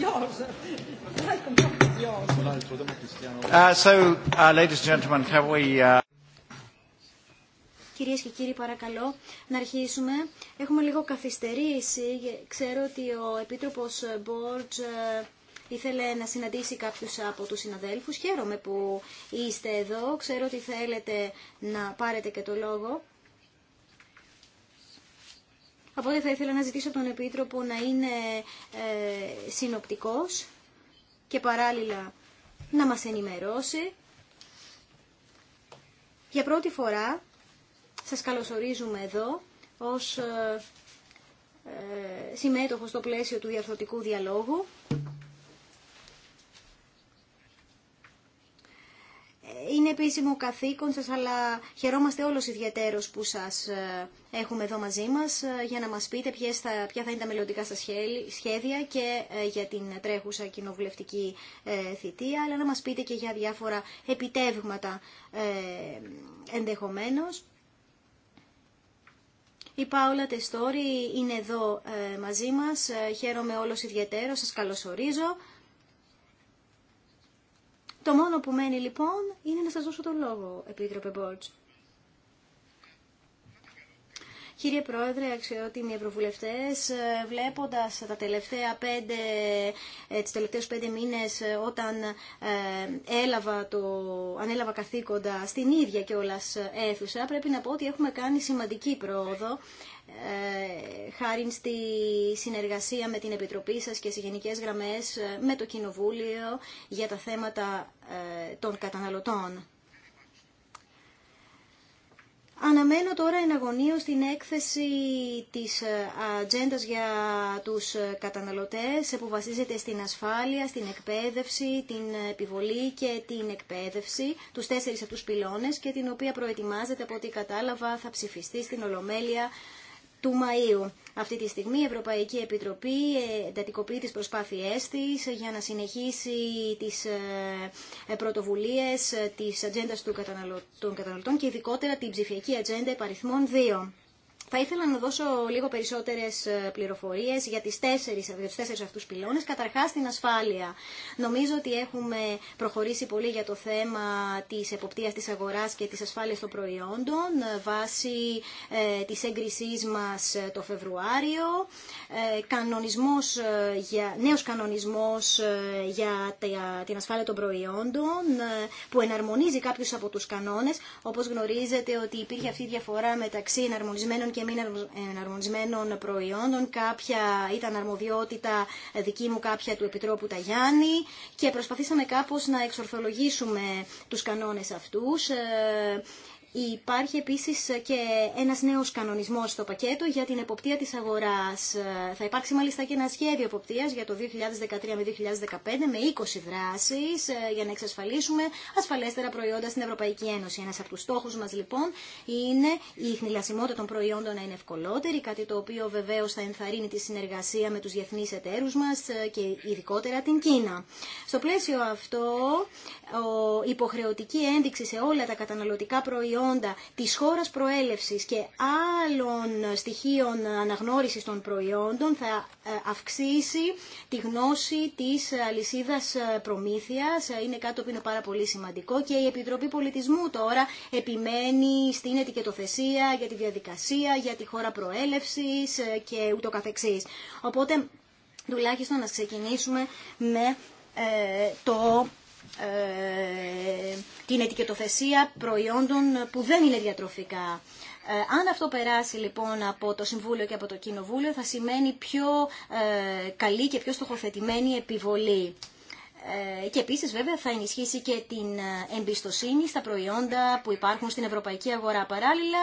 Uh, uh, uh, Κυρίες και κύριοι, παρακαλώ να αρχίσουμε. Έχουμε λίγο καθυστερήσει. Ξέρω ότι ο Επίτροπος Μπορτζ ε, ήθελε να συναντήσει κάποιους από τους συναδέλφους. Χαίρομαι που είστε εδώ. Ξέρω ότι θέλετε να πάρετε και το λόγο. Οπότε θα ήθελα να ζητήσω τον Επίτροπο να είναι ε, συνοπτικός και παράλληλα να μας ενημερώσει. Για πρώτη φορά σας καλωσορίζουμε εδώ ως ε, ε, συμμέτοχος στο πλαίσιο του διαρθρωτικού διαλόγου. είναι επίσημο καθήκον σας, αλλά χαιρόμαστε όλος ιδιαίτερος που σας ε, έχουμε εδώ μαζί μας ε, για να μας πείτε ποιες θα, ποια θα είναι τα μελλοντικά σας σχέδια και ε, για την τρέχουσα κοινοβουλευτική θητεία, αλλά να μας πείτε και για διάφορα επιτεύγματα ενδεχομένως. Η Πάολα Τεστόρη είναι εδώ μαζί μας. Χαίρομαι όλος ιδιαίτερος. Σας καλωσορίζω. Το μόνο που μένει λοιπόν είναι να σας δώσω το λόγο, Επίτροπε μπόλτς. Κύριε Πρόεδρε, αξιότιμοι ευρωβουλευτέ, ε, βλέποντα τα τελευταία πέντε, ε, τις τελευταίες πέντε μήνες ε, όταν έλαβα το, ανέλαβα καθήκοντα στην ίδια και όλας αίθουσα, πρέπει να πω ότι έχουμε κάνει σημαντική πρόοδο. Ε, χάρη στη συνεργασία με την Επιτροπή σας και σε γενικές γραμμές ε, με το Κοινοβούλιο για τα θέματα ε, των καταναλωτών. Αναμένω τώρα εναγωνίως στην έκθεση της ατζέντα για τους καταναλωτές που βασίζεται στην ασφάλεια, στην εκπαίδευση, την επιβολή και την εκπαίδευση, τους τέσσερις τους πυλώνες και την οποία προετοιμάζεται από ό,τι κατάλαβα θα ψηφιστεί στην Ολομέλεια του Μαΐου. Αυτή τη στιγμή η Ευρωπαϊκή Επιτροπή ε, εντατικοποιεί τις προσπάθειές της για να συνεχίσει τις ε, ε, πρωτοβουλίες της ατζέντα των καταναλωτών και ειδικότερα την ψηφιακή ατζέντα επαριθμών 2. Θα ήθελα να δώσω λίγο περισσότερε πληροφορίε για, τις τέσσερις, του τέσσερι αυτού πυλώνε. Καταρχά, την ασφάλεια. Νομίζω ότι έχουμε προχωρήσει πολύ για το θέμα τη εποπτεία τη αγορά και τη ασφάλεια των προϊόντων ε, βάσει ε, τη έγκρισή μα ε, το Φεβρουάριο. Ε, κανονισμός, ε, για, νέος κανονισμός για την ασφάλεια των προϊόντων που εναρμονίζει κάποιους από τους κανόνες. Όπως γνωρίζετε ότι υπήρχε αυτή η διαφορά μεταξύ εναρμονισμένων και μη εναρμονισμένων προϊόντων. Κάποια ήταν αρμοδιότητα δική μου, κάποια του Επιτρόπου Ταγιάννη και προσπαθήσαμε κάπως να εξορθολογήσουμε τους κανόνες αυτούς ε, Υπάρχει επίσης και ένας νέος κανονισμός στο πακέτο για την εποπτεία της αγοράς. Θα υπάρξει μάλιστα και ένα σχέδιο εποπτείας για το 2013 με 2015 με 20 δράσεις ε, για να εξασφαλίσουμε ασφαλέστερα προϊόντα στην Ευρωπαϊκή Ένωση. Ένας από τους στόχους μας λοιπόν είναι η χνηλασιμότητα των προϊόντων να είναι ευκολότερη, κάτι το οποίο βεβαίως θα ενθαρρύνει τη συνεργασία με τους διεθνείς εταίρους μας ε, και ειδικότερα την Κίνα. Στο πλαίσιο αυτό, υποχρεωτική ένδειξη σε όλα τα καταναλωτικά προϊόντα προϊόντα της χώρας προέλευσης και άλλων στοιχείων αναγνώρισης των προϊόντων θα ε, αυξήσει τη γνώση της ε, αλυσίδας ε, προμήθειας. Είναι κάτι που είναι πάρα πολύ σημαντικό και η Επιτροπή Πολιτισμού τώρα επιμένει στην ετικετοθεσία, για τη διαδικασία, για τη χώρα προέλευσης και ούτω καθεξής. Οπότε τουλάχιστον να ξεκινήσουμε με το ε, την ετικετοθεσία προϊόντων που δεν είναι διατροφικά. Ε, αν αυτό περάσει λοιπόν από το Συμβούλιο και από το Κοινοβούλιο θα σημαίνει πιο ε, καλή και πιο στοχοθετημένη επιβολή. Και επίσης βέβαια θα ενισχύσει και την εμπιστοσύνη στα προϊόντα που υπάρχουν στην ευρωπαϊκή αγορά. Παράλληλα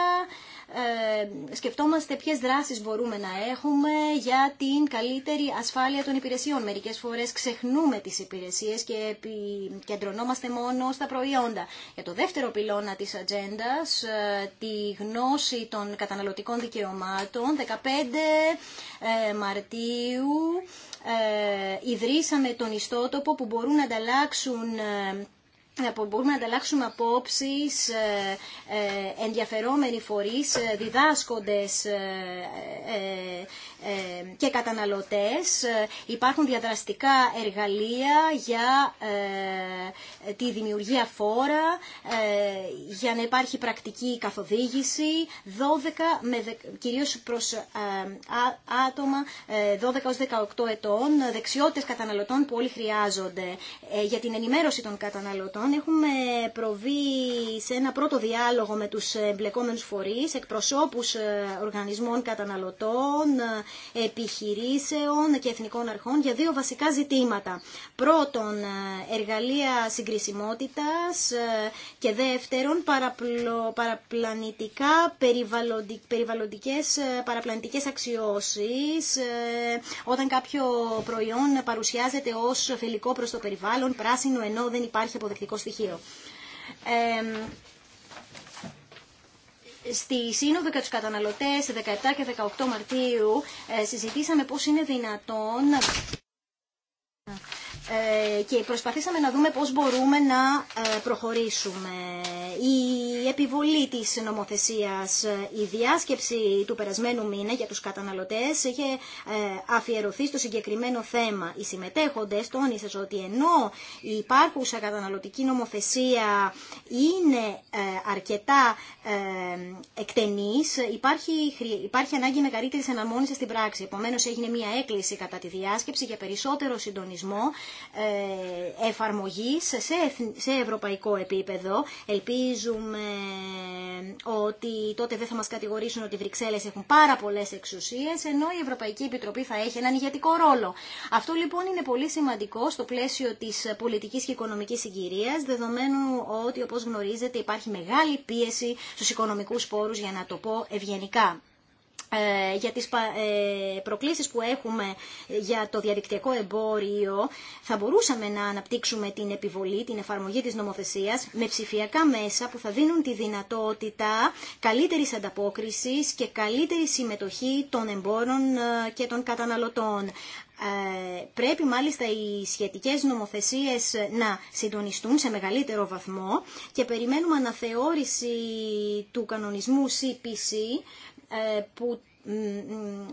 ε, σκεφτόμαστε ποιες δράσεις μπορούμε να έχουμε για την καλύτερη ασφάλεια των υπηρεσιών. Μερικές φορές ξεχνούμε τις υπηρεσίες και κεντρωνόμαστε μόνο στα προϊόντα. Για το δεύτερο πυλώνα της ατζέντα, ε, τη γνώση των καταναλωτικών δικαιωμάτων, 15 ε, Μαρτίου ιδρύσαμε τον ιστότοπο που μπορούν να ανταλλάξουν ε, μπορούμε να ανταλλάξουμε απόψεις, ε, ε, ενδιαφερόμενοι φορείς, διδάσκοντες και καταναλωτές. Υπάρχουν διαδραστικά εργαλεία για τη δημιουργία φόρα, για να υπάρχει πρακτική καθοδήγηση, 12 με, κυρίως προς άτομα 12 18 ετών, δεξιότητες καταναλωτών που όλοι χρειάζονται για την ενημέρωση των καταναλωτών έχουμε προβεί σε ένα πρώτο διάλογο με τους εμπλεκόμενους φορείς, εκπροσώπους ε, οργανισμών καταναλωτών, ε, επιχειρήσεων και εθνικών αρχών για δύο βασικά ζητήματα. Πρώτον, ε, εργαλεία συγκρισιμότητας και δεύτερον, παραπλο, παραπλανητικά περιβαλλοντικές, παραπλανητικές αξιώσεις όταν κάποιο προϊόν παρουσιάζεται ως φιλικό προς το περιβάλλον, πράσινο ενώ δεν υπάρχει αποδεκτικό στοιχείο. Ε, Στη Σύνοδο για του καταναλωτέ 17 και 18 Μαρτίου ε, συζητήσαμε πώς είναι δυνατόν ε, και προσπαθήσαμε να δούμε πώς μπορούμε να ε, προχωρήσουμε. Η επιβολή της νομοθεσίας, ε, η διάσκεψη του περασμένου μήνα για τους καταναλωτές είχε αφιερωθεί στο συγκεκριμένο θέμα. Οι συμμετέχοντες τόνισαν ότι ενώ η υπάρχουσα καταναλωτική νομοθεσία είναι αρκετά εκτενής, υπάρχει, υπάρχει ανάγκη μεγαλύτερης αναμόνησης στην πράξη. Επομένως έγινε μια έκκληση κατά τη διάσκεψη για περισσότερο συντονισμό ε, εφαρμογής σε ευρωπαϊκό επίπεδο. Ελπίζουμε ότι τότε δεν θα μας κατηγορήσουν ότι οι Βρυξέλλες έχουν πάρα πολλές εξουσίες, ενώ η Ευρωπαϊκή Επιτροπή θα έχει έναν ηγετικό ρόλο. Αυτό λοιπόν είναι πολύ σημαντικό στο πλαίσιο της πολιτικής και οικονομικής συγκυρίας, δεδομένου ότι όπως γνωρίζετε υπάρχει μεγάλη πίεση στους οικονομικούς πόρους για να το πω ευγενικά. Ε, για τις ε, προκλήσεις που έχουμε ε, για το διαδικτυακό εμπόριο θα μπορούσαμε να αναπτύξουμε την επιβολή, την εφαρμογή της νομοθεσίας με ψηφιακά μέσα που θα δίνουν τη δυνατότητα καλύτερης ανταπόκρισης και καλύτερη συμμετοχή των εμπόρων και των καταναλωτών. Πρέπει μάλιστα οι σχετικές νομοθεσίες να συντονιστούν σε μεγαλύτερο βαθμό και περιμένουμε αναθεώρηση του κανονισμού CPC ε, που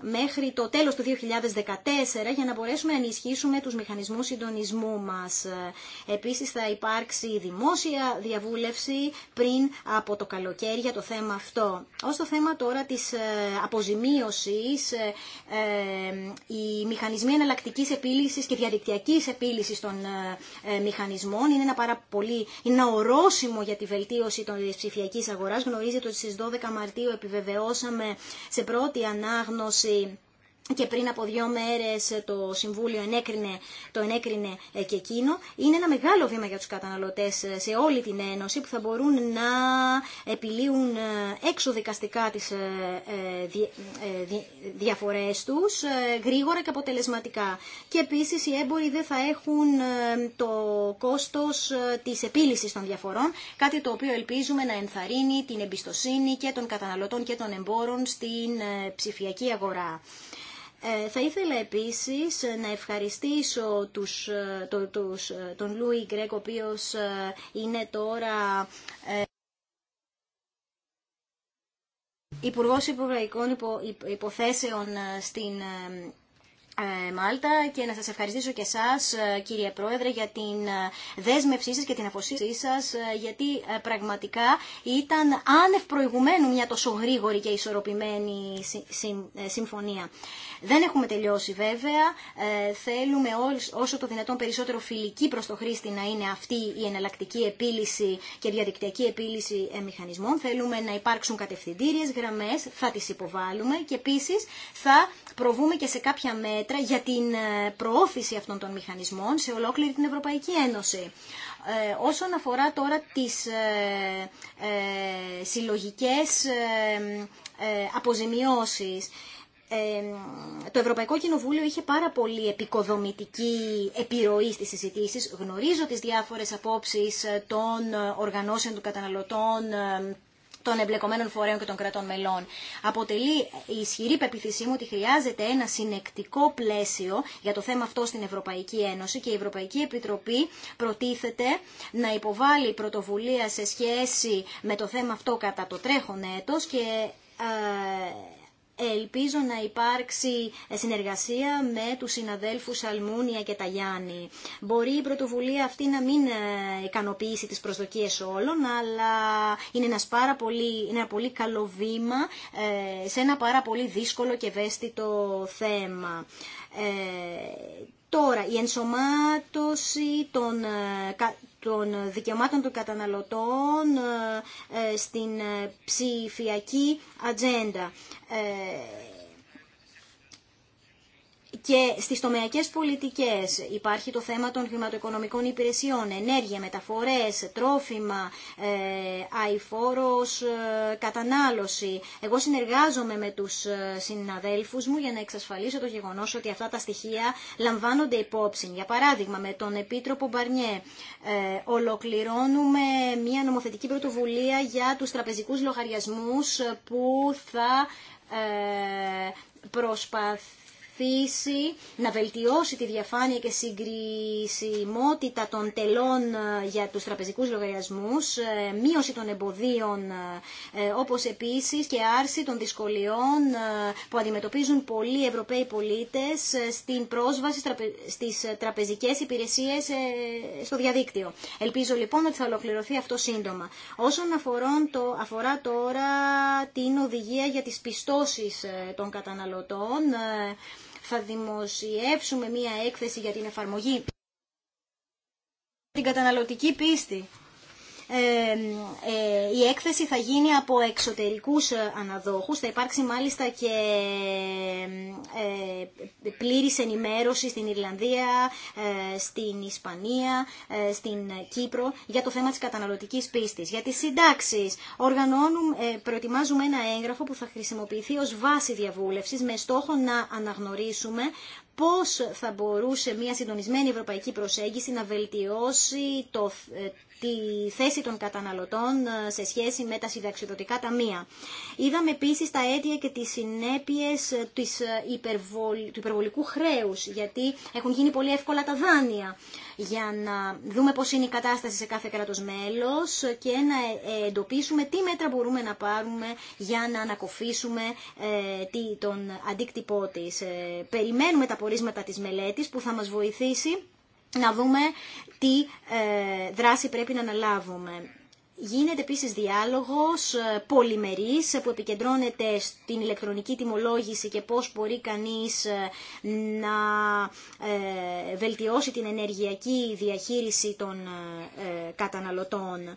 μέχρι το τέλος του 2014 για να μπορέσουμε να ενισχύσουμε τους μηχανισμούς συντονισμού μας. Επίσης θα υπάρξει δημόσια διαβούλευση πριν από το καλοκαίρι για το θέμα αυτό. Ως το θέμα τώρα της ε, αποζημίωσης, ε, ε, οι μηχανισμοί εναλλακτική επίλυσης και διαδικτυακής επίλυσης των μηχανισμών είναι ένα, πάρα πολύ, ορόσημο για τη βελτίωση των ψηφιακής αγοράς. Γνωρίζετε ότι στις 12 Μαρτίου επιβεβαιώσαμε σε πρώτη πρώτη ανάγνωση και πριν από δύο μέρες το Συμβούλιο ενέκρινε, το ενέκρινε ε, και εκείνο, είναι ένα μεγάλο βήμα για τους καταναλωτές ε, σε όλη την Ένωση που θα μπορούν να επιλύουν έξω ε, δικαστικά τις διαφορές τους γρήγορα και αποτελεσματικά. Και επίσης οι έμποροι δεν θα έχουν το κόστος της επίλυσης των διαφορών, κάτι το οποίο ελπίζουμε να ενθαρρύνει την εμπιστοσύνη και των καταναλωτών και των εμπόρων στην ψηφιακή αγορά. Ε, θα ήθελα επίσης να ευχαριστήσω τους, ε, τους, ε, τον Λούι Γκρέκ, ο οποίος είναι τώρα Υπουργός Υπουργαϊκών Υποθέσεων στην ε, Μάλτα και να σας ευχαριστήσω και εσάς ε, κύριε Πρόεδρε για την ε, δέσμευσή σας και την αποσύνση σας γιατί πραγματικά ήταν άνευ προηγουμένου μια τόσο γρήγορη και ισορροπημένη συμφωνία. Δεν έχουμε τελειώσει βέβαια. Θέλουμε όσο το δυνατόν περισσότερο φιλική προς το χρήστη να είναι αυτή η εναλλακτική επίλυση και διαδικτυακή επίλυση μηχανισμών. Θέλουμε να υπάρξουν κατευθυντήριες γραμμές, θα τις υποβάλουμε και επίσης θα προβούμε και σε κάποια μέτρα για την ε, προώθηση αυτών των μηχανισμών σε ολόκληρη την Ευρωπαϊκή Ένωση. Ε, όσον αφορά τώρα τις ε, συλλογικές αποζημιώσεις, το Ευρωπαϊκό Κοινοβούλιο είχε πάρα πολύ επικοδομητική επιρροή στις συζητήσεις. Γνωρίζω τις διάφορες απόψεις των οργανώσεων των καταναλωτών των εμπλεκομένων φορέων και των κρατών μελών. Αποτελεί η ισχυρή πεποίθησή μου ότι χρειάζεται ένα συνεκτικό πλαίσιο για το θέμα αυτό στην Ευρωπαϊκή Ένωση και η Ευρωπαϊκή Επιτροπή προτίθεται να υποβάλει πρωτοβουλία σε σχέση με το θέμα αυτό κατά το τρέχον έτος και ε, Ελπίζω να υπάρξει συνεργασία με τους συναδέλφους Αλμούνια και Ταγιάννη. Μπορεί η πρωτοβουλία αυτή να μην ε, ικανοποιήσει τις προσδοκίες όλων, αλλά είναι, ένας πάρα πολύ, είναι ένα πολύ καλό βήμα ε, σε ένα πάρα πολύ δύσκολο και ευαίσθητο θέμα. Ε, τώρα, η ενσωμάτωση των, των δικαιωμάτων των καταναλωτών ε, ε, στην ε, ψηφιακή ατζέντα. Και στις τομεακές πολιτικές υπάρχει το θέμα των χρηματοοικονομικών υπηρεσιών, ενέργεια, μεταφορές, τρόφιμα, ε, αηφόρος, ε, κατανάλωση. Εγώ συνεργάζομαι με τους ε, συναδέλφου μου για να εξασφαλίσω το γεγονός ότι αυτά τα στοιχεία λαμβάνονται υπόψη. Για παράδειγμα, με τον Επίτροπο Μπαρνιέ ολοκληρώνουμε μια νομοθετική πρωτοβουλία για του τραπεζικού λογαριασμού που θα προσπαθήσουν να βελτιώσει τη διαφάνεια και συγκρισιμότητα των τελών ε, για τους τραπεζικούς λογαριασμούς, ε, μείωση των εμποδίων, ε, όπως επίσης και άρση των δυσκολιών που αντιμετωπίζουν πολλοί Ευρωπαίοι πολίτες στην πρόσβαση στις τραπεζικές υπηρεσίες στο διαδίκτυο. Ελπίζω λοιπόν ότι θα ολοκληρωθεί αυτό σύντομα. Όσον αφορά τώρα την οδηγία για τις πιστώσεις των καταναλωτών, θα δημοσιεύσουμε μία έκθεση για την εφαρμογή την καταναλωτική πίστη. Ε, η έκθεση θα γίνει από εξωτερικούς ε, αναδόχους. Θα υπάρξει μάλιστα και ε, πλήρης ενημέρωση στην Ιρλανδία, στην Ισπανία, στην Κύπρο για το θέμα της καταναλωτικής πίστης. Για τις συντάξεις οργανώνουμε, προετοιμάζουμε ένα έγγραφο που θα χρησιμοποιηθεί ως βάση διαβούλευσης με στόχο να αναγνωρίσουμε πώς θα μπορούσε μια συντονισμένη ευρωπαϊκή προσέγγιση να βελτιώσει το, τη θέση των καταναλωτών ε, σε σχέση με τα συνταξιδοτικά ταμεία. Είδαμε επίση τα αίτια και τι συνέπειε ε, ε, υπερβολ... του υπερβολικού χρέους, γιατί έχουν γίνει πολύ εύκολα τα δάνεια για να δούμε πώς είναι η κατάσταση σε κάθε κράτο μέλος και να εντοπίσουμε τι μέτρα μπορούμε να πάρουμε για να ανακοφίσουμε τον αντίκτυπό της. Περιμένουμε τα πορίσματα τη μελέτης που θα μα βοηθήσει να δούμε τι ε, δράση πρέπει να αναλάβουμε. Γίνεται επίσης διάλογος ε, πολυμερής που επικεντρώνεται στην ηλεκτρονική τιμολόγηση και πώς μπορεί κανείς ε, να βελτιώσει την ενεργειακή διαχείριση των καταναλωτών.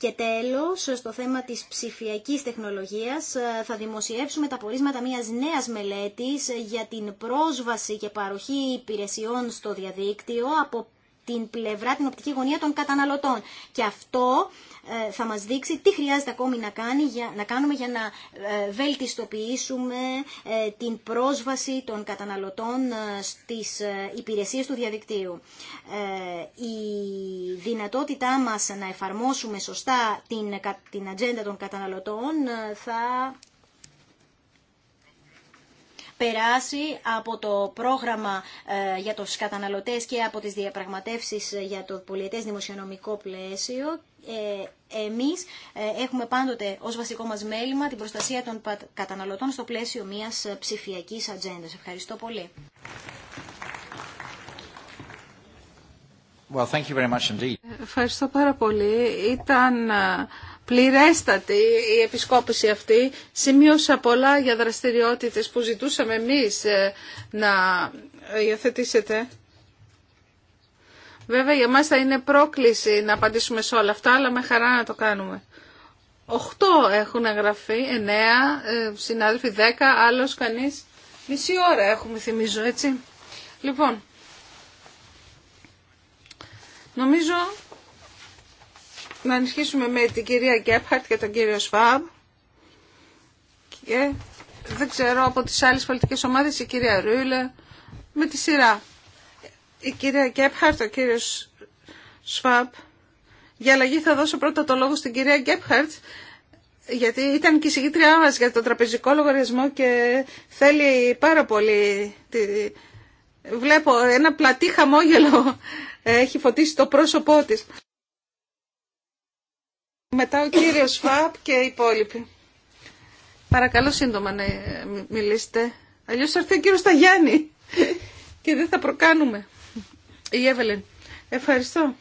Και τέλος, στο θέμα της ψηφιακής τεχνολογίας, ε, θα δημοσιεύσουμε τα πορίσματα μιας νέας μελέτης για την πρόσβαση και παροχή υπηρεσιών στο διαδίκτυο από την πλευρά, την οπτική γωνία των καταναλωτών. Και αυτό ε, θα μας δείξει τι χρειάζεται ακόμη να, κάνει, να κάνουμε για να ε, βελτιστοποιήσουμε ε, την πρόσβαση των καταναλωτών στις υπηρεσίες του διαδικτύου. Η δυνατότητά μας να εφαρμόσουμε σωστά την, την ατζέντα των καταναλωτών θα περάσει από το πρόγραμμα ε, για τους καταναλωτές και από τις διαπραγματεύσεις ε, για το πολιετές δημοσιονομικό πλαίσιο ε, εμείς έχουμε πάντοτε ως βασικό μας μέλημα την προστασία των καταναλωτών στο πλαίσιο μιας ψηφιακής ατζέντας. Ευχαριστώ πολύ. Well, Ευχαριστώ πάρα πολύ. Ήταν πληρέστατη η επισκόπηση αυτή. Σημείωσα πολλά για δραστηριότητες που ζητούσαμε εμείς ε, να υιοθετήσετε. Βέβαια για μας θα είναι πρόκληση να απαντήσουμε σε όλα αυτά, αλλά με χαρά να το κάνουμε. Οχτώ έχουν εγγραφεί, εννέα, ε, συνάδελφοι δέκα, άλλος κανείς. Μισή ώρα έχουμε θυμίζω, έτσι. Λοιπόν, νομίζω να ενισχύσουμε με την κυρία Γκέπχαρτ και τον κύριο Σφαμ. και δεν ξέρω από τις άλλες πολιτικές ομάδες η κυρία Ρούλε με τη σειρά. Η κυρία Γκέπχαρτ, ο κύριος Σφαμ. Για αλλαγή θα δώσω πρώτα το λόγο στην κυρία Γκέπχαρτ γιατί ήταν και η συγκήτριά μας για τον τραπεζικό λογαριασμό και θέλει πάρα πολύ... Τη... Βλέπω ένα πλατή χαμόγελο έχει φωτίσει το πρόσωπό της. Μετά ο κύριος Φαπ και οι υπόλοιποι. Παρακαλώ σύντομα να μιλήσετε. Αλλιώ θα έρθει ο κύριος Σταγιάννη και δεν θα προκάνουμε. Η Εύελεν. Ευχαριστώ.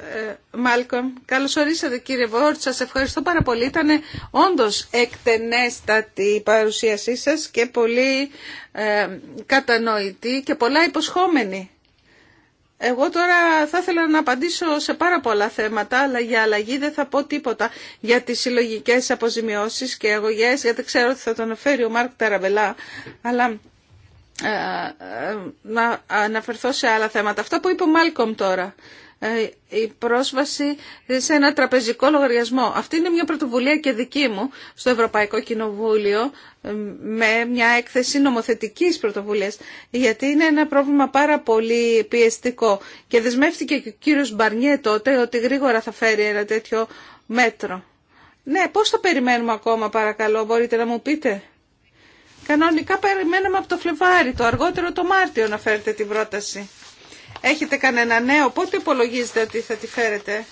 Ε, Μάλκομ. Καλώς ορίσατε κύριε Βόρτ, σας ευχαριστώ πάρα πολύ. Ήταν όντως εκτενέστατη η παρουσίασή σας και πολύ ε, κατανοητή και πολλά υποσχόμενη. Εγώ τώρα θα ήθελα να απαντήσω σε πάρα πολλά θέματα, αλλά για αλλαγή δεν θα πω τίποτα για τις συλλογικέ αποζημιώσεις και αγωγές, γιατί ξέρω ότι θα τον φέρει ο Μάρκ Ταραβελά, αλλά ε, ε, να αναφερθώ σε άλλα θέματα. Αυτό που είπε ο Μάλκομ τώρα, ε, η πρόσβαση σε ένα τραπεζικό λογαριασμό. Αυτή είναι μια πρωτοβουλία και δική μου στο Ευρωπαϊκό Κοινοβούλιο ε, με μια έκθεση νομοθετικής πρωτοβουλίας γιατί είναι ένα πρόβλημα πάρα πολύ πιεστικό και δεσμεύτηκε και ο κύριος Μπαρνιέ τότε ότι γρήγορα θα φέρει ένα τέτοιο μέτρο. Ναι, πώς το περιμένουμε ακόμα παρακαλώ, μπορείτε να μου πείτε. Κανονικά περιμέναμε από το Φλεβάρι, το αργότερο το Μάρτιο να φέρετε την πρόταση έχετε κανένα νέο, πότε υπολογίζετε ότι θα τη φέρετε.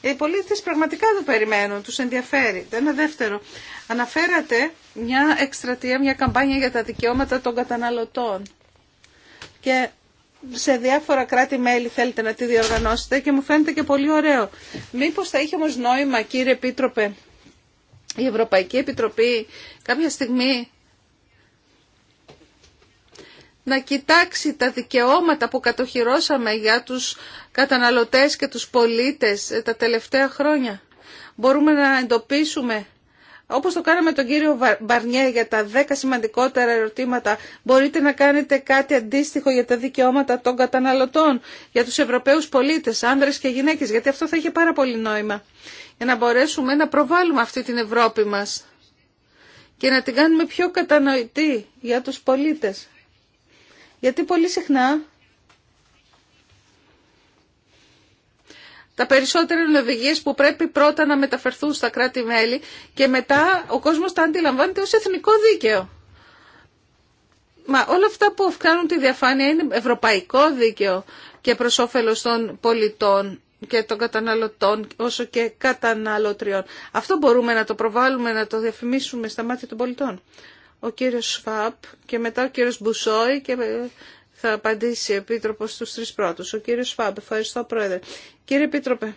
Οι πολίτες πραγματικά το περιμένουν, τους ενδιαφέρει. Ένα δεύτερο, αναφέρατε μια εκστρατεία, μια καμπάνια για τα δικαιώματα των καταναλωτών. Και σε διάφορα κράτη-μέλη θέλετε να τη διοργανώσετε και μου φαίνεται και πολύ ωραίο. Μήπως θα είχε όμως νόημα, κύριε Επίτροπε, η Ευρωπαϊκή Επιτροπή κάποια στιγμή να κοιτάξει τα δικαιώματα που κατοχυρώσαμε για τους καταναλωτές και τους πολίτες ε, τα τελευταία χρόνια. Μπορούμε να εντοπίσουμε, όπως το κάναμε τον κύριο Μπαρνιέ για τα δέκα σημαντικότερα ερωτήματα, μπορείτε να κάνετε κάτι αντίστοιχο για τα δικαιώματα των καταναλωτών, για τους Ευρωπαίους πολίτες, άνδρες και γυναίκες, γιατί αυτό θα είχε πάρα πολύ νόημα, για να μπορέσουμε να προβάλλουμε αυτή την Ευρώπη μας και να την κάνουμε πιο κατανοητή για τους πολίτες. Γιατί πολύ συχνά Τα περισσότερα είναι που πρέπει πρώτα να μεταφερθούν στα κράτη-μέλη και μετά ο κόσμος τα αντιλαμβάνεται ως εθνικό δίκαιο. Μα όλα αυτά που κάνουν τη διαφάνεια είναι ευρωπαϊκό δίκαιο και προς όφελος των πολιτών και των καταναλωτών όσο και καταναλωτριών. Αυτό μπορούμε να το προβάλλουμε, να το διαφημίσουμε στα μάτια των πολιτών ο κύριος Σφάπ και μετά ο κύριος Μπουσόη και θα απαντήσει ο Επίτροπος στους τρεις πρώτους. Ο κύριος Σφάπ, ευχαριστώ Πρόεδρε. Κύριε Επίτροπε,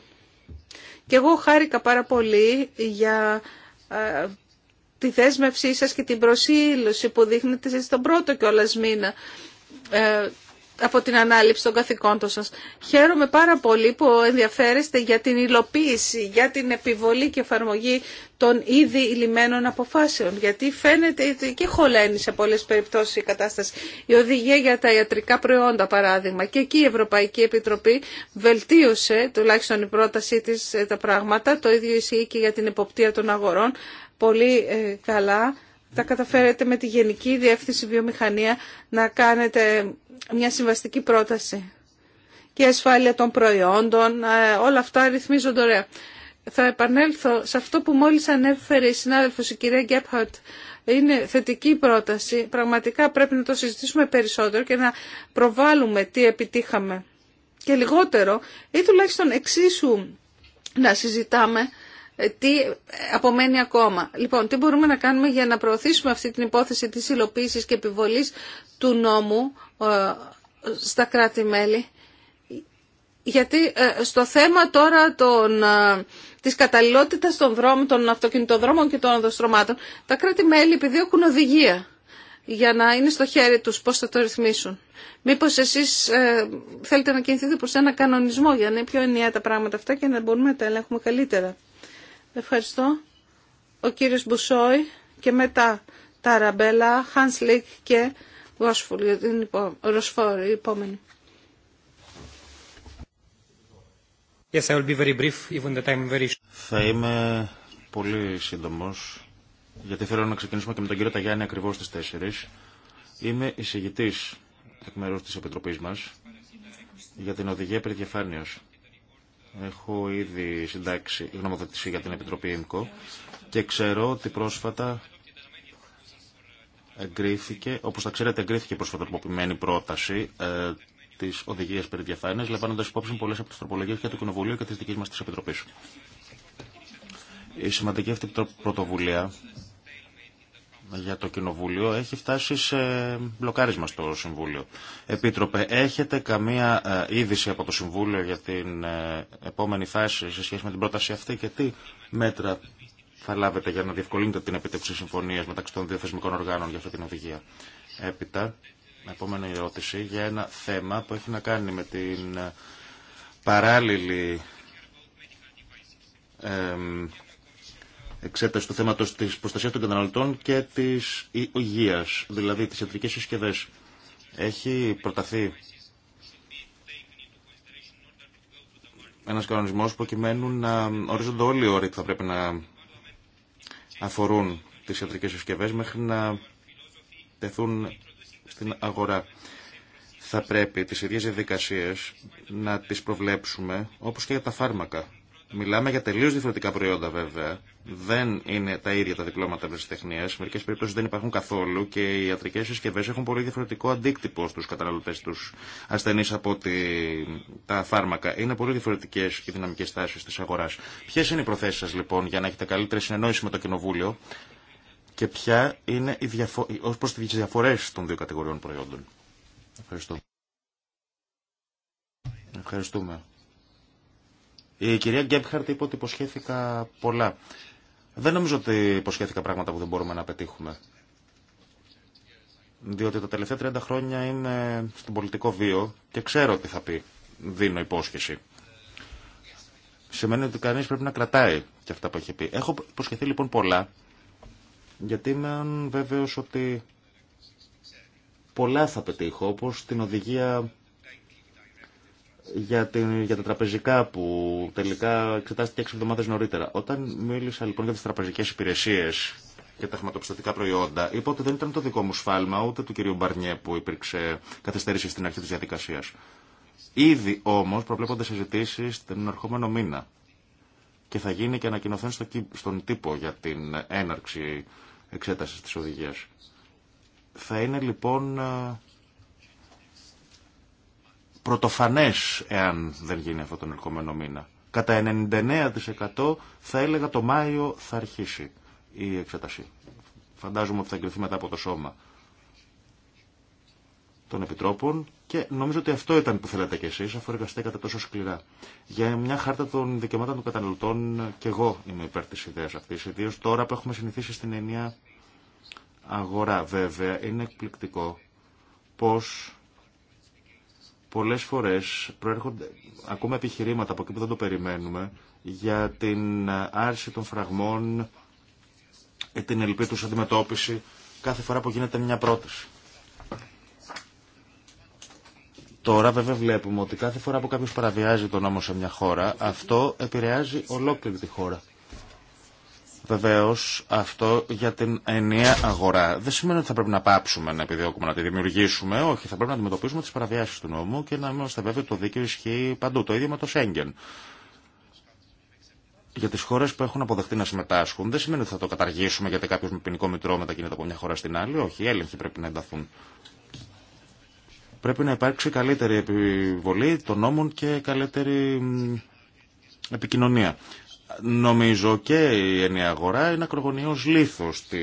και εγώ χάρηκα πάρα πολύ για ε, τη δέσμευσή σας και την προσήλωση που δείχνετε στον πρώτο κιόλας μήνα ε, από την ανάληψη των καθηκόντων σας. Χαίρομαι πάρα πολύ που ενδιαφέρεστε για την υλοποίηση, για την επιβολή και εφαρμογή των ήδη ηλυμένων αποφάσεων, γιατί φαίνεται και χωλαίνει σε πολλές περιπτώσεις η κατάσταση. Η οδηγία για τα ιατρικά προϊόντα, παράδειγμα, και εκεί η Ευρωπαϊκή Επιτροπή βελτίωσε, τουλάχιστον η πρότασή της, ε, τα πράγματα. Το ίδιο ισχύει και για την εποπτεία των αγορών. Πολύ ε, καλά τα καταφέρετε με τη Γενική Διεύθυνση Βιομηχανία να κάνετε μια συμβαστική πρόταση και ασφάλεια των προϊόντων, ε, όλα αυτά ρυθμίζονται ωραία. Θα επανέλθω σε αυτό που μόλις ανέφερε η συνάδελφος η κυρία Γκέπχαρτ. Είναι θετική πρόταση. Πραγματικά πρέπει να το συζητήσουμε περισσότερο και να προβάλλουμε τι επιτύχαμε. Και λιγότερο ή τουλάχιστον εξίσου να συζητάμε ε, τι απομένει ακόμα. Λοιπόν, τι μπορούμε να κάνουμε για να προωθήσουμε αυτή την υπόθεση της υλοποίησης και επιβολής του νόμου ε, στα κράτη-μέλη. Γιατί ε, στο θέμα τώρα των, ε, της καταλληλότητας των δρόμων, των αυτοκινητοδρόμων και των οδοστρωμάτων, τα κράτη-μέλη επειδή έχουν οδηγία για να είναι στο χέρι τους πώς θα το ρυθμίσουν. Μήπως εσείς θέλετε να κινηθείτε προς ένα κανονισμό για να είναι πιο ενιαία τα πράγματα αυτά και να μπορούμε να τα ελέγχουμε καλύτερα. Ευχαριστώ. Ο κύριος Μπουσόη και μετά τα Ραμπέλα, Χάνσλικ και Ροσφόρ, για την Ροσφόρ, η επόμενη. Yes, I will be very brief, even the time very... Θα είμαι πολύ σύντομος, γιατί θέλω να ξεκινήσουμε και με τον κύριο Ταγιάννη ακριβώς στις 4. Είμαι εισηγητής εκ μέρους της Επιτροπής μας για την οδηγία περί Έχω ήδη συντάξει γνωμοδοτησία για την Επιτροπή ΕΜΚΟ και ξέρω ότι πρόσφατα εγκρίθηκε, όπως θα ξέρετε εγκρίθηκε προσφατοποιημένη πρόταση ε, της οδηγίας περί διαφάνειας, λαμβάνοντας υπόψη πολλές από τις τροπολογίες και το Κοινοβουλίου και της δικής μας της Επιτροπής. Η σημαντική αυτή πρωτοβουλία για το Κοινοβούλιο έχει φτάσει σε μπλοκάρισμα στο Συμβούλιο. Επίτροπε, έχετε καμία ε, είδηση από το Συμβούλιο για την ε, επόμενη φάση σε σχέση με την πρόταση αυτή και τι μέτρα θα λάβετε για να διευκολύνετε την επίτευξη συμφωνία μεταξύ των δύο θεσμικών οργάνων για αυτή την οδηγία. Έπειτα, επόμενη ερώτηση για ένα θέμα που έχει να κάνει με την ε, παράλληλη εξέταση του θέματος της προστασίας των καταναλωτών και της υγείας, δηλαδή τις ιατρικές συσκευές. Έχει προταθεί ένας κανονισμός προκειμένου να ορίζονται όλοι οι όροι που θα πρέπει να αφορούν τις ιατρικές συσκευές μέχρι να τεθούν στην αγορά. Θα πρέπει τις ίδιες διαδικασίες να τις προβλέψουμε όπως και για τα φάρμακα Μιλάμε για τελείω διαφορετικά προϊόντα βέβαια. Δεν είναι τα ίδια τα διπλώματα ευρεσιτεχνία. Σε μερικέ περιπτώσει δεν υπάρχουν καθόλου και οι ιατρικέ συσκευέ έχουν πολύ διαφορετικό αντίκτυπο στου καταναλωτέ, του ασθενεί από τα φάρμακα. Είναι πολύ διαφορετικέ οι δυναμικέ τάσει τη αγορά. Ποιε είναι οι προθέσει σα λοιπόν για να έχετε καλύτερη συνεννόηση με το Κοινοβούλιο και ποια είναι οι διαφο... ως προς τις διαφορές των δύο κατηγοριών προϊόντων. Ευχαριστώ. Ευχαριστούμε. Η κυρία Γκέμπχαρτ είπε ότι υποσχέθηκα πολλά. Δεν νομίζω ότι υποσχέθηκα πράγματα που δεν μπορούμε να πετύχουμε. Διότι τα τελευταία 30 χρόνια είμαι στον πολιτικό βίο και ξέρω τι θα πει δίνω υπόσχεση. Σημαίνει ότι κανείς πρέπει να κρατάει και αυτά που έχει πει. Έχω υποσχεθεί λοιπόν πολλά, γιατί είμαι βέβαιο ότι πολλά θα πετύχω, όπω την οδηγία για, την, για τα τραπεζικά που τελικά εξετάστηκε 6 εβδομάδε νωρίτερα. Όταν μίλησα λοιπόν για τι τραπεζικέ υπηρεσίε και τα χρηματοπιστωτικά προϊόντα, είπα ότι δεν ήταν το δικό μου σφάλμα ούτε του κυρίου Μπαρνιέ που υπήρξε καθυστέρηση στην αρχή τη διαδικασία. Ήδη όμω προβλέπονται συζητήσει τον ερχόμενο μήνα και θα γίνει και ανακοινωθέν στο, στον τύπο για την έναρξη εξέταση τη οδηγία. Θα είναι λοιπόν πρωτοφανέ, εάν δεν γίνει αυτό τον ερχόμενο μήνα. Κατά 99% θα έλεγα το Μάιο θα αρχίσει η εξέταση. Φαντάζομαι ότι θα εγκριθεί μετά από το σώμα των Επιτρόπων και νομίζω ότι αυτό ήταν που θέλατε κι εσείς αφού εργαστήκατε τόσο σκληρά. Για μια χάρτα των δικαιωμάτων των καταναλωτών και εγώ είμαι υπέρ της ιδέας αυτής, ιδίω τώρα που έχουμε συνηθίσει στην ενιαία αγορά βέβαια. Είναι εκπληκτικό πως πολλές φορές προέρχονται ακόμα επιχειρήματα από εκεί που δεν το περιμένουμε για την ε, άρση των φραγμών, ε, την ελπίδα τους αντιμετώπιση κάθε φορά που γίνεται μια πρόταση. Τώρα βέβαια βλέπουμε ότι κάθε φορά που κάποιος παραβιάζει τον νόμο σε μια χώρα, αυτό επηρεάζει ολόκληρη τη χώρα. Βεβαίω, αυτό για την ενιαία αγορά δεν σημαίνει ότι θα πρέπει να πάψουμε να επιδιώκουμε να τη δημιουργήσουμε. Όχι, θα πρέπει να αντιμετωπίσουμε τι παραβιάσει του νόμου και να είμαστε βέβαιοι ότι το δίκαιο ισχύει παντού. Το ίδιο με το Σέγγεν. Για τι χώρε που έχουν αποδεχτεί να συμμετάσχουν, δεν σημαίνει ότι θα το καταργήσουμε γιατί κάποιο με ποινικό μητρό μετακινείται από μια χώρα στην άλλη. Όχι, οι έλεγχοι πρέπει να ενταθούν. Πρέπει να υπάρξει καλύτερη επιβολή των νόμων και καλύτερη επικοινωνία. Νομίζω και η ενιαία αγορά είναι ακρογωνιαίος λίθος τη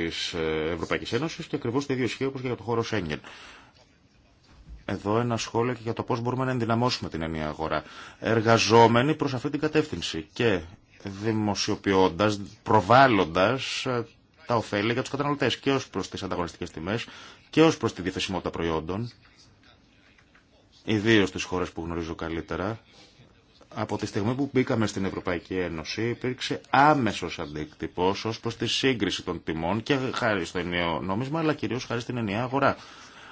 Ευρωπαϊκή Ένωση και ακριβώ το ίδιο ισχύει όπω και για το χώρο Σέγγεν. Εδώ ένα σχόλιο και για το πώ μπορούμε να ενδυναμώσουμε την ενιαία αγορά. Εργαζόμενοι προ αυτή την κατεύθυνση και δημοσιοποιώντα, προβάλλοντα ε, τα ωφέλη για του καταναλωτέ και ω προ τι ανταγωνιστικές τιμέ και ω προ τη διαθεσιμότητα προϊόντων, ιδίω στι χώρε που γνωρίζω καλύτερα, από τη στιγμή που μπήκαμε στην Ευρωπαϊκή Ένωση υπήρξε άμεσος αντίκτυπος ως προς τη σύγκριση των τιμών και χάρη στο ενιαίο νόμισμα αλλά κυρίως χάρη στην ενιαία αγορά.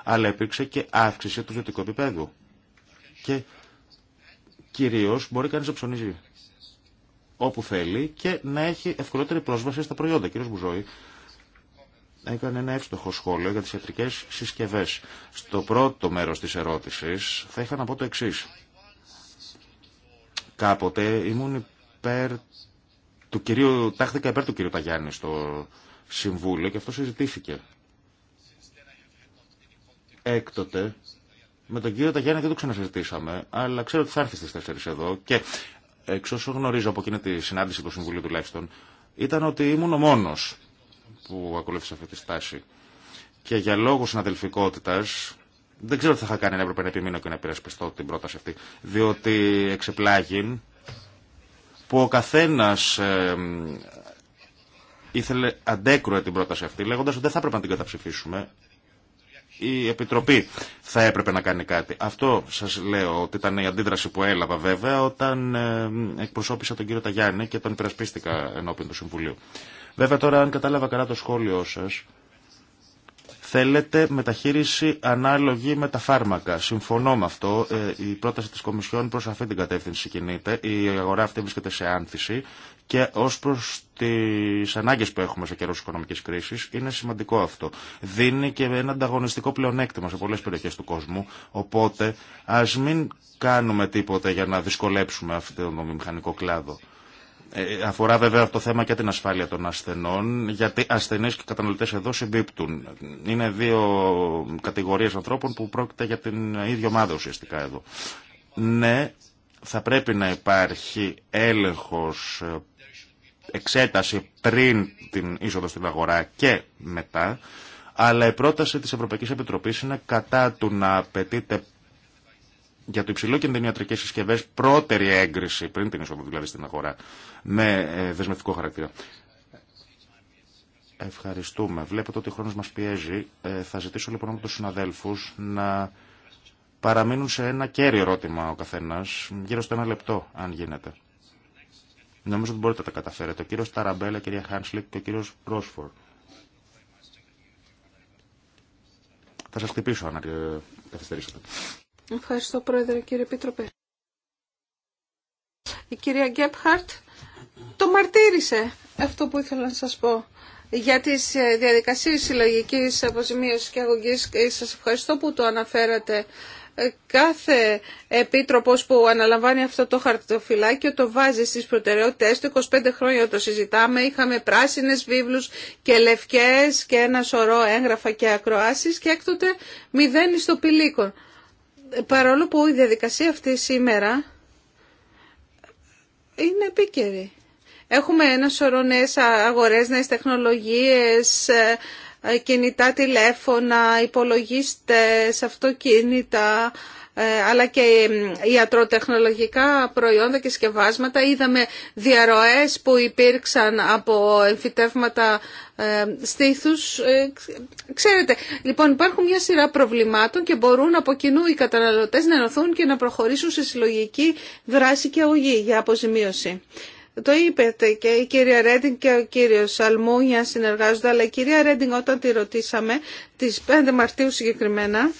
Αλλά υπήρξε και αύξηση του ζωτικού επίπεδου. Και κυρίως μπορεί κανείς να ψωνίζει όπου θέλει και να έχει ευκολότερη πρόσβαση στα προϊόντα. Κύριος Μπουζόη, έκανε ένα εύστοχο σχόλιο για τις ιατρικές συσκευές. Στο πρώτο μέρος τη ερώτηση θα είχα να πω το εξή. Κάποτε ήμουν υπέρ του κυρίου, τάχθηκα υπέρ του κυρίου Ταγιάννη στο Συμβούλιο και αυτό συζητήθηκε. Έκτοτε, με τον κύριο Ταγιάννη δεν το ξανασυζητήσαμε, αλλά ξέρω ότι θα έρθει στις 4 εδώ και εξ όσο γνωρίζω από εκείνη τη συνάντηση του Συμβουλίου του τουλάχιστον, ήταν ότι ήμουν ο μόνος που ακολούθησε αυτή τη στάση. Και για λόγους συναδελφικότητας, δεν ξέρω τι θα είχα κάνει αν έπρεπε να επιμείνω και να υπερασπιστώ την πρόταση αυτή. Διότι εξεπλάγει που ο καθένα ε, ήθελε αντέκρουε την πρόταση αυτή, λέγοντα ότι δεν θα έπρεπε να την καταψηφίσουμε. Η Επιτροπή θα έπρεπε να κάνει κάτι. Αυτό σα λέω ότι ήταν η αντίδραση που έλαβα βέβαια όταν ε, εκπροσώπησα τον κύριο Ταγιάννη και τον υπερασπίστηκα ενώπιον του Συμβουλίου. Βέβαια τώρα, αν κατάλαβα καλά το σχόλιο σα, Θέλετε μεταχείριση ανάλογη με τα φάρμακα. Συμφωνώ με αυτό. Ε, η πρόταση της Κομισιόν προς αυτή την κατεύθυνση κινείται. Η αγορά αυτή βρίσκεται σε άνθηση και ως προς τις ανάγκες που έχουμε σε καιρός οικονομικής κρίσης είναι σημαντικό αυτό. Δίνει και ένα ανταγωνιστικό πλεονέκτημα σε πολλές περιοχές του κόσμου. Οπότε ας μην κάνουμε τίποτα για να δυσκολέψουμε αυτό το μηχανικό κλάδο. Ε, ε, αφορά βέβαια αυτό το θέμα και την ασφάλεια των ασθενών, γιατί ασθενείς και κατανοητές εδώ συμπίπτουν. Είναι δύο κατηγορίες ανθρώπων που πρόκειται για την ίδια ομάδα ουσιαστικά εδώ. Ναι, θα πρέπει να υπάρχει έλεγχος, ε, εξέταση πριν την είσοδο στην αγορά και μετά, αλλά η πρόταση της Ευρωπαϊκής Επιτροπής είναι κατά του να απαιτείται για το υψηλό και συσκευέ πρώτερη έγκριση, πριν την είσοδο δηλαδή στην αγορά, με ε, δεσμευτικό χαρακτήρα. Ευχαριστούμε. Βλέπετε ότι ο χρόνο μα πιέζει. Ε, θα ζητήσω λοιπόν από του συναδέλφου να παραμείνουν σε ένα κέριο ερώτημα ο καθένα, γύρω στο ένα λεπτό, αν γίνεται. Νομίζω ότι μπορείτε να τα καταφέρετε. Ο κύριο Ταραμπέλα, η κυρία Χάνσλικ και ο κύριο Ρόσφορ. Θα σας χτυπήσω αν ε, καθυστερήσετε. Ευχαριστώ Πρόεδρε κύριε Επίτροπε. Η κυρία Γκέπχαρτ το μαρτύρησε αυτό που ήθελα να σας πω για τις ε, διαδικασίες συλλογικής αποζημίωσης και αγωγής. Σας ευχαριστώ που το αναφέρατε. Ε, κάθε επίτροπος που αναλαμβάνει αυτό το χαρτοφυλάκιο το βάζει στις προτεραιότητες του. 25 χρόνια το συζητάμε. Είχαμε πράσινες βίβλους και λευκές και ένα σωρό έγγραφα και ακροάσεις και έκτοτε μηδέν στο παρόλο που η διαδικασία αυτή σήμερα είναι επίκαιρη. Έχουμε ένα σωρό νέες αγορές, νέες τεχνολογίες, ε, κινητά τηλέφωνα, υπολογίστες, αυτοκίνητα, ε, αλλά και ιατροτεχνολογικά προϊόντα και σκευάσματα. Είδαμε διαρροές που υπήρξαν από εμφυτεύματα ε, στήθους. Ε, ξέρετε, λοιπόν υπάρχουν μια σειρά προβλημάτων και μπορούν από κοινού οι καταναλωτές να ενωθούν και να προχωρήσουν σε συλλογική δράση και αγωγή για αποζημίωση. Το είπε και η κυρία Ρέντινγκ και ο κύριος Σαλμούνια συνεργάζονται, αλλά η κυρία Ρέντινγκ όταν τη ρωτήσαμε, τις 5 Μαρτίου συγκεκριμένα,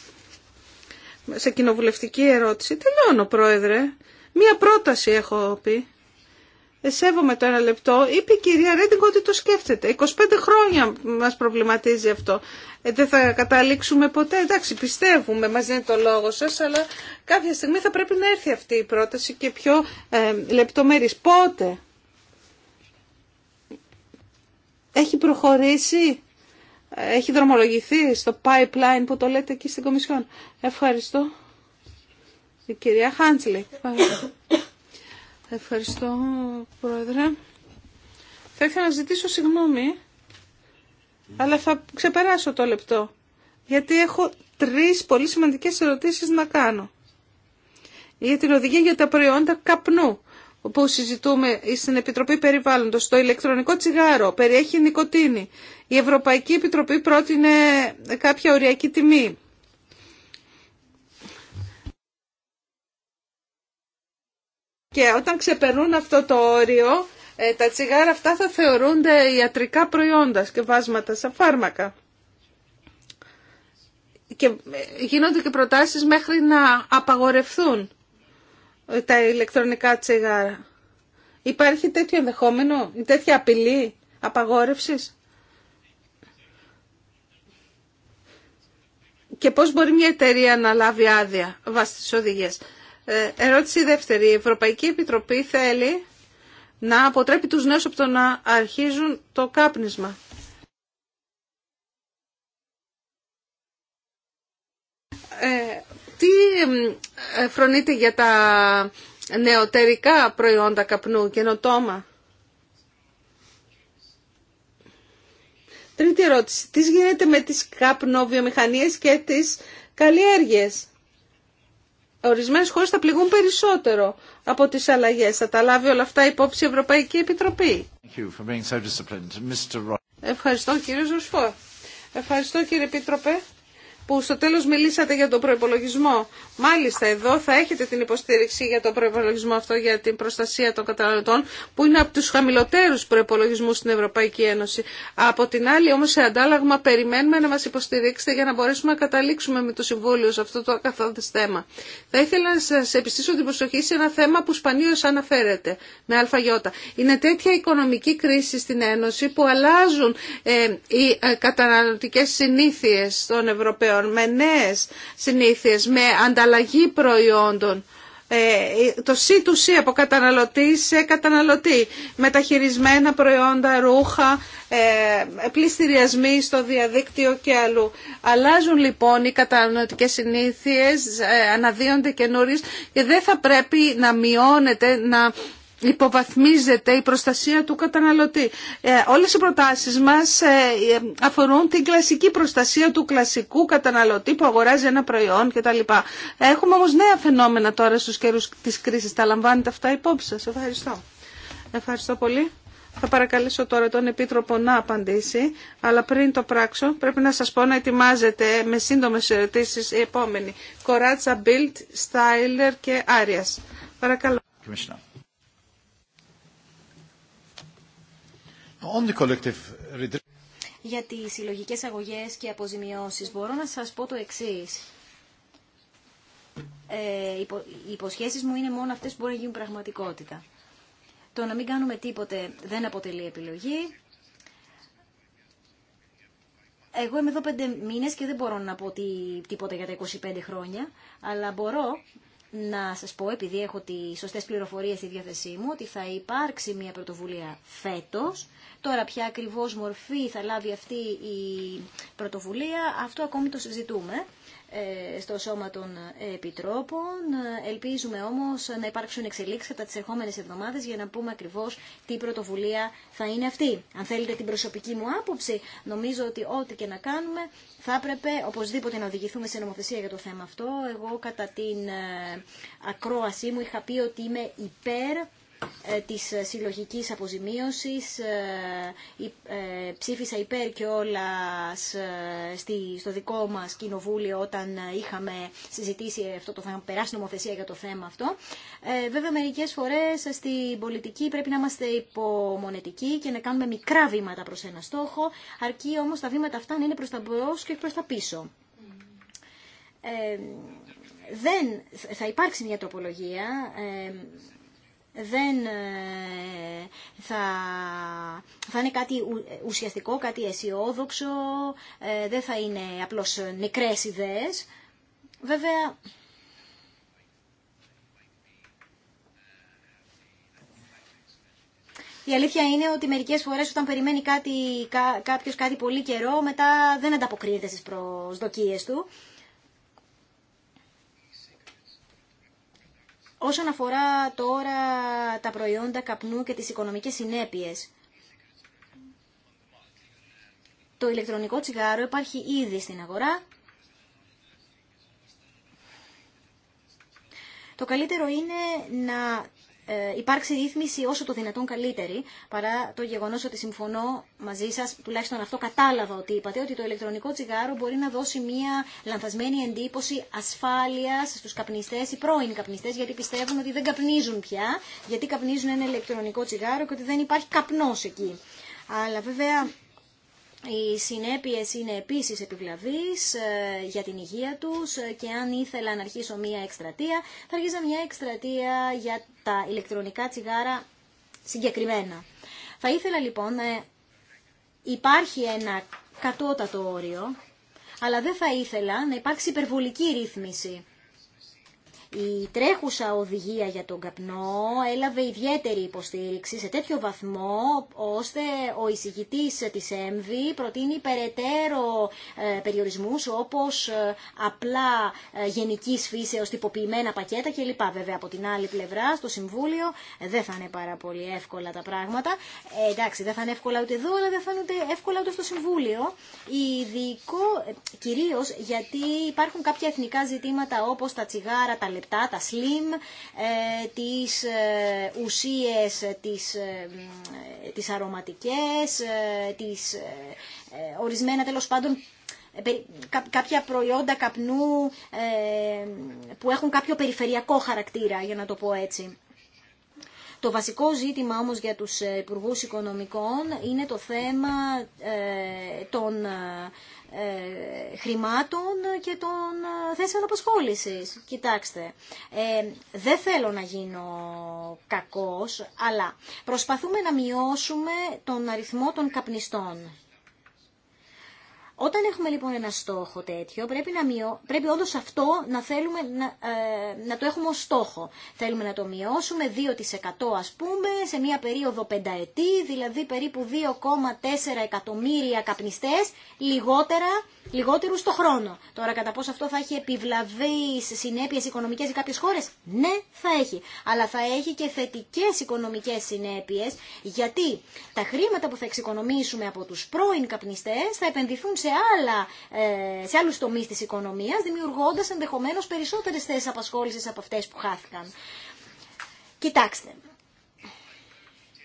σε κοινοβουλευτική ερώτηση. Τελειώνω, Πρόεδρε. Μία πρόταση έχω πει. Εσέβομαι το ένα λεπτό. Είπε η κυρία Ρέντιγκ ότι το σκέφτεται. 25 χρόνια μας προβληματίζει αυτό. Ε, δεν θα καταλήξουμε ποτέ. Εντάξει, πιστεύουμε, μας δίνει το λόγο σας, αλλά κάποια στιγμή θα πρέπει να έρθει αυτή η πρόταση και πιο ε, Πότε έχει προχωρήσει έχει δρομολογηθεί στο pipeline που το λέτε εκεί στην Κομισιόν. Ευχαριστώ. Η κυρία Χάντσλη. Ευχαριστώ, Πρόεδρε. Θα ήθελα να ζητήσω συγγνώμη, αλλά θα ξεπεράσω το λεπτό, γιατί έχω τρεις πολύ σημαντικές ερωτήσεις να κάνω. Για την οδηγία για τα προϊόντα καπνού που συζητούμε στην Επιτροπή Περιβάλλοντος, το ηλεκτρονικό τσιγάρο περιέχει νοικοτήνη. Η Ευρωπαϊκή Επιτροπή πρότεινε κάποια οριακή τιμή. Και όταν ξεπερνούν αυτό το όριο, ε, τα τσιγάρα αυτά θα θεωρούνται ιατρικά προϊόντα και βάσματα σαν φάρμακα. Και ε, γίνονται και προτάσεις μέχρι να απαγορευθούν τα ηλεκτρονικά τσιγάρα. Υπάρχει τέτοιο ενδεχόμενο, τέτοια απειλή απαγόρευσης. Και πώς μπορεί μια εταιρεία να λάβει άδεια βάσει τις οδηγίες. Ε, ερώτηση δεύτερη. Η Ευρωπαϊκή Επιτροπή θέλει να αποτρέπει τους νέους από το να αρχίζουν το κάπνισμα. Ε, τι ε, φρονείται για τα νεωτερικά προϊόντα καπνού, νοτόμα. Τρίτη ερώτηση. Τι γίνεται με τις καπνοβιομηχανίες και τις καλλιέργειες. Ορισμένες χώρες θα πληγούν περισσότερο από τις αλλαγές. Θα τα λάβει όλα αυτά υπόψη η Ευρωπαϊκή Επιτροπή. Ευχαριστώ κύριε Ζωσφό. Ευχαριστώ κύριε Επίτροπε που στο τέλος μιλήσατε για τον προϋπολογισμό. Μάλιστα εδώ θα έχετε την υποστήριξη για τον προϋπολογισμό αυτό για την προστασία των καταναλωτών που είναι από τους χαμηλότερους προϋπολογισμούς στην Ευρωπαϊκή Ένωση. Από την άλλη όμως σε αντάλλαγμα περιμένουμε να μας υποστηρίξετε για να μπορέσουμε να καταλήξουμε με το Συμβούλιο σε αυτό το καθόλου θέμα. Θα ήθελα να σας επιστήσω την προσοχή σε ένα θέμα που σπανίως αναφέρεται με Αι. Είναι τέτοια οικονομική κρίση στην Ένωση που αλλάζουν ε, οι ε, καταναλωτικές συνήθειες των Ευρωπαίων με νέες συνήθειες, με ανταλλαγή προϊόντων. Ε, το c του από καταναλωτή σε καταναλωτή, μεταχειρισμένα προϊόντα, ρούχα, ε, πληστηριασμοί στο διαδίκτυο και αλλού. Αλλάζουν λοιπόν οι καταναλωτικές συνήθειες, ε, αναδύονται καινούριε και δεν θα πρέπει να μειώνεται, να υποβαθμίζεται η προστασία του καταναλωτή. Ε, όλες οι προτάσεις μας ε, αφορούν την κλασική προστασία του κλασικού καταναλωτή που αγοράζει ένα προϊόν κτλ. Έχουμε όμως νέα φαινόμενα τώρα στους καιρούς της κρίσης. Τα λαμβάνετε αυτά υπόψη σας. Ευχαριστώ. Ευχαριστώ πολύ. Θα παρακαλέσω τώρα τον Επίτροπο να απαντήσει, αλλά πριν το πράξω πρέπει να σας πω να ετοιμάζετε με σύντομες ερωτήσεις η επόμενη. Κοράτσα, Μπίλτ, Στάιλερ και Άριας. Παρακαλώ. Για τι συλλογικέ αγωγές και αποζημιώσεις μπορώ να σας πω το εξή. Ε, οι υποσχέσει μου είναι μόνο αυτές που μπορεί να γίνουν πραγματικότητα. Το να μην κάνουμε τίποτε δεν αποτελεί επιλογή. Εγώ είμαι εδώ πέντε μήνες και δεν μπορώ να πω τι, τίποτα για τα 25 χρόνια, αλλά μπορώ να σας πω, επειδή έχω τι σωστές πληροφορίε στη διάθεσή μου, ότι θα υπάρξει μια πρωτοβουλία φέτος, Τώρα ποια ακριβώς μορφή θα λάβει αυτή η πρωτοβουλία, αυτό ακόμη το συζητούμε ε, στο Σώμα των Επιτρόπων. Ελπίζουμε όμως να υπάρξουν εξελίξεις κατά τις ερχόμενες εβδομάδες για να πούμε ακριβώς τι πρωτοβουλία θα είναι αυτή. Αν θέλετε την προσωπική μου άποψη, νομίζω ότι ό,τι και να κάνουμε θα έπρεπε οπωσδήποτε να οδηγηθούμε σε νομοθεσία για το θέμα αυτό. Εγώ κατά την ε, ακρόασή μου είχα πει ότι είμαι υπέρ ε, της ε, συλλογικής αποζημίωσης. Ε, ψήφισα υπέρ και όλα στο δικό μας κοινοβούλιο όταν είχαμε συζητήσει αυτό το θέμα, περάσει νομοθεσία για το θέμα αυτό. Βέβαια μερικές φορές στην πολιτική πρέπει να είμαστε υπομονετικοί και να κάνουμε μικρά βήματα προς ένα στόχο, αρκεί όμως τα βήματα αυτά να είναι προς τα μπρος και προς τα πίσω. δεν θα υπάρξει μια τροπολογία δεν ε, θα, θα είναι κάτι ουσιαστικό, κάτι αισιόδοξο, ε, δεν θα είναι απλώς νεκρές ιδέες. Βέβαια, Η αλήθεια είναι ότι μερικές φορές όταν περιμένει κάτι, κάτι πολύ καιρό, μετά δεν ανταποκρίνεται στις προσδοκίες του. Όσον αφορά τώρα τα προϊόντα καπνού και τις οικονομικές συνέπειες, το ηλεκτρονικό τσιγάρο υπάρχει ήδη στην αγορά. Το καλύτερο είναι να ε, υπάρξει ρύθμιση όσο το δυνατόν καλύτερη, παρά το γεγονός ότι συμφωνώ μαζί σας, τουλάχιστον αυτό κατάλαβα ότι είπατε, ότι το ηλεκτρονικό τσιγάρο μπορεί να δώσει μια λανθασμένη εντύπωση ασφάλειας στους καπνιστές ή πρώην καπνιστές, γιατί πιστεύουν ότι δεν καπνίζουν πια, γιατί καπνίζουν ένα ηλεκτρονικό τσιγάρο και ότι δεν υπάρχει καπνό εκεί. Αλλά βέβαια οι συνέπειες είναι επίσης επιβλαβείς ε, για την υγεία τους ε, και αν ήθελα να αρχίσω μία εκστρατεία, θα αρχίσω μία εκστρατεία για τα ηλεκτρονικά τσιγάρα συγκεκριμένα. Θα ήθελα λοιπόν να ε, υπάρχει ένα κατώτατο όριο, αλλά δεν θα ήθελα να υπάρξει υπερβολική ρύθμιση. Η τρέχουσα οδηγία για τον καπνό έλαβε ιδιαίτερη υποστήριξη σε τέτοιο βαθμό ώστε ο εισηγητής της ΕΜΒΗ προτείνει περαιτέρω ε, περιορισμούς όπως ε, απλά ε, γενικής φύσεως τυποποιημένα πακέτα κλπ. Βέβαια από την άλλη πλευρά στο Συμβούλιο δεν θα είναι πάρα πολύ εύκολα τα πράγματα. Ε, εντάξει δεν θα είναι εύκολα ούτε εδώ αλλά δεν θα είναι εύκολα ούτε στο Συμβούλιο. Ειδικό κυρίως γιατί υπάρχουν κάποια εθνικά ζητήματα όπως τα τσιγάρα, τα λεπτά, τα slim, ε, τις ε, ουσίες, ε, τις, τις αρωματικές, τις ορισμένα τέλος πάντων κάποια προϊόντα καπνού που έχουν κάποιο περιφερειακό χαρακτήρα, για να το πω έτσι. Το βασικό ζήτημα όμως για τους υπουργού Οικονομικών είναι το θέμα των ε, χρημάτων και των ε, θέσεων απασχόλησης. Κοιτάξτε, ε, δεν θέλω να γίνω κακός, αλλά προσπαθούμε να μειώσουμε τον αριθμό των καπνιστών. Όταν έχουμε λοιπόν ένα στόχο τέτοιο, πρέπει, να μειώ... πρέπει όντως αυτό να θέλουμε να, ε, να το έχουμε ως στόχο. Θέλουμε να το μειώσουμε 2% ας πούμε σε μια περίοδο πενταετή, δηλαδή περίπου 2,4 εκατομμύρια καπνιστές λιγότερα, λιγότερους το χρόνο. Τώρα κατά πόσο αυτό θα έχει επιβλαβείς συνέπειες οικονομικές για κάποιες χώρες, ναι θα έχει. Αλλά θα έχει και θετικές οικονομικές συνέπειες, γιατί τα χρήματα που θα εξοικονομήσουμε από τους πρώην καπνιστές θα επενδυθούν σε άλλα, ε, σε άλλους τομείς της οικονομίας, δημιουργώντας ενδεχομένως περισσότερες θέσεις απασχόλησης από αυτές που χάθηκαν. Κοιτάξτε,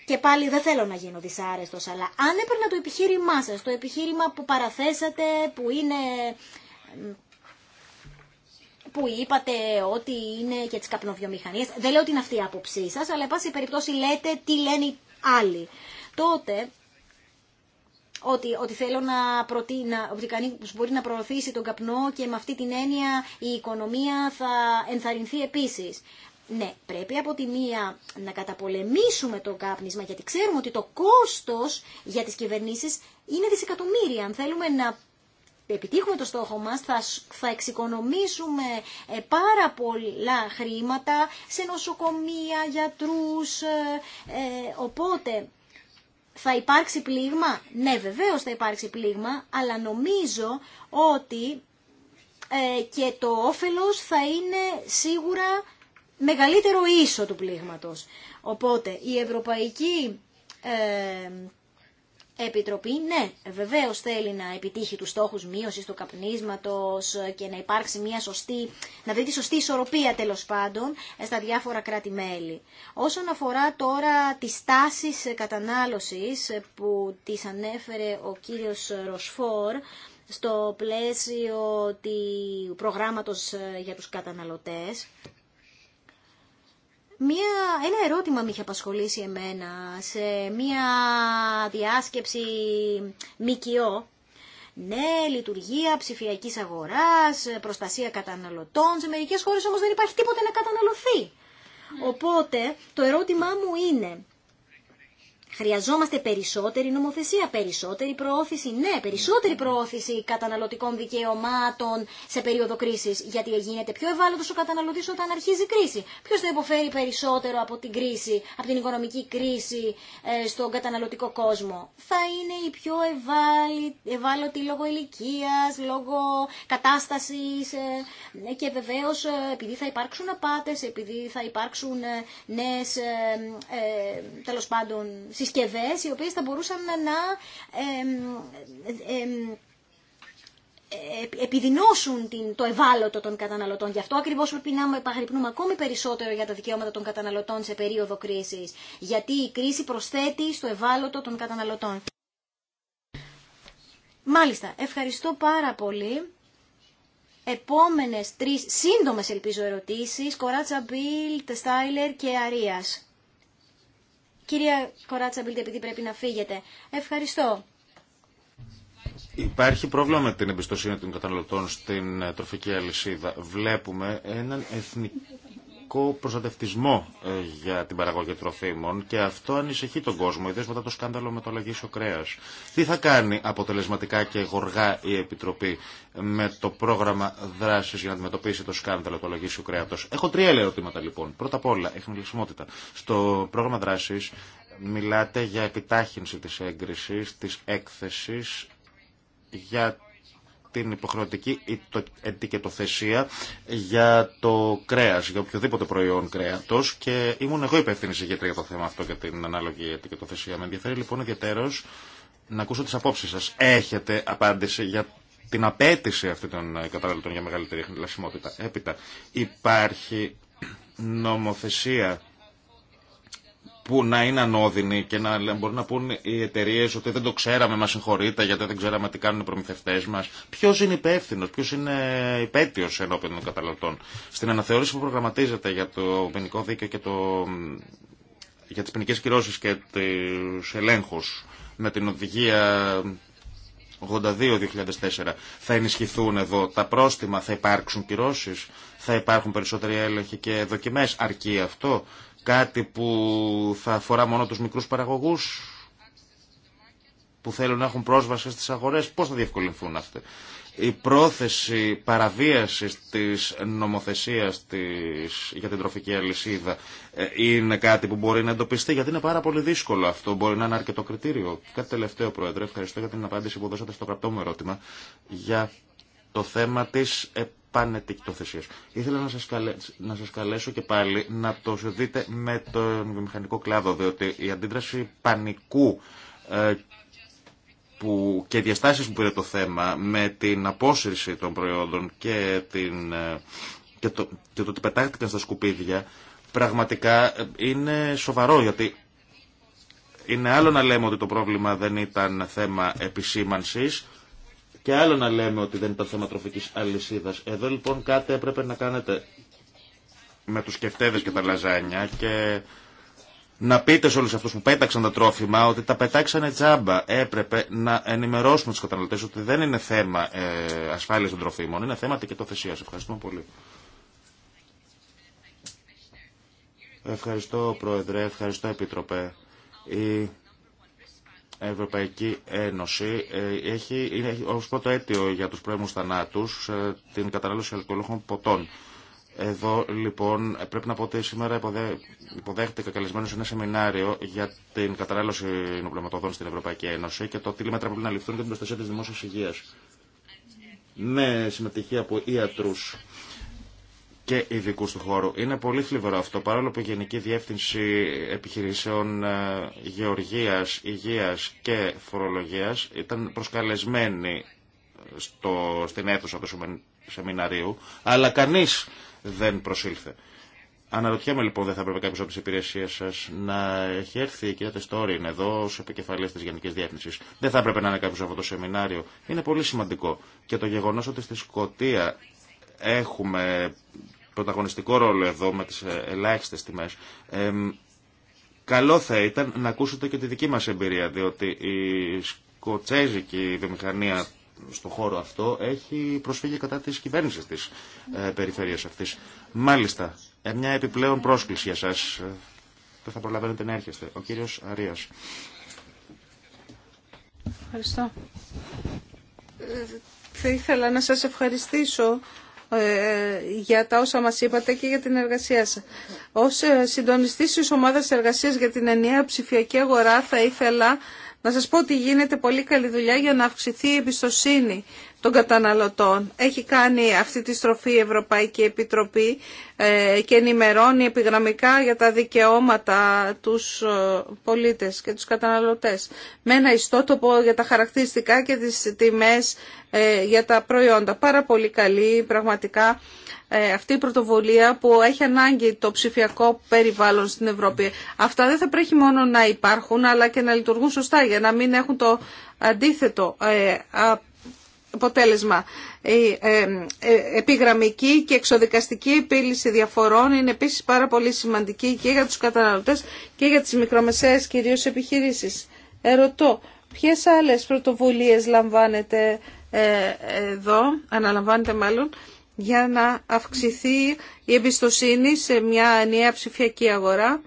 και πάλι δεν θέλω να γίνω δυσάρεστος, αλλά αν έπαιρνα το επιχείρημά σας, το επιχείρημα που παραθέσατε, που είναι που είπατε ότι είναι και τις καπνοβιομηχανίες, δεν λέω ότι είναι αυτή η άποψή σας, αλλά πάση περιπτώσει λέτε τι λένε οι άλλοι. Τότε ότι, ότι θέλω να να ότι κανείς μπορεί να προωθήσει τον καπνό και με αυτή την έννοια η οικονομία θα ενθαρρυνθεί επίση. Ναι, πρέπει από τη μία να καταπολεμήσουμε το κάπνισμα, γιατί ξέρουμε ότι το κόστος για τις κυβερνήσεις είναι δισεκατομμύρια. Αν θέλουμε να επιτύχουμε το στόχο μας, θα, θα εξοικονομήσουμε ε, πάρα πολλά χρήματα σε νοσοκομεία, γιατρούς, ε, ε, οπότε... Θα υπάρξει πλήγμα. Ναι, βεβαίως θα υπάρξει πλήγμα, αλλά νομίζω ότι ε, και το όφελος θα είναι σίγουρα μεγαλύτερο ίσο του πλήγματος. Οπότε η ευρωπαϊκή ε, Επιτροπή, ναι, βεβαίω θέλει να επιτύχει του στόχου μείωση του καπνίσματο και να υπάρξει μια σωστή, να τη σωστή ισορροπία τέλο πάντων στα διάφορα κράτη-μέλη. Όσον αφορά τώρα τι τάσει κατανάλωση που τι ανέφερε ο κύριο Ροσφόρ στο πλαίσιο του προγράμματος για τους καταναλωτές, Μία, ένα ερώτημα με είχε απασχολήσει εμένα σε μία διάσκεψη ΜΚΟ. Ναι, λειτουργία ψηφιακής αγοράς, προστασία καταναλωτών. Σε μερικέ χώρε όμως δεν υπάρχει τίποτα να καταναλωθεί. Ναι. Οπότε το ερώτημά μου είναι, Χρειαζόμαστε περισσότερη νομοθεσία, περισσότερη προώθηση, ναι, περισσότερη προώθηση καταναλωτικών δικαιωμάτων σε περίοδο κρίση. Γιατί γίνεται πιο ευάλωτο ο καταναλωτή όταν αρχίζει η κρίση. Ποιο θα υποφέρει περισσότερο από την κρίση, από την οικονομική κρίση ε, στον καταναλωτικό κόσμο. Θα είναι οι πιο ευάλωτοι λόγω ηλικία, λόγω κατάσταση ε, ε, και βεβαίω επειδή θα υπάρξουν απάτε, επειδή θα υπάρξουν νέε τέλο πάντων οι οποίες θα μπορούσαν να επιδεινώσουν το ευάλωτο των καταναλωτών. Γι' αυτό ακριβώς πρέπει να επαγρυπνούμε ακόμη περισσότερο για τα δικαιώματα των καταναλωτών σε περίοδο κρίσης. Γιατί η κρίση προσθέτει στο ευάλωτο των καταναλωτών. Μάλιστα, ευχαριστώ πάρα πολύ. Επόμενες τρεις σύντομες ελπίζω ερωτήσεις, Κοράτσα Μπίλ, Τεστάιλερ και Αρίας. Κυρία Κοράτσα Μπίλτε, επειδή πρέπει να φύγετε. Ευχαριστώ. Υπάρχει πρόβλημα με την εμπιστοσύνη των καταναλωτών στην ε, τροφική αλυσίδα. Βλέπουμε έναν εθνικό υπερβολικό προστατευτισμό ε, για την παραγωγή τροφίμων και αυτό ανησυχεί τον κόσμο, ιδίω μετά το σκάνδαλο με το αλλαγήσιο κρέα. Τι θα κάνει αποτελεσματικά και γοργά η Επιτροπή με το πρόγραμμα δράση για να αντιμετωπίσει το σκάνδαλο του ο κρέατο. Έχω τρία ερωτήματα λοιπόν. Πρώτα απ' όλα, εχνηλησιμότητα. Στο πρόγραμμα δράση μιλάτε για επιτάχυνση τη έγκριση, τη έκθεση για την υποχρεωτική ετικετοθεσία για το κρέα, για οποιοδήποτε προϊόν κρέατο. Και ήμουν εγώ υπεύθυνη ηγέτρια για το θέμα αυτό και την ανάλογη ετικετοθεσία. Με ενδιαφέρει λοιπόν ιδιαίτερω να ακούσω τι απόψει σα. Έχετε απάντηση για την απέτηση αυτή των καταναλωτών για μεγαλύτερη λασιμότητα. Έπειτα, υπάρχει νομοθεσία που να είναι ανώδυνοι και να μπορούν να πούν οι εταιρείε ότι δεν το ξέραμε, μα συγχωρείτε γιατί δεν ξέραμε τι κάνουν οι προμηθευτέ μα. Ποιο είναι υπεύθυνο, ποιο είναι υπέτειο ενώπιον των καταναλωτών. Στην αναθεώρηση που προγραμματίζεται για το ποινικό δίκαιο και το... για τι ποινικέ κυρώσει και του ελέγχου με την οδηγία 82-2004 θα ενισχυθούν εδώ τα πρόστιμα, θα υπάρξουν κυρώσεις, θα υπάρχουν περισσότεροι έλεγχοι και δοκιμές. Αρκεί αυτό κάτι που θα αφορά μόνο τους μικρούς παραγωγούς που θέλουν να έχουν πρόσβαση στις αγορές, πώς θα διευκολυνθούν αυτοί. Η πρόθεση παραβίασης της νομοθεσίας της, για την τροφική αλυσίδα ε, είναι κάτι που μπορεί να εντοπιστεί, γιατί είναι πάρα πολύ δύσκολο αυτό, μπορεί να είναι αρκετό κριτήριο. Κάτι τελευταίο, Πρόεδρε, ευχαριστώ για την απάντηση που δώσατε στο κρατό μου ερώτημα για το θέμα της Ήθελα να σα καλέσω, καλέσω και πάλι να το δείτε με τον βιομηχανικό κλάδο, διότι η αντίδραση πανικού ε, που, και διαστάσει που πήρε το θέμα με την απόσυρση των προϊόντων και, την, ε, και, το, το ότι πετάχτηκαν στα σκουπίδια πραγματικά ε, είναι σοβαρό γιατί είναι άλλο να λέμε ότι το πρόβλημα δεν ήταν θέμα επισήμανσης και άλλο να λέμε ότι δεν ήταν θέμα τροφική αλυσίδα. Εδώ λοιπόν κάτι έπρεπε να κάνετε με του κεφτέδε και τα λαζάνια και να πείτε σε όλου αυτού που πέταξαν τα τρόφιμα ότι τα πετάξανε τζάμπα. Έπρεπε να ενημερώσουμε του καταναλωτέ ότι δεν είναι θέμα ε, ασφάλεια των τροφίμων, είναι θέμα τικετοθεσία. Ευχαριστούμε πολύ. Ευχαριστώ Πρόεδρε, ευχαριστώ Επίτροπε. Η Ευρωπαϊκή Ένωση ε, έχει, είναι ως πρώτο αίτιο για τους πρώιμους θανάτους ε, την κατανάλωση αλκοολούχων ποτών. Εδώ λοιπόν πρέπει να πω ότι σήμερα υποδέχτηκα καλεσμένο σε ένα σεμινάριο για την κατανάλωση νοπλωματοδών στην Ευρωπαϊκή Ένωση και το τι μέτρα πρέπει να ληφθούν για την προστασία της δημόσιας υγείας. Με συμμετοχή από ιατρούς και ειδικού του χώρου. Είναι πολύ θλιβερό αυτό, παρόλο που η Γενική Διεύθυνση Επιχειρήσεων ε, Γεωργίας, Υγείας και Φορολογίας ήταν προσκαλεσμένη ε, στο, στην αίθουσα του σεμιναρίου, αλλά κανείς δεν προσήλθε. Αναρωτιέμαι λοιπόν, δεν θα έπρεπε κάποιο από τι υπηρεσίε σα να έχει έρθει η κυρία Τεστόριν εδώ ω επικεφαλή τη Γενική Διεύθυνση. Δεν θα έπρεπε να είναι κάποιο από το σεμινάριο. Είναι πολύ σημαντικό. Και το γεγονό ότι στη Σκωτία έχουμε πρωταγωνιστικό ρόλο εδώ με τις ε, ελάχιστες τιμές. καλό θα ήταν να ακούσετε και τη δική μας εμπειρία, διότι η σκοτσέζικη βιομηχανία στο χώρο αυτό έχει προσφύγει κατά της κυβέρνησης της ε, περιφέρειας αυτής. Μάλιστα, ε, μια επιπλέον πρόσκληση για σας. Ε, δεν θα προλαβαίνετε να έρχεστε. Ο κύριος Αρίας. Ευχαριστώ. Θα ήθελα να σας ευχαριστήσω ε, για τα όσα μας είπατε και για την εργασία σας. Ως ε, συντονιστής της ομάδας εργασίας για την ενιαία ψηφιακή αγορά θα ήθελα να σας πω ότι γίνεται πολύ καλή δουλειά για να αυξηθεί η εμπιστοσύνη των καταναλωτών. Έχει κάνει αυτή τη στροφή η Ευρωπαϊκή Επιτροπή ε, και ενημερώνει επιγραμμικά για τα δικαιώματα τους ε, πολίτες και τους καταναλωτές. Με ένα ιστότοπο για τα χαρακτηριστικά και τις τιμές ε, για τα προϊόντα. Πάρα πολύ καλή πραγματικά ε, αυτή η πρωτοβουλία που έχει ανάγκη το ψηφιακό περιβάλλον στην Ευρώπη. Αυτά δεν θα πρέπει μόνο να υπάρχουν αλλά και να λειτουργούν σωστά για να μην έχουν το αντίθετο ε, αποτέλεσμα. Η ε, επιγραμμική και εξοδικαστική επίλυση διαφορών είναι επίσης πάρα πολύ σημαντική και για τους καταναλωτές και για τις μικρομεσαίες κυρίως επιχειρήσεις. Ερωτώ, ποιες άλλες πρωτοβουλίες λαμβάνετε εδώ, αναλαμβάνετε μάλλον, για να αυξηθεί η εμπιστοσύνη σε μια νέα ψηφιακή αγορά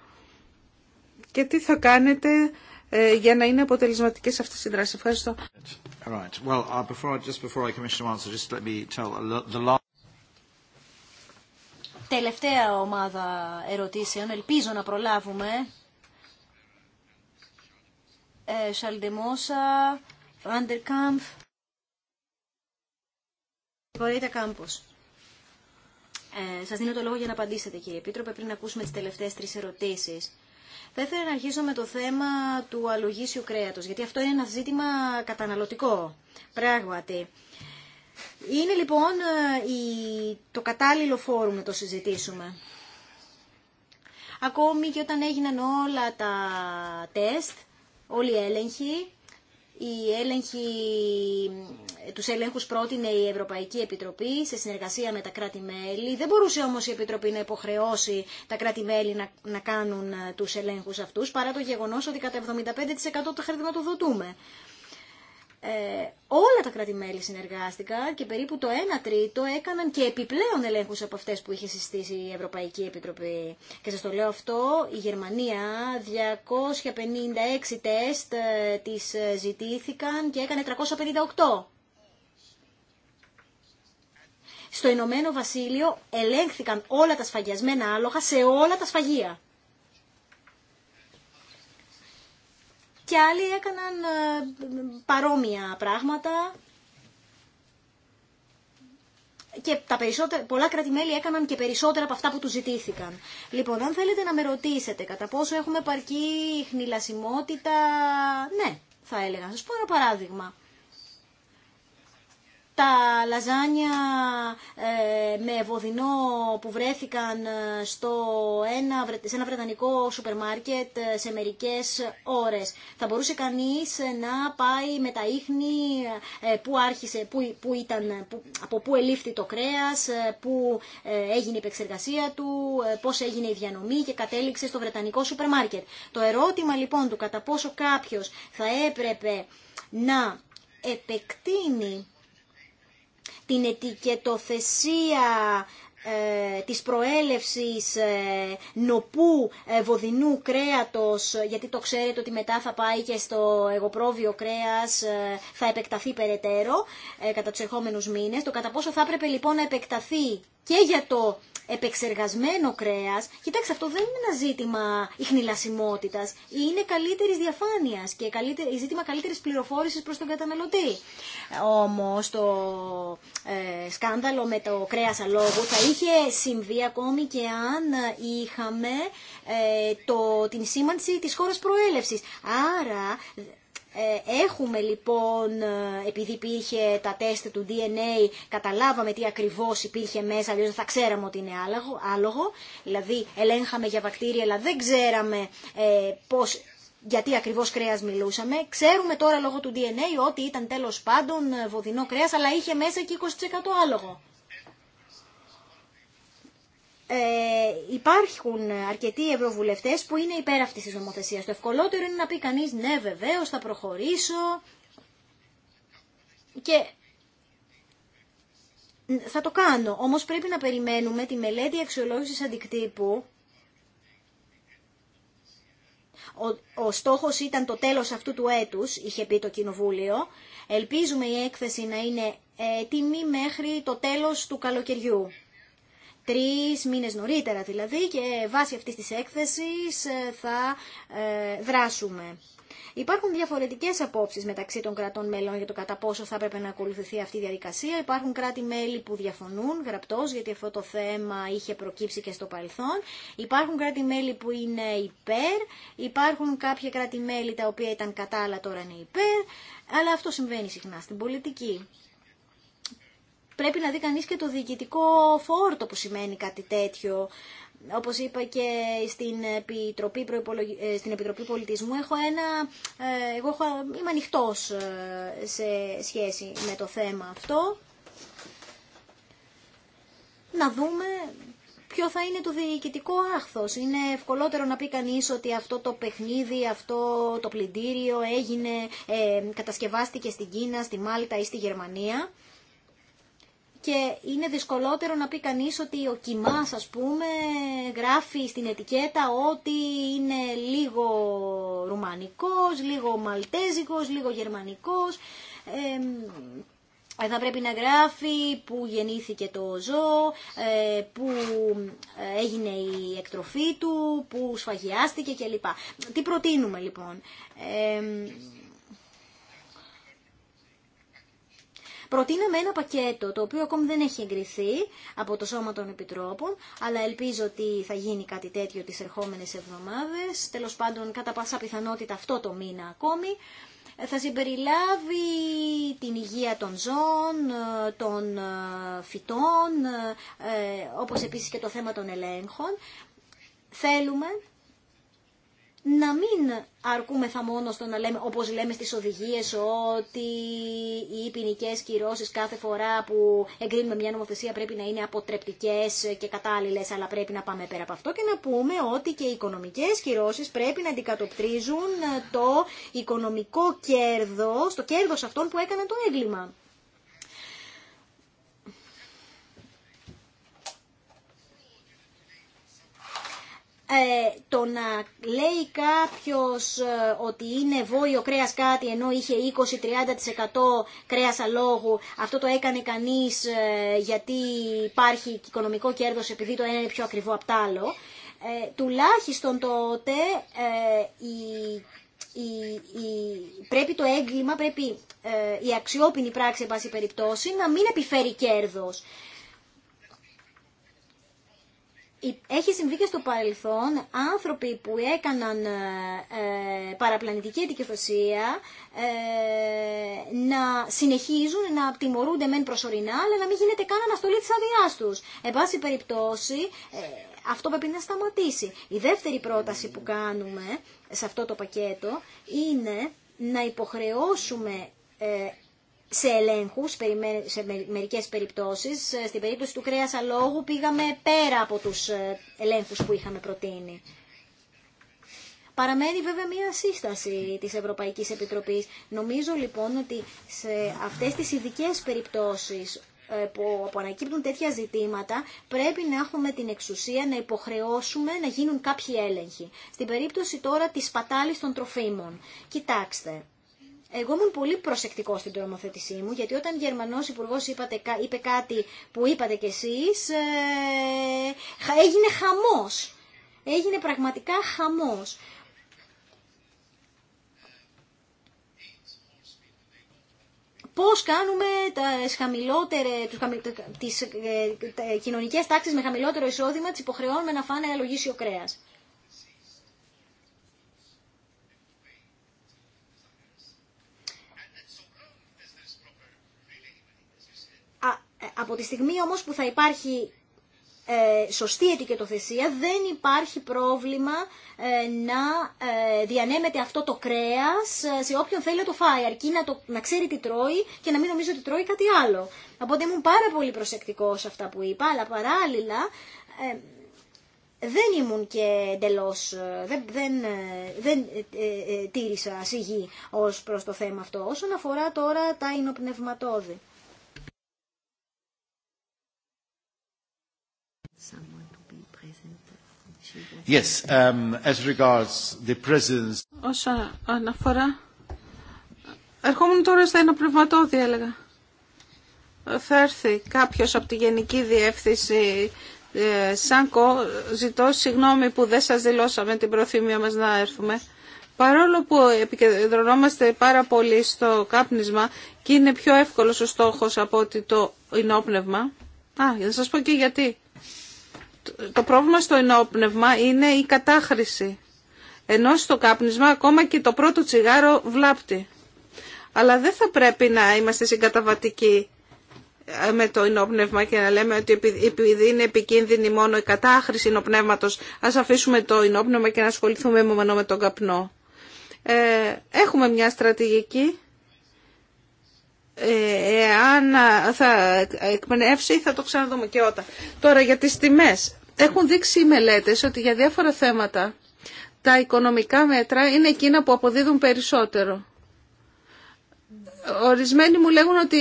και τι θα κάνετε ε, για να είναι αποτελεσματικές αυτές οι δράσεις. Ευχαριστώ. Τελευταία ομάδα ερωτήσεων. Ελπίζω να προλάβουμε. Ε, Βάντερ Κάμπ. κάμπος. Ε, σας δίνω το λόγο για να απαντήσετε κύριε Επίτροπε πριν ακούσουμε τις τελευταίες τρεις ερωτήσεις. Θα ήθελα να αρχίσω με το θέμα του αλογίσιου κρέατος, γιατί αυτό είναι ένα ζήτημα καταναλωτικό, πράγματι. Είναι λοιπόν ε, η... το κατάλληλο φόρουμ να το συζητήσουμε. Ακόμη και όταν έγιναν όλα τα τεστ, όλοι οι έλεγχοι, οι έλεγχοι, τους έλεγχους πρότεινε η Ευρωπαϊκή Επιτροπή σε συνεργασία με τα κράτη-μέλη. Δεν μπορούσε όμως η Επιτροπή να υποχρεώσει τα κράτη-μέλη να, να κάνουν ε, τους ελέγχους αυτούς, παρά το γεγονός ότι κατά 75% το χρηματοδοτούμε ε, όλα τα κράτη-μέλη συνεργάστηκαν και περίπου το 1 τρίτο έκαναν και επιπλέον ελέγχους από αυτές που είχε συστήσει η Ευρωπαϊκή Επιτροπή. Και σας το λέω αυτό, η Γερμανία 256 τεστ ε, της ε, ζητήθηκαν και έκανε 358. Στο Ηνωμένο Βασίλειο ελέγχθηκαν όλα τα σφαγιασμένα άλογα σε όλα τα σφαγεία. και άλλοι έκαναν ε, παρόμοια πράγματα και τα περισσότερα, πολλά κρατημέλη έκαναν και περισσότερα από αυτά που του ζητήθηκαν. Λοιπόν, αν θέλετε να με ρωτήσετε κατά πόσο έχουμε παρκή χνηλασιμότητα, ναι, θα έλεγα. Σας πω ένα παράδειγμα τα λαζάνια ε, με βοδινό που βρέθηκαν ε, στο ένα, σε ένα βρετανικό σούπερ μάρκετ ε, σε μερικές ώρες. Θα μπορούσε κανείς να πάει με τα ίχνη που άρχισε, που, ήταν, που, από πού ελήφθη το κρέας, πού έγινε η επεξεργασία του, πώς έγινε η διανομή και κατέληξε στο βρετανικό σούπερ μάρκετ. Το ερώτημα λοιπόν του κατά πόσο κάποιος θα έπρεπε να επεκτείνει την ετικετοθεσία ε, της προέλευσης ε, νοπού ε, βοδινού κρέατος, γιατί το ξέρετε ότι μετά θα πάει και στο εγωπρόβιο κρέας, θα επεκταθεί περαιτέρω κατά τους ερχόμενους μήνες. Το κατά πόσο θα έπρεπε λοιπόν να επεκταθεί και για το επεξεργασμένο κρέας, κοιτάξτε αυτό δεν είναι ένα ζήτημα ιχνηλασιμότητας, είναι καλύτερης διαφάνειας και καλύτερη, ζήτημα καλύτερης πληροφόρησης προς τον καταναλωτή. Όμως το ε, σκάνδαλο με το κρέας αλόγου θα είχε συμβεί ακόμη και αν είχαμε ε, το, την σήμανση της χώρας προέλευσης. Άρα ε, έχουμε λοιπόν, ε, επειδή υπήρχε τα τεστ του DNA, καταλάβαμε τι ακριβώς υπήρχε μέσα, αλλιώς θα ξέραμε ότι είναι άλογο. Δηλαδή ελέγχαμε για βακτήρια, αλλά δεν ξέραμε ε, πώς, γιατί ακριβώς κρέας μιλούσαμε. Ξέρουμε τώρα λόγω του DNA ότι ήταν τέλος πάντων ε, βοδινό κρέας, αλλά είχε μέσα και 20% άλογο. Ε, υπάρχουν αρκετοί ευρωβουλευτέ που είναι υπέρ αυτής της Το ευκολότερο είναι να πει κανεί ναι βεβαίω, θα προχωρήσω και θα το κάνω. Όμω πρέπει να περιμένουμε τη μελέτη αξιολόγηση αντικτύπου ο, ο στόχος ήταν το τέλο αυτού του έτου, είχε πει το Κοινοβούλιο. Ελπίζουμε η έκθεση να είναι έτοιμη μέχρι το τέλος του καλοκαιριού τρεις μήνες νωρίτερα δηλαδή και βάσει αυτής της έκθεσης ε, θα ε, δράσουμε. Υπάρχουν διαφορετικέ απόψει μεταξύ των κρατών μελών για το κατά πόσο θα έπρεπε να ακολουθηθεί αυτή η διαδικασία. Υπάρχουν κράτη-μέλη που διαφωνούν γραπτώ, γιατί αυτό το θέμα είχε προκύψει και στο παρελθόν. Υπάρχουν κράτη-μέλη που είναι υπέρ. Υπάρχουν κάποια κράτη-μέλη τα οποία ήταν κατά, αλλά τώρα είναι υπέρ. Αλλά αυτό συμβαίνει συχνά στην πολιτική. Πρέπει να δει κανείς και το διοικητικό φόρτο που σημαίνει κάτι τέτοιο. Όπως είπα και στην Επιτροπή, ε, στην Επιτροπή Πολιτισμού, έχω ένα... Ε, εγώ έχω... είμαι ανοιχτό ε, σε σχέση με το θέμα αυτό. Να δούμε ποιο θα είναι το διοικητικό άχθος. Είναι ευκολότερο να πει κανείς ότι αυτό το παιχνίδι, αυτό το πλυντήριο έγινε, κατασκευάστηκε στην Κίνα, στη Μάλτα ή στη Γερμανία και είναι δυσκολότερο να πει κανείς ότι ο κοιμάς ας πούμε γράφει στην ετικέτα ότι είναι λίγο ρουμανικός, λίγο μαλτέζικος, λίγο γερμανικός. Ε, θα πρέπει να γράφει που γεννήθηκε το ζώο, ε, που ε, έγινε η εκτροφή του, που σφαγιάστηκε κλπ. Τι προτείνουμε λοιπόν. προτείναμε ένα πακέτο το οποίο ακόμη δεν έχει εγκριθεί από το Σώμα των Επιτρόπων, αλλά ελπίζω ότι θα γίνει κάτι τέτοιο τις ερχόμενες εβδομάδες, τέλος πάντων κατά πάσα πιθανότητα αυτό το μήνα ακόμη, θα συμπεριλάβει την υγεία των ζώων, των ε, φυτών, ε, όπως επίσης και το θέμα των ελέγχων. Θέλουμε να μην αρκούμεθα μόνο στο να λέμε, όπως λέμε στις οδηγίες, ότι οι ποινικέ κυρώσεις κάθε φορά που εγκρίνουμε μια νομοθεσία πρέπει να είναι αποτρεπτικές και κατάλληλες, αλλά πρέπει να πάμε πέρα από αυτό και να πούμε ότι και οι οικονομικές κυρώσεις πρέπει να αντικατοπτρίζουν το οικονομικό κέρδος, το κέρδος αυτών που έκαναν το έγκλημα. ε, το να λέει κάποιος ε, ότι είναι βόλιο κρέας κάτι ενώ είχε 20-30% κρέας αλόγου, αυτό το έκανε κανείς ε, γιατί υπάρχει οικονομικό κέρδος επειδή το ένα είναι πιο ακριβό απ' το άλλο, ε, τουλάχιστον τότε ε, η, πρέπει το έγκλημα, πρέπει η αξιόπινη πράξη, εν πάση περιπτώσει, να μην επιφέρει κέρδος. Έχει συμβεί και στο παρελθόν άνθρωποι που έκαναν ε, ε παραπλανητική ετικεφοσία ε, να συνεχίζουν να τιμωρούνται μεν προσωρινά αλλά να μην γίνεται καν αναστολή της αδειάς τους. Εν πάση περιπτώσει ε, αυτό πρέπει να σταματήσει. Η δεύτερη πρόταση που κάνουμε σε αυτό το πακέτο είναι να υποχρεώσουμε σε ελέγχους σε μερικές περιπτώσεις. Ε, στην περίπτωση του κρέας αλόγου πήγαμε πέρα από τους ε, ελέγχους που είχαμε προτείνει. Παραμένει βέβαια μία σύσταση της Ευρωπαϊκής Επιτροπής. Νομίζω λοιπόν ότι σε αυτές τις ειδικέ περιπτώσεις ε, που ανακύπτουν τέτοια ζητήματα, πρέπει να έχουμε την εξουσία να υποχρεώσουμε να γίνουν κάποιοι έλεγχοι. Στην περίπτωση τώρα της πατάλης των τροφίμων. Κοιτάξτε, εγώ ήμουν πολύ προσεκτικό στην τρομοθέτησή μου, γιατί όταν ο Γερμανός υπουργό είπε κάτι που είπατε κι εσείς, ε, έγινε χαμός. Έγινε πραγματικά χαμός. πώς κάνουμε τις, χαμηλότερες, τις ε, ε, κοινωνικές τάξεις με χαμηλότερο εισόδημα τις υποχρεώνουμε να φάνε αλογίσιο κρέας. Από τη στιγμή όμως που θα υπάρχει ε, σωστή ετικετοθεσία δεν υπάρχει πρόβλημα ε, να ε, διανέμεται αυτό το κρέας ε, σε όποιον θέλει να το φάει αρκεί να, το, να ξέρει τι τρώει και να μην νομίζει ότι τρώει κάτι άλλο οπότε ήμουν πάρα πολύ προσεκτικός σε αυτά που είπα αλλά παράλληλα ε, δεν ήμουν και εντελώ. δεν, δεν, δεν τήρησα σιγή ως προς το θέμα αυτό όσον αφορά τώρα τα ηνοπνευματώδη. Yes, um, αναφορά... Ερχόμουν τώρα στα πνευματόδι, έλεγα. Θα έρθει κάποιος από τη Γενική Διεύθυνση ε, ΣΑΝΚΟ. Ζητώ συγγνώμη που δεν σας δηλώσαμε την προθυμία μας να έρθουμε. Παρόλο που επικεντρωνόμαστε πάρα πολύ στο κάπνισμα και είναι πιο εύκολος ο στόχος από ότι το ενόπνευμα. Α, για να σας πω και γιατί το πρόβλημα στο ενόπνευμα είναι η κατάχρηση. Ενώ στο κάπνισμα ακόμα και το πρώτο τσιγάρο βλάπτει. Αλλά δεν θα πρέπει να είμαστε συγκαταβατικοί ε, με το ενόπνευμα και να λέμε ότι επειδή είναι επικίνδυνη μόνο η κατάχρηση ενοπνεύματος, ας αφήσουμε το ενόπνευμα και να ασχοληθούμε μόνο με τον καπνό. Ε, έχουμε μια στρατηγική αν θα εκπαιδεύσει θα το ξαναδούμε και όταν. Τώρα για τις τιμές. Έχουν δείξει οι μελέτες ότι για διάφορα θέματα τα οικονομικά μέτρα είναι εκείνα που αποδίδουν περισσότερο. Ορισμένοι μου λέγουν ότι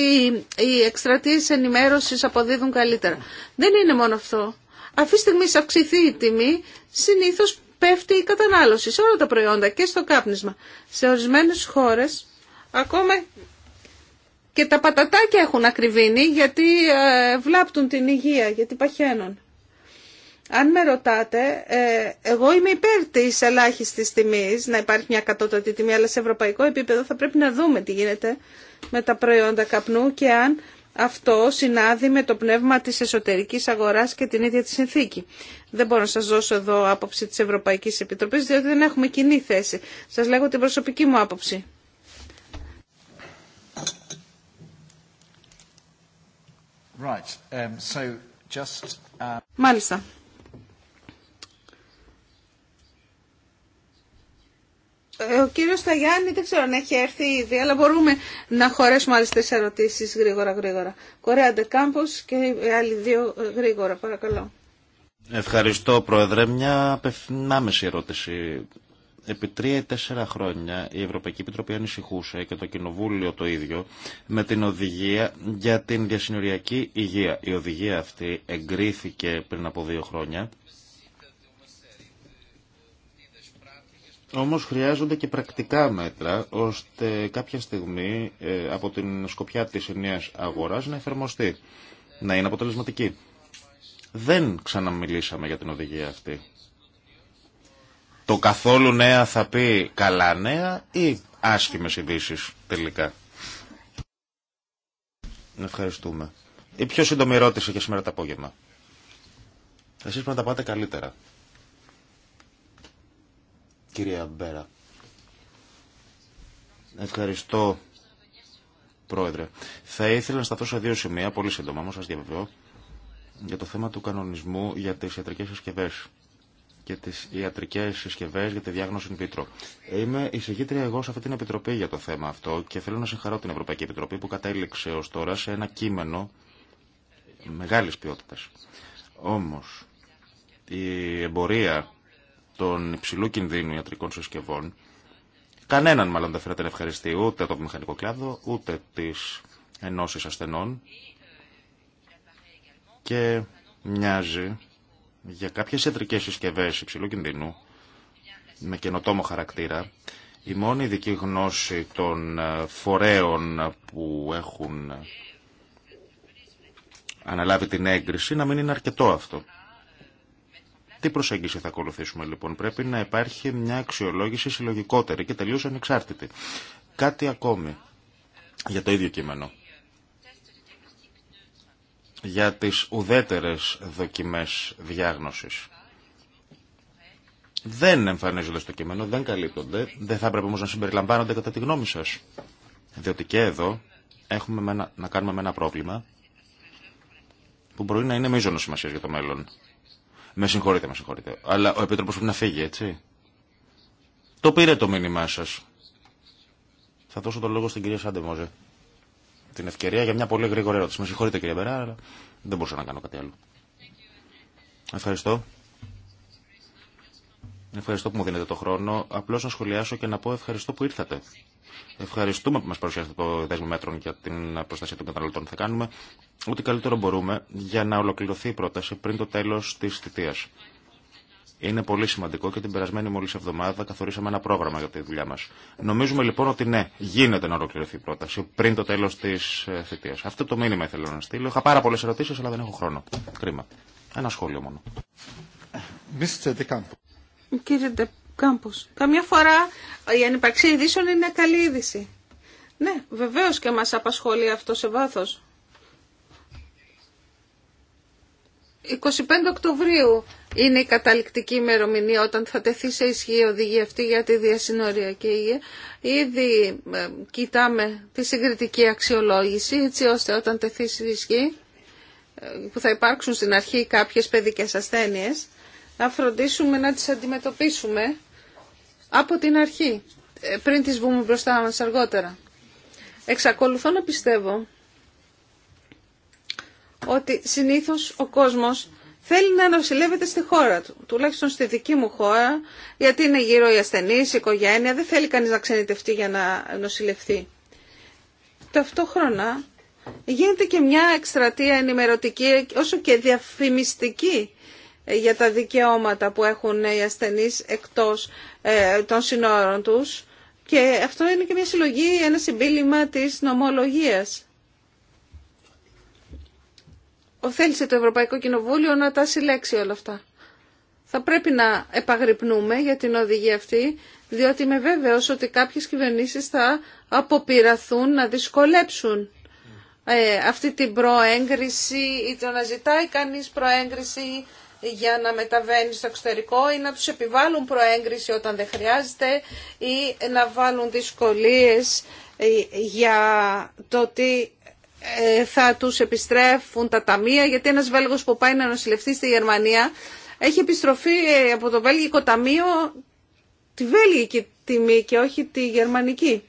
οι εκστρατείε ενημέρωσης αποδίδουν καλύτερα. Δεν είναι μόνο αυτό. Αυτή τη στιγμή αυξηθεί η τιμή, συνήθως πέφτει η κατανάλωση σε όλα τα προϊόντα και στο κάπνισμα. Σε ορισμένες χώρες ακόμα και τα πατατάκια έχουν ακριβήνει γιατί ε, βλάπτουν την υγεία, γιατί παχαίνουν. Αν με ρωτάτε, ε, εγώ είμαι υπέρ τη ελάχιστη τιμή, να υπάρχει μια κατώτατη τιμή, αλλά σε ευρωπαϊκό επίπεδο θα πρέπει να δούμε τι γίνεται με τα προϊόντα καπνού και αν αυτό συνάδει με το πνεύμα της εσωτερικής αγοράς και την ίδια τη συνθήκη. Δεν μπορώ να σας δώσω εδώ άποψη της Ευρωπαϊκής Επιτροπής, διότι δεν έχουμε κοινή θέση. Σας λέγω την προσωπική μου άποψη. Um, uh, Μάλιστα. Ε, ο κύριος Σταγιάννη δεν ξέρω αν έχει έρθει ήδη, αλλά μπορούμε να χωρέσουμε άλλες τέσσερις ερωτήσεις γρήγορα, γρήγορα. Κορέα Ντεκάμπος και άλλοι δύο ε, γρήγορα, παρακαλώ. Ευχαριστώ, Πρόεδρε. Μια απευθυνάμεση ερώτηση επί τρία-τέσσερα χρόνια η Ευρωπαϊκή Επιτροπή ανησυχούσε και το Κοινοβούλιο το ίδιο με την οδηγία για την διασυνοριακή υγεία. Η οδηγία αυτή εγκρίθηκε πριν από δύο χρόνια. Όμως χρειάζονται και πρακτικά μέτρα ώστε κάποια στιγμή ε, από την σκοπιά της ενιαίας αγοράς να εφαρμοστεί, να είναι αποτελεσματική. Δεν ξαναμιλήσαμε για την οδηγία αυτή. Το καθόλου νέα θα πει καλά νέα ή άσχημες ειδήσει τελικά. Ευχαριστούμε. Η πιο σύντομη ερώτηση για σήμερα το απόγευμα. Εσείς πρέπει να τα πάτε καλύτερα. Κυρία Μπέρα. Ευχαριστώ, Πρόεδρε. Θα ήθελα να σταθώ σε δύο σημεία, πολύ σύντομα, όμως σας διαβεβαιώ, για το θέμα του κανονισμού για τις ιατρικές συσκευές και τι ιατρικές συσκευέ για τη διάγνωση in vitro. Είμαι εισηγήτρια εγώ σε αυτή την επιτροπή για το θέμα αυτό και θέλω να συγχαρώ την Ευρωπαϊκή Επιτροπή που κατέληξε ω τώρα σε ένα κείμενο μεγάλη ποιότητα. Όμω, η εμπορία των υψηλού κινδύνου ιατρικών συσκευών κανέναν μάλλον δεν φέρεται να ευχαριστεί ούτε το μηχανικό κλάδο, ούτε τι ενώσει ασθενών και μοιάζει για κάποιες ιατρικές συσκευές υψηλού κινδύνου με καινοτόμο χαρακτήρα η μόνη ειδική γνώση των ε, φορέων που έχουν ε, αναλάβει την έγκριση να μην είναι αρκετό αυτό. Τι προσέγγιση θα ακολουθήσουμε λοιπόν. Πρέπει να υπάρχει μια αξιολόγηση συλλογικότερη και τελείως ανεξάρτητη. Κάτι ακόμη για το ίδιο κείμενο για τις ουδέτερες δοκιμές διάγνωσης. Δεν εμφανίζονται στο κείμενο, δεν καλύπτονται, δεν θα έπρεπε όμως να συμπεριλαμβάνονται κατά τη γνώμη σας. Διότι και εδώ έχουμε να κάνουμε με ένα πρόβλημα που μπορεί να είναι μείζονος σημασία για το μέλλον. Με συγχωρείτε, με συγχωρείτε. Αλλά ο Επίτροπος πρέπει να φύγει, έτσι. Το πήρε το μήνυμά σας. Θα δώσω το λόγο στην κυρία Σάντεμόζε την ευκαιρία για μια πολύ γρήγορη ερώτηση. Με συγχωρείτε κύριε Μπερά, αλλά δεν μπορούσα να κάνω κάτι άλλο. Ευχαριστώ. Ευχαριστώ που μου δίνετε το χρόνο. Απλώς να σχολιάσω και να πω ευχαριστώ που ήρθατε. Ευχαριστούμε που μα παρουσιάσετε το δέσμο μέτρων για την προστασία των καταναλωτών. Θα κάνουμε ό,τι καλύτερο μπορούμε για να ολοκληρωθεί η πρόταση πριν το τέλο τη θητεία. Είναι πολύ σημαντικό και την περασμένη μόλι εβδομάδα καθορίσαμε ένα πρόγραμμα για τη δουλειά μα. Νομίζουμε λοιπόν ότι ναι, γίνεται να ολοκληρωθεί η πρόταση πριν το τέλο τη ε, θητεία. Αυτό το μήνυμα ήθελα να στείλω. Είχα πάρα πολλέ ερωτήσει, αλλά δεν έχω χρόνο. Κρίμα. Ένα σχόλιο μόνο. Κύριε Ντεκάμπο, καμιά φορά η ανυπαρξία ειδήσεων είναι καλή είδηση. Ναι, βεβαίω και μα απασχολεί αυτό σε βάθο. 25 Οκτωβρίου είναι η καταληκτική ημερομηνία όταν θα τεθεί σε ισχύ η οδηγία αυτή για τη διασυνοριακή υγεία. Ήδη ε, κοιτάμε τη συγκριτική αξιολόγηση έτσι ώστε όταν τεθεί σε ισχύ ε, που θα υπάρξουν στην αρχή κάποιες παιδικές ασθένειες να φροντίσουμε να τις αντιμετωπίσουμε από την αρχή ε, πριν τις βγούμε μπροστά μας αργότερα. Εξακολουθώ να πιστεύω ότι συνήθως ο κόσμος θέλει να νοσηλεύεται στη χώρα του, τουλάχιστον στη δική μου χώρα, γιατί είναι γύρω οι ασθενείς, η οικογένεια, δεν θέλει κανείς να ξενιτευτεί για να νοσηλευτεί. Ταυτόχρονα γίνεται και μια εκστρατεία ενημερωτική, όσο και διαφημιστική, ε, για τα δικαιώματα που έχουν οι ασθενείς εκτός ε, των συνόρων τους και αυτό είναι και μια συλλογή, ένα συμπίλημα της νομολογίας θέλησε το Ευρωπαϊκό Κοινοβούλιο να τα συλλέξει όλα αυτά. Θα πρέπει να επαγρυπνούμε για την οδηγία αυτή, διότι είμαι βέβαιος ότι κάποιες κυβερνήσεις θα αποπειραθούν να δυσκολέψουν ε, αυτή την προέγκριση ή το να ζητάει κανείς προέγκριση για να μεταβαίνει στο εξωτερικό ή να τους επιβάλλουν προέγκριση όταν δεν χρειάζεται ή να βάλουν δυσκολίες ε, για το τι ε, θα τους επιστρέφουν τα ταμεία, γιατί ένας Βέλγος που πάει να νοσηλευτεί στη Γερμανία έχει επιστροφή ε, από το Βέλγικο Ταμείο τη Βέλγικη τιμή και όχι τη Γερμανική.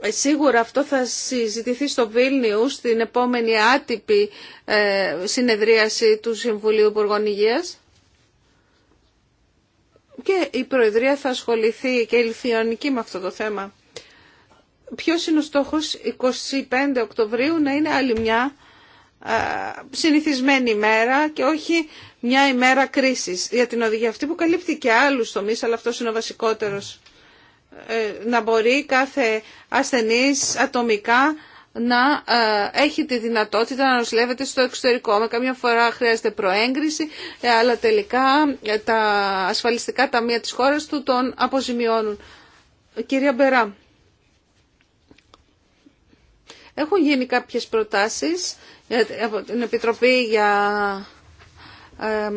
Ε, σίγουρα αυτό θα συζητηθεί στο Βίλνιου στην επόμενη άτυπη συνεδρίαση του Συμβουλίου Υπουργών Υγείας. Και η Προεδρία θα ασχοληθεί και η Λιθιονική με αυτό το θέμα ποιος είναι ο στόχος 25 Οκτωβρίου να είναι άλλη μια συνηθισμένη ημέρα και όχι μια ημέρα κρίσης για την οδηγία αυτή που καλύπτει και άλλους τομείς αλλά αυτός είναι ο βασικότερος ε, να μπορεί κάθε ασθενής ατομικά να έχει τη δυνατότητα να νοσηλεύεται στο εξωτερικό. Με καμιά φορά χρειάζεται προέγκριση, ε, αλλά τελικά ε, τα ασφαλιστικά ταμεία της χώρας του τον αποζημιώνουν. Κυρία Μπερά. Έχουν γίνει κάποιες προτάσεις από την Επιτροπή για ε,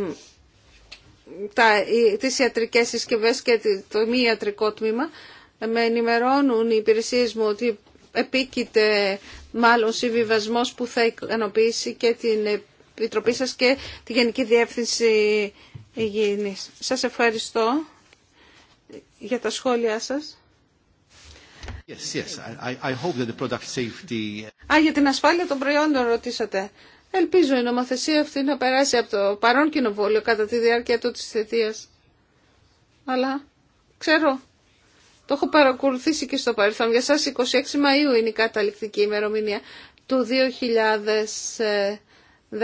τα, τις ιατρικές συσκευές και το μη ιατρικό τμήμα. Με ενημερώνουν οι υπηρεσίες μου ότι επίκειται μάλλον συμβιβασμός που θα ικανοποιήσει και την Επιτροπή σας και τη Γενική Διεύθυνση Υγιεινής. Σας ευχαριστώ για τα σχόλιά σας. Α, για την ασφάλεια των προϊόντων ρωτήσατε. Ελπίζω η νομοθεσία αυτή να περάσει από το παρόν κοινοβόλιο κατά τη διάρκεια του της θετίας. Αλλά ξέρω, το έχω παρακολουθήσει και στο παρελθόν. Για σας 26 Μαΐου είναι η καταληκτική ημερομηνία του 2000. 14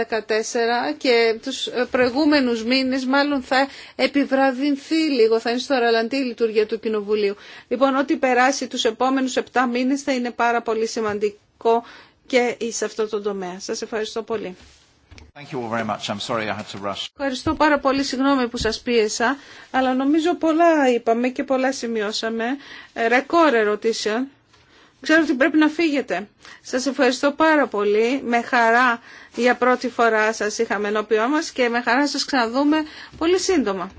και τους προηγούμενους μήνες μάλλον θα επιβραδυνθεί λίγο, θα είναι στο ραλαντή η λειτουργία του Κοινοβουλίου. Λοιπόν, ό,τι περάσει τους επόμενους 7 μήνες θα είναι πάρα πολύ σημαντικό και σε αυτό το τομέα. Σας ευχαριστώ πολύ. Thank you very much. I'm sorry I had to rush. Ευχαριστώ πάρα πολύ. Συγγνώμη που σας πίεσα, αλλά νομίζω πολλά είπαμε και πολλά σημειώσαμε. Ρεκόρ ερωτήσεων. Ξέρω ότι πρέπει να φύγετε. Σας ευχαριστώ πάρα πολύ. Με χαρά για πρώτη φορά σας είχαμε ενώπιό μας και με χαρά σας ξαναδούμε πολύ σύντομα.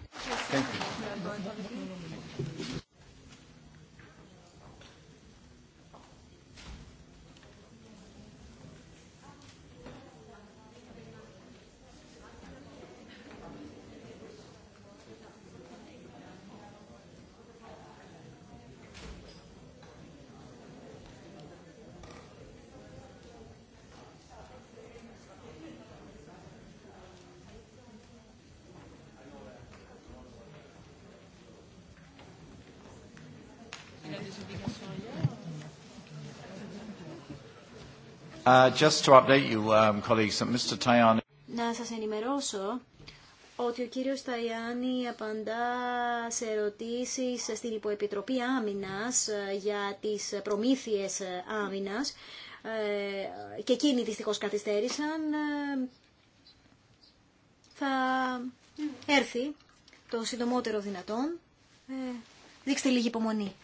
Να σας ενημερώσω ότι ο κύριος Ταϊάννη απαντά σε ερωτήσεις στην Υποεπιτροπή Άμυνας ε, για τις προμήθειες ε, άμυνας ε, και εκείνοι δυστυχώς καθυστέρησαν. Θα έρθει το συντομότερο δυνατόν. Δείξτε λίγη υπομονή.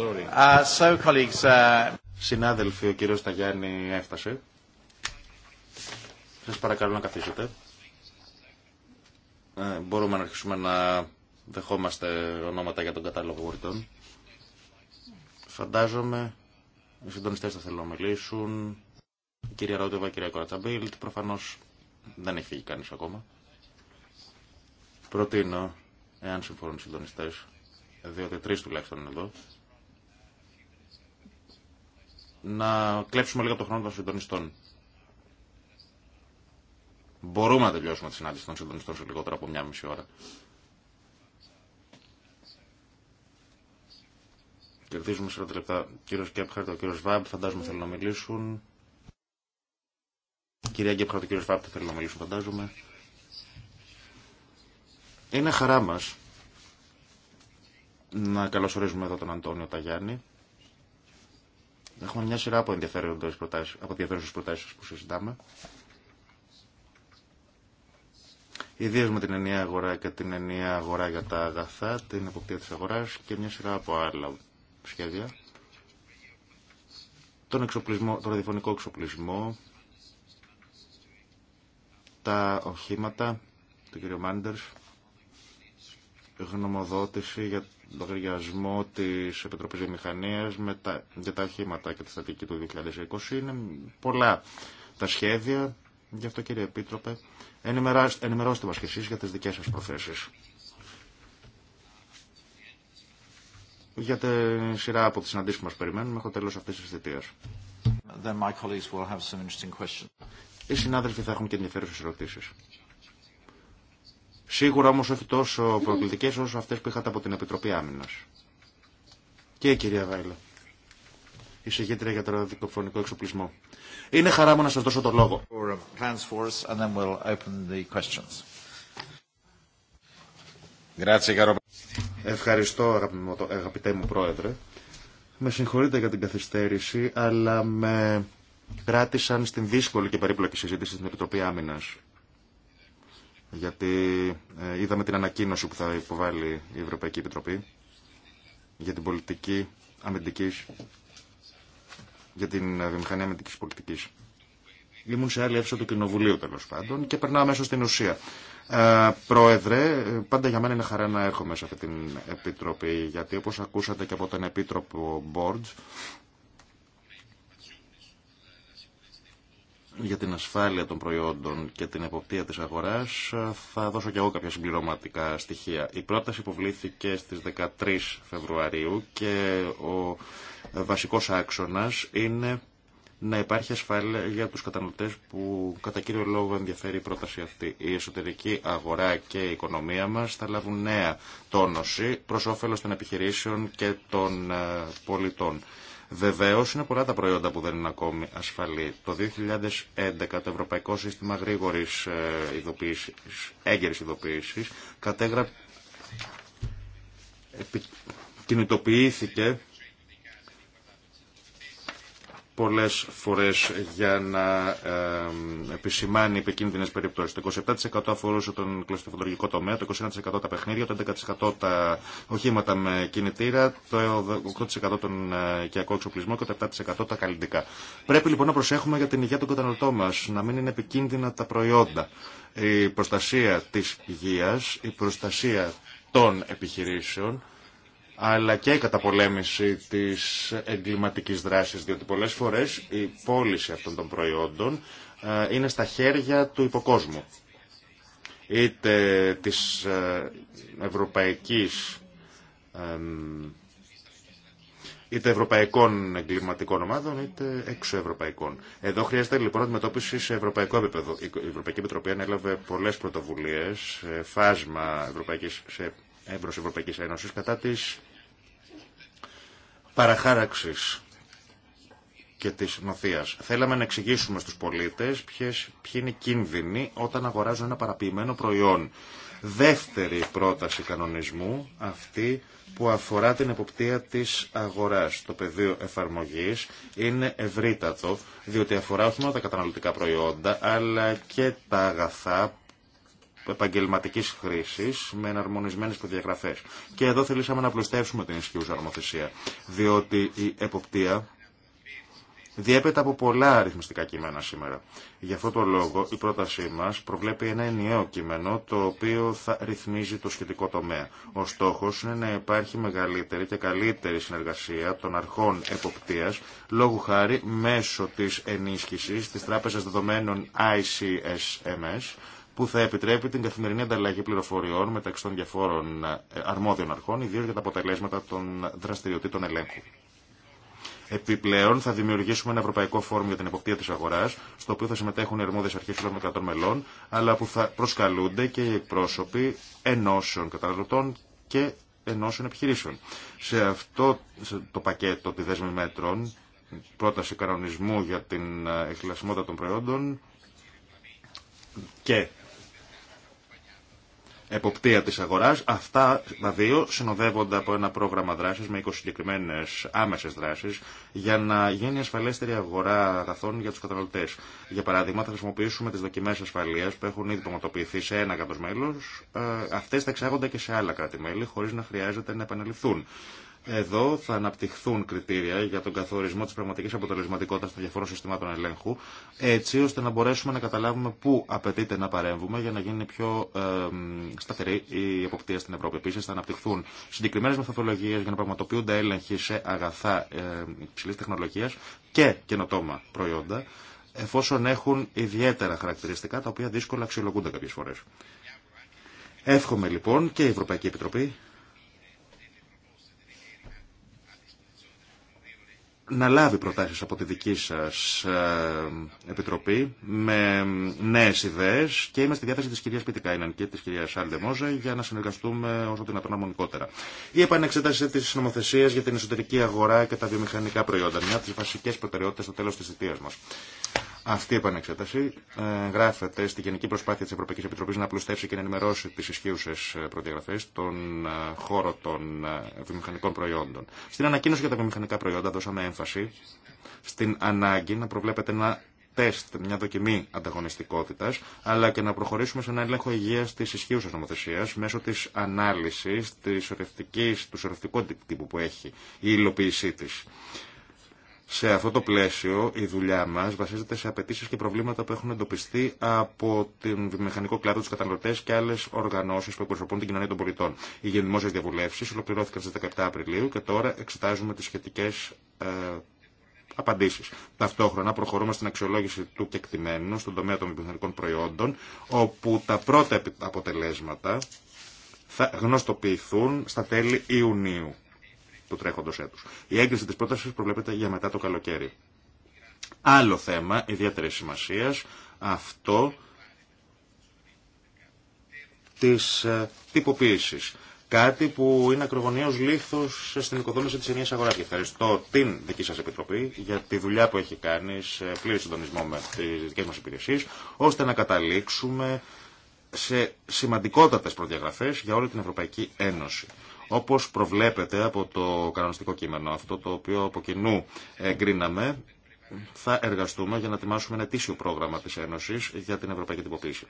Uh, uh, Συνάδελφοι, ο κύριος Σταγιάννη έφτασε. Σας παρακαλώ να καθίσετε. Ε, μπορούμε να αρχίσουμε να δεχόμαστε ονόματα για τον κατάλογο γορτών. Φαντάζομαι, οι συντονιστές θα θέλουν να μιλήσουν. Η κυρία Ρότεβα, η κυρία Κορατσαμπίλτ, προφανώς δεν έχει φύγει κανείς ακόμα. Προτείνω, εάν συμφωνούν οι συντονιστές, διότι τρεις τουλάχιστον εδώ, να κλέψουμε λίγο το χρόνο των συντονιστών. Μπορούμε να τελειώσουμε τη συνάντηση των συντονιστών σε λιγότερο από μια μισή ώρα. Κερδίζουμε 40 λεπτά. Κύριο Κέπχαρτ, ο κύριο Βάμπ, φαντάζομαι θέλουν να μιλήσουν. Κυρία Κέπχαρτ, ο κύριο Βάμπ θέλουν να μιλήσουν, φαντάζομαι. Είναι χαρά μα να καλωσορίζουμε εδώ τον Αντώνιο Ταγιάννη. Έχουμε μια σειρά από ενδιαφέροντες προτάσεις, από ενδιαφέρουσες προτάσεις που συζητάμε. Ιδίω με την ενιαία αγορά και την ενιαία αγορά για τα αγαθά, την εποπτεία της αγοράς και μια σειρά από άλλα σχέδια. Τον, εξοπλισμό, τον ραδιοφωνικό εξοπλισμό, τα οχήματα, του κ. Μάντερς, γνωμοδότηση για λογαριασμό τη Επιτροπής Βιομηχανία για τα αρχήματα και τη στατική του 2020. Είναι πολλά τα σχέδια. Γι' αυτό κύριε Επίτροπε, ενημερώστε, μα μας και εσείς για τι δικέ σας προθέσει. Για τη σειρά από τι συναντήσει που μα περιμένουν μέχρι το τέλο αυτή τη θητεία. Οι συνάδελφοι θα έχουν και ενδιαφέρουσε ερωτήσει. Σίγουρα όμως όχι τόσο προκλητικές όσο αυτές που είχατε από την Επιτροπή Άμυνας. Και η κυρία Βάιλα, η συγγέντρια για το ραδιοφωνικό εξοπλισμό. Είναι χαρά μου να σας δώσω το λόγο. Ευχαριστώ αγαπητέ μου πρόεδρε. Με συγχωρείτε για την καθυστέρηση, αλλά με κράτησαν στην δύσκολη και περίπλοκη συζήτηση στην Επιτροπή Άμυνας γιατί ε, είδαμε την ανακοίνωση που θα υποβάλει η Ευρωπαϊκή Επιτροπή για την πολιτική αμυντικής, για την ε, βιομηχανία αμυντικής πολιτικής. Ήμουν σε άλλη αίθουσα του Κοινοβουλίου τέλο πάντων και περνάω μέσα στην ουσία. Ε, πρόεδρε, ε, πάντα για μένα είναι χαρά να έρχομαι σε αυτή την Επιτροπή, γιατί όπως ακούσατε και από τον Επίτροπο Board, για την ασφάλεια των προϊόντων και την εποπτεία της αγοράς θα δώσω και εγώ κάποια συμπληρωματικά στοιχεία. Η πρόταση υποβλήθηκε στις 13 Φεβρουαρίου και ο βασικός άξονας είναι να υπάρχει ασφάλεια για τους καταναλωτές που κατά κύριο λόγο ενδιαφέρει η πρόταση αυτή. Η εσωτερική αγορά και η οικονομία μας θα λάβουν νέα τόνωση προς όφελος των επιχειρήσεων και των ε, πολιτών. Βεβαίω, είναι πολλά τα προϊόντα που δεν είναι ακόμη ασφαλή. Το 2011 το Ευρωπαϊκό Σύστημα Γρήγορη Έγκαιρη ε, Ειδοποίηση κατέγραψε. επι... κινητοποιήθηκε πολλές φορές για να ε, επισημάνει επικίνδυνες περιπτώσεις. Το 27% αφορούσε τον κλωστοφοντολογικό τομέα, το 21% τα παιχνίδια, το 11% τα οχήματα με κινητήρα, το 8% τον ε, οικιακό εξοπλισμό και το 7% τα καλλιντικά. Πρέπει λοιπόν να προσέχουμε για την υγεία των καταναλωτών μα να μην είναι επικίνδυνα τα προϊόντα. Η προστασία της υγείας, η προστασία των επιχειρήσεων, αλλά και η καταπολέμηση της εγκληματικής δράσης, διότι πολλές φορές η πώληση αυτών των προϊόντων ε, είναι στα χέρια του υποκόσμου. Είτε της ε, ευρωπαϊκής είτε ευρωπαϊκών εγκληματικών ομάδων, είτε εξωευρωπαϊκών. Εδώ χρειάζεται λοιπόν αντιμετώπιση σε ευρωπαϊκό επίπεδο. Η Ευρωπαϊκή Επιτροπή ανέλαβε πολλέ πρωτοβουλίε, φάσμα ευρωπαϊκής, σε Ευρωπαϊκής Ένωσης κατά της παραχάραξης και της νοθείας. Θέλαμε να εξηγήσουμε στους πολίτες ποιες, ποιοι είναι κίνδυνοι όταν αγοράζουν ένα παραποιημένο προϊόν. Δεύτερη πρόταση κανονισμού, αυτή που αφορά την εποπτεία της αγοράς. Το πεδίο εφαρμογής είναι ευρύτατο, διότι αφορά όχι μόνο τα καταναλωτικά προϊόντα, αλλά και τα αγαθά Επαγγελματική χρήση με εναρμονισμένε προδιαγραφέ. Και εδώ θελήσαμε να πλουστεύσουμε την ισχύουσα αρμοθεσία διότι η εποπτεία διέπεται από πολλά αριθμιστικά κείμενα σήμερα. Γι' αυτό το λόγο η πρότασή μα προβλέπει ένα ενιαίο κείμενο το οποίο θα ρυθμίζει το σχετικό τομέα. Ο στόχο είναι να υπάρχει μεγαλύτερη και καλύτερη συνεργασία των αρχών εποπτείας λόγου χάρη μέσω τη ενίσχυση, τη Τράπεζα Δεδομένων ICSMS που θα επιτρέπει την καθημερινή ανταλλαγή πληροφοριών μεταξύ των διαφόρων ε, αρμόδιων αρχών, ιδίω για τα αποτελέσματα των δραστηριοτήτων ελέγχου. Επιπλέον, θα δημιουργήσουμε ένα ευρωπαϊκό φόρουμ για την εποπτεία τη αγορά, στο οποίο θα συμμετέχουν οι αρμόδιε αρχέ των κρατών μελών, αλλά που θα προσκαλούνται και οι εκπρόσωποι ενώσεων καταναλωτών και ενώσεων επιχειρήσεων. Σε αυτό το πακέτο τη δέσμη μέτρων, πρόταση κανονισμού για την εκλασιμότητα των προϊόντων και εποπτεία της αγοράς. Αυτά τα δύο συνοδεύονται από ένα πρόγραμμα δράσης με 20 συγκεκριμένε άμεσες δράσεις για να γίνει ασφαλέστερη αγορά αγαθών για τους καταναλωτές. Για παράδειγμα θα χρησιμοποιήσουμε τις δοκιμές ασφαλείας που έχουν ήδη πραγματοποιηθεί σε ένα κράτος μέλος. Ε, αυτές θα εξάγονται και σε άλλα κράτη-μέλη χωρίς να χρειάζεται να επαναληφθούν. Εδώ θα αναπτυχθούν κριτήρια για τον καθορισμό τη πραγματική αποτελεσματικότητα των διαφορών συστημάτων ελέγχου, έτσι ώστε να μπορέσουμε να καταλάβουμε πού απαιτείται να παρέμβουμε για να γίνει πιο ε, σταθερή η εποπτεία στην Ευρώπη. Επίση, θα αναπτυχθούν συγκεκριμένε μεθοδολογίε για να πραγματοποιούνται έλεγχοι σε αγαθά ε, υψηλή τεχνολογία και καινοτόμα προϊόντα, εφόσον έχουν ιδιαίτερα χαρακτηριστικά τα οποία δύσκολα αξιολογούνται κάποιε φορέ. Εύχομαι λοιπόν και η Ευρωπαϊκή Επιτροπή να λάβει προτάσεις από τη δική σας ε, επιτροπή με νέες ιδέες και είμαι στη διάθεση της κυρίας Πιτικάιναν και της κυρίας Άλντε Μόζε για να συνεργαστούμε όσο δυνατόν αρμονικότερα. Η επανεξέταση της νομοθεσίας για την εσωτερική αγορά και τα βιομηχανικά προϊόντα, μια από τις βασικές προτεραιότητες στο τέλος της θητείας μας. Αυτή η επανεξέταση ε, γράφεται στη Γενική Προσπάθεια τη Ευρωπαϊκή Επιτροπή να απλουστεύσει και να ενημερώσει τι ισχύουσε προδιαγραφέ στον ε, χώρο των βιομηχανικών προϊόντων. Στην ανακοίνωση για τα βιομηχανικά προϊόντα δώσαμε στην ανάγκη να προβλέπετε ένα τεστ, μια δοκιμή ανταγωνιστικότητα, αλλά και να προχωρήσουμε σε ένα έλεγχο υγεία τη ισχύουσα νομοθεσία μέσω τη ανάλυση του σωρευτικού τύπου που έχει η υλοποίησή τη. Σε αυτό το πλαίσιο η δουλειά μας βασίζεται σε απαιτήσει και προβλήματα που έχουν εντοπιστεί από τον βιομηχανικό κλάδο, του καταναλωτέ και άλλες οργανώσεις που εκπροσωπούν την κοινωνία των πολιτών. Οι δημόσιες διαβουλεύσεις ολοκληρώθηκαν στις 17 Απριλίου και τώρα εξετάζουμε τις σχετικές ε, απαντήσεις. Ταυτόχρονα προχωρούμε στην αξιολόγηση του κεκτημένου στον τομέα των βιομηχανικών προϊόντων, όπου τα πρώτα αποτελέσματα θα γνωστοποιηθούν στα τέλη Ιουνίου του τρέχοντο έτου. Η έγκριση τη πρόταση προβλέπεται για μετά το καλοκαίρι. Άλλο θέμα ιδιαίτερη σημασία, αυτό της ε, τυποποίηση, Κάτι που είναι ακρογωνίως λήθος στην οικοδόμηση της ενιαίας αγοράς. Και ευχαριστώ την δική σας Επιτροπή για τη δουλειά που έχει κάνει σε πλήρη συντονισμό με τις δικές μας υπηρεσίες, ώστε να καταλήξουμε σε σημαντικότατες προδιαγραφές για όλη την Ευρωπαϊκή Ένωση. Όπως προβλέπεται από το κανονιστικό κείμενο, αυτό το οποίο από κοινού εγκρίναμε, θα εργαστούμε για να ετοιμάσουμε ένα ετήσιο πρόγραμμα τη Ένωση για την Ευρωπαϊκή Τυποποίηση.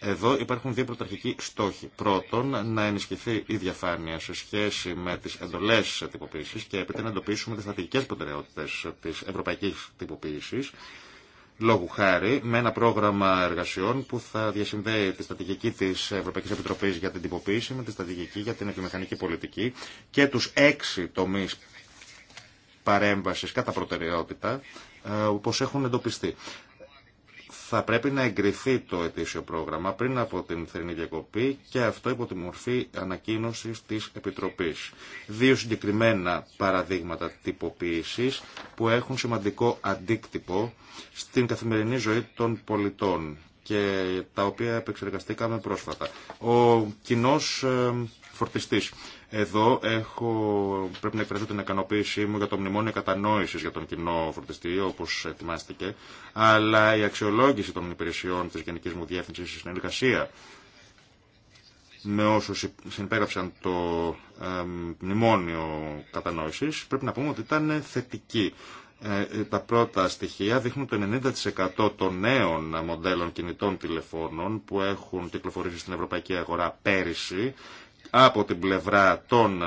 Εδώ υπάρχουν δύο πρωταρχικοί στόχοι. Πρώτον, να ενισχυθεί η διαφάνεια σε σχέση με τι της τυποποίηση και έπειτα να εντοπίσουμε τι στρατηγικέ προτεραιότητε τη Ευρωπαϊκή Τυποποίηση λόγου χάρη, με ένα πρόγραμμα εργασιών που θα διασυνδέει τη στρατηγική τη Ευρωπαϊκή Επιτροπή για την τυποποίηση με τη στρατηγική για την επιμηχανική πολιτική και του έξι τομεί παρέμβαση κατά προτεραιότητα, ε, όπως έχουν εντοπιστεί θα πρέπει να εγκριθεί το ετήσιο πρόγραμμα πριν από την θερινή διακοπή και αυτό υπό τη μορφή ανακοίνωση τη Επιτροπή. Δύο συγκεκριμένα παραδείγματα τυποποίηση που έχουν σημαντικό αντίκτυπο στην καθημερινή ζωή των πολιτών και τα οποία επεξεργαστήκαμε πρόσφατα. Ο κοινό ε, φορτιστής εδώ έχω, πρέπει να εκφράσω την ικανοποίησή μου για το μνημόνιο κατανόηση για τον κοινό φροντιστήριο, όπω ετοιμάστηκε, αλλά η αξιολόγηση των υπηρεσιών τη Γενική μου Διεύθυνση στη συνεργασία με όσου συμπέραψαν το μνημόνιο κατανόηση, πρέπει να πούμε ότι ήταν θετική. Ε, τα πρώτα στοιχεία δείχνουν το 90% των νέων μοντέλων κινητών τηλεφώνων που έχουν κυκλοφορήσει στην ευρωπαϊκή αγορά πέρυσι από την πλευρά των ε,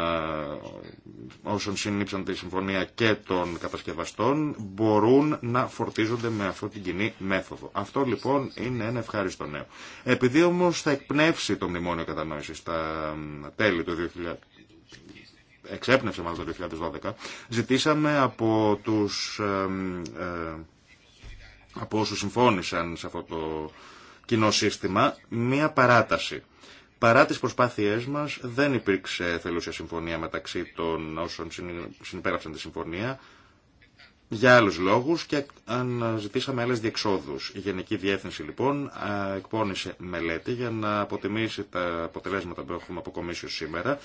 όσων συνήψαν τη συμφωνία και των κατασκευαστών μπορούν να φορτίζονται με αυτό την κοινή μέθοδο. Αυτό λοιπόν είναι ένα ευχάριστο νέο. Επειδή όμως θα εκπνεύσει το μνημόνιο κατανόηση στα τέλη του 2000 εξέπνευσε μάλλον το 2012, ζητήσαμε από τους ε, ε, από όσους συμφώνησαν σε αυτό το κοινό σύστημα μία παράταση Παρά τις προσπάθειές μας δεν υπήρξε θελούσια συμφωνία μεταξύ των όσων συνυπέραψαν τη συμφωνία για άλλους λόγους και αναζητήσαμε άλλες διεξόδους. Η Γενική Διεύθυνση λοιπόν εκπώνησε μελέτη για να αποτιμήσει τα αποτελέσματα που έχουμε αποκομίσει σήμερα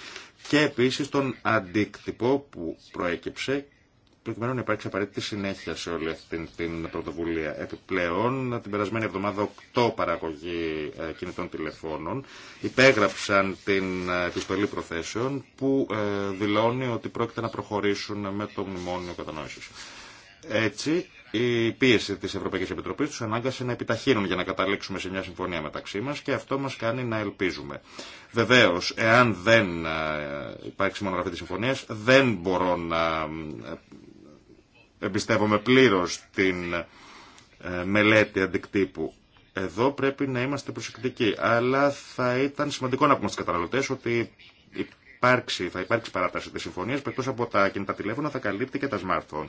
και επίσης τον αντίκτυπο που προέκυψε προκειμένου να υπάρξει απαραίτητη συνέχεια σε όλη αυτή την πρωτοβουλία. Επιπλέον, την περασμένη εβδομάδα 8 παραγωγή ε, κινητών τηλεφώνων υπέγραψαν την ε, επιστολή προθέσεων που ε, δηλώνει ότι πρόκειται να προχωρήσουν με το μνημόνιο κατανόηση. Έτσι, η πίεση τη Ευρωπαϊκή Επιτροπή του ανάγκασε να επιταχύνουν για να καταλήξουμε σε μια συμφωνία μεταξύ μα και αυτό μα κάνει να ελπίζουμε. Βεβαίω, εάν δεν υπάρξει μονογραφή τη συμφωνία, δεν μπορώ να εμπιστεύομαι πλήρως την ε, μελέτη αντικτύπου. Εδώ πρέπει να είμαστε προσεκτικοί, αλλά θα ήταν σημαντικό να πούμε στους καταναλωτές ότι υπάρξει, θα υπάρξει παράταση της συμφωνίας που εκτός από τα κινητά τηλέφωνα θα καλύπτει και τα smartphone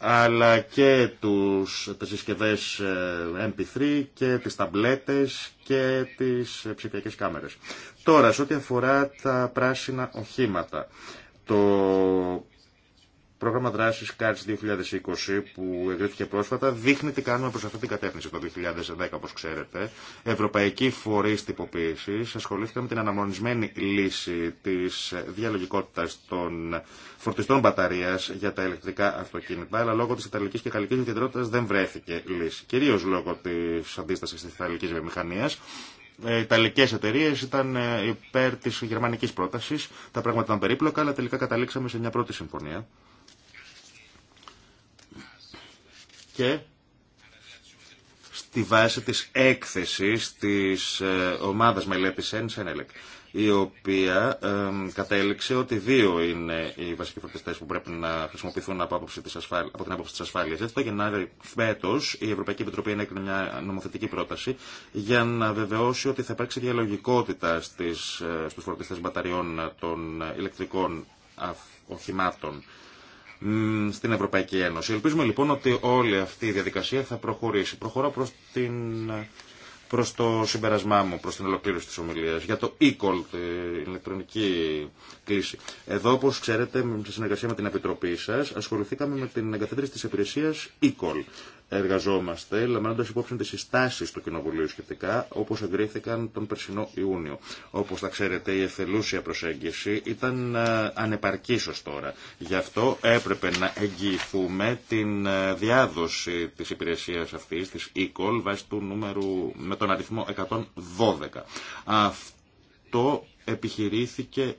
αλλά και τους, τις συσκευές ε, MP3 και τις ταμπλέτες και τις ε, ψηφιακές κάμερες. Τώρα, σε ό,τι αφορά τα πράσινα οχήματα, το πρόγραμμα δράση ΚΑΤΣ 2020 που εγκρίθηκε πρόσφατα δείχνει τι κάνουμε προ αυτή την κατεύθυνση το 2010, όπω ξέρετε. Ευρωπαϊκή φορεί τυποποίηση ασχολήθηκαν με την αναμονισμένη λύση τη διαλογικότητα των φορτιστών μπαταρία για τα ηλεκτρικά αυτοκίνητα, αλλά λόγω τη Ιταλική και καλλική ιδιαιτερότητα δεν βρέθηκε λύση. Κυρίω λόγω τη αντίσταση τη Ιταλική βιομηχανία. Οι ε, Ιταλικέ εταιρείε ήταν ε, υπέρ τη γερμανική πρόταση. Τα πράγματα ήταν περίπλοκα, αλλά τελικά καταλήξαμε σε μια πρώτη συμφωνία και στη βάση της έκθεσης της ε, ομάδας μελέτης ΕΝΣΕΝΕΛΕΚ η οποία ε, κατέληξε ότι δύο είναι οι βασικοί φορτιστές που πρέπει να χρησιμοποιηθούν από, άποψη της από την άποψη τη ασφάλεια. Έτσι, το Γενάρη φέτο η Ευρωπαϊκή Επιτροπή ενέκρινε μια νομοθετική πρόταση για να βεβαιώσει ότι θα υπάρξει διαλογικότητα στις, ε, στους φορτιστές μπαταριών των ηλεκτρικών οχημάτων στην Ευρωπαϊκή Ένωση. Ελπίζουμε λοιπόν ότι όλη αυτή η διαδικασία θα προχωρήσει. Προχωρώ προς την Προ το συμπερασμά μου, προ την ολοκλήρωση τη ομιλία, για το e-call, την ηλεκτρονική κλίση. Εδώ, όπω ξέρετε, σε συνεργασία με την Επιτροπή σα, ασχοληθήκαμε με την εγκαθίδρυση τη υπηρεσια e e-call. Εργαζόμαστε, λαμβάνοντα υπόψη τι συστάσει του Κοινοβουλίου σχετικά, όπω εγκρίθηκαν τον περσινό Ιούνιο. Όπω θα ξέρετε, η εθελούσια προσέγγιση ήταν ε, ανεπαρκή ω τώρα. Γι' αυτό έπρεπε να εγγυηθούμε την ε, διάδοση τη υπηρεσία αυτή, τη e-call, βάσει του νούμερου, με τον αριθμό 112. Αυτό επιχειρήθηκε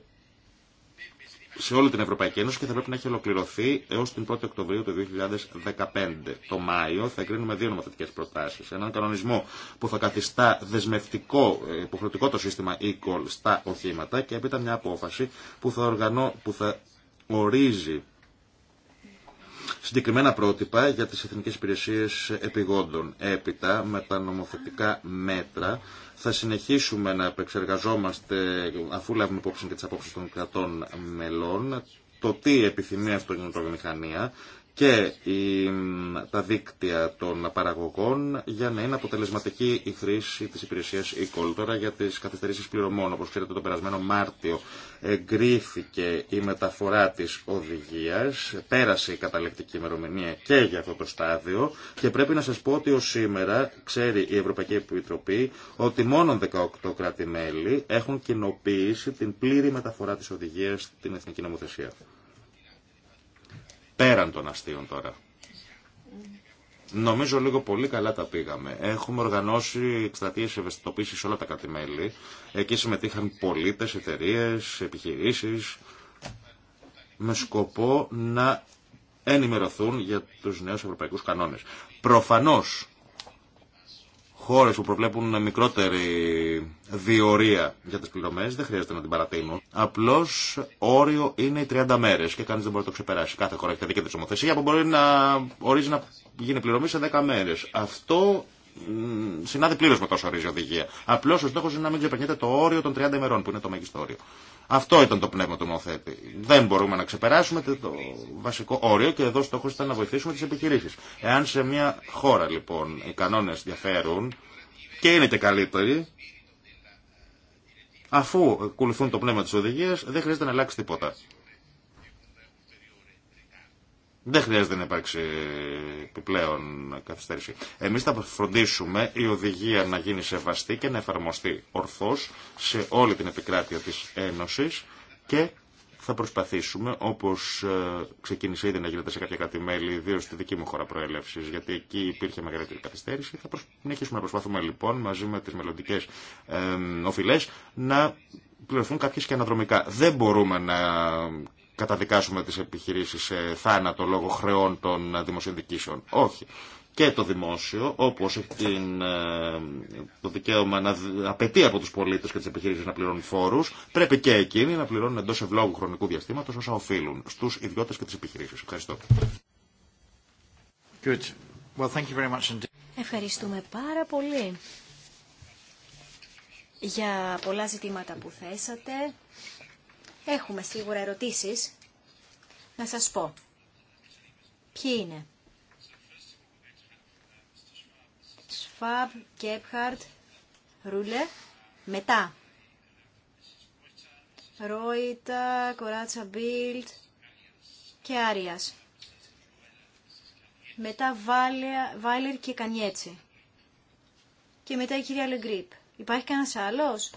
σε όλη την Ευρωπαϊκή Ένωση και θα πρέπει να έχει ολοκληρωθεί έω την 1η Οκτωβρίου του 2015. Το Μάιο θα εγκρίνουμε δύο νομοθετικέ προτάσει. Έναν κανονισμό που θα καθιστά δεσμευτικό, υποχρεωτικό το σύστημα e-call στα οχήματα και έπειτα μια απόφαση που θα, οργανώ, που θα ορίζει συγκεκριμένα πρότυπα για τις εθνικές υπηρεσίες επιγόντων. Έπειτα, με τα νομοθετικά μέτρα, θα συνεχίσουμε να επεξεργαζόμαστε, αφού λάβουμε υπόψη και τις απόψεις των κρατών μελών, το τι επιθυμεί αυτό η μηχανία, και τα δίκτυα των παραγωγών για να είναι αποτελεσματική η χρήση της υπηρεσίας e-call. Τώρα για τις καθυστερήσεις πληρωμών, όπως ξέρετε το περασμένο Μάρτιο εγκρίθηκε η μεταφορά της οδηγίας, πέρασε η καταληκτική ημερομηνία και για αυτό το στάδιο και πρέπει να σας πω ότι ως σήμερα ξέρει η Ευρωπαϊκή Επιτροπή ότι μόνο 18 κράτη-μέλη έχουν κοινοποιήσει την πλήρη μεταφορά της οδηγίας στην Εθνική Νομοθεσία πέραν των αστείων τώρα. Νομίζω λίγο πολύ καλά τα πήγαμε. Έχουμε οργανώσει εκστρατείε ευαισθητοποίηση σε όλα τα κράτη-μέλη. Εκεί συμμετείχαν πολίτε, εταιρείε, επιχειρήσει με σκοπό να ενημερωθούν για τους νέους ευρωπαϊκούς κανόνες. Προφανώς χώρες που προβλέπουν μικρότερη διορία για τις πληρωμές δεν χρειάζεται να την παρατείνουν. Απλώς όριο είναι οι 30 μέρες και κανείς δεν μπορεί να το ξεπεράσει. Κάθε χώρα έχει τα δική τη ομοθεσία που μπορεί να ορίζει να γίνει πληρωμή σε 10 μέρες. Αυτό συνάδει πλήρω με τόσο ορίζει οδηγία. Απλώ ο στόχο είναι να μην ξεπερνιέται το όριο των 30 ημερών, που είναι το μέγιστο όριο. Αυτό ήταν το πνεύμα του νομοθέτη. Δεν μπορούμε να ξεπεράσουμε το βασικό όριο και εδώ στόχο ήταν να βοηθήσουμε τι επιχειρήσει. Εάν σε μια χώρα λοιπόν οι κανόνε διαφέρουν και είναι και καλύτεροι, αφού ακολουθούν το πνεύμα τη οδηγία, δεν χρειάζεται να αλλάξει τίποτα. Δεν χρειάζεται να υπάρξει επιπλέον καθυστέρηση. Εμείς θα φροντίσουμε η οδηγία να γίνει σεβαστή και να εφαρμοστεί ορθώς σε όλη την επικράτεια της Ένωσης και θα προσπαθήσουμε, όπως ε, ξεκίνησε ήδη να γίνεται σε κάποια κάτι μέλη, ιδίω στη δική μου χώρα προέλευσης, γιατί εκεί υπήρχε μεγαλύτερη καθυστέρηση, θα συνεχίσουμε να προσπαθούμε λοιπόν μαζί με τις μελλοντικέ ε, οφειλές να πληρωθούν κάποιες και αναδρομικά. Δεν μπορούμε να καταδικάσουμε τις επιχειρήσεις σε θάνατο λόγω χρεών των δημοσιοδικήσεων. Όχι. Και το δημόσιο, όπως έχει την, ε, το δικαίωμα να απαιτεί από τους πολίτες και τις επιχειρήσεις να πληρώνουν φόρους, πρέπει και εκείνοι να πληρώνουν εντός ευλόγου χρονικού διαστήματος όσα οφείλουν στους ιδιώτες και τις επιχειρήσεις. Ευχαριστώ. Ευχαριστούμε πάρα πολύ για πολλά ζητήματα που θέσατε. Έχουμε σίγουρα ερωτήσεις. Να σας πω. Ποιοι είναι. Σφαμπ, Κέπχαρτ, Ρούλε. Μετά. Ρόιτα, Κοράτσα Μπίλτ και Άριας. Μετά Βάλερ και Κανιέτσι. Και μετά η κυρία Λεγκρίπ. Υπάρχει κανένας άλλος.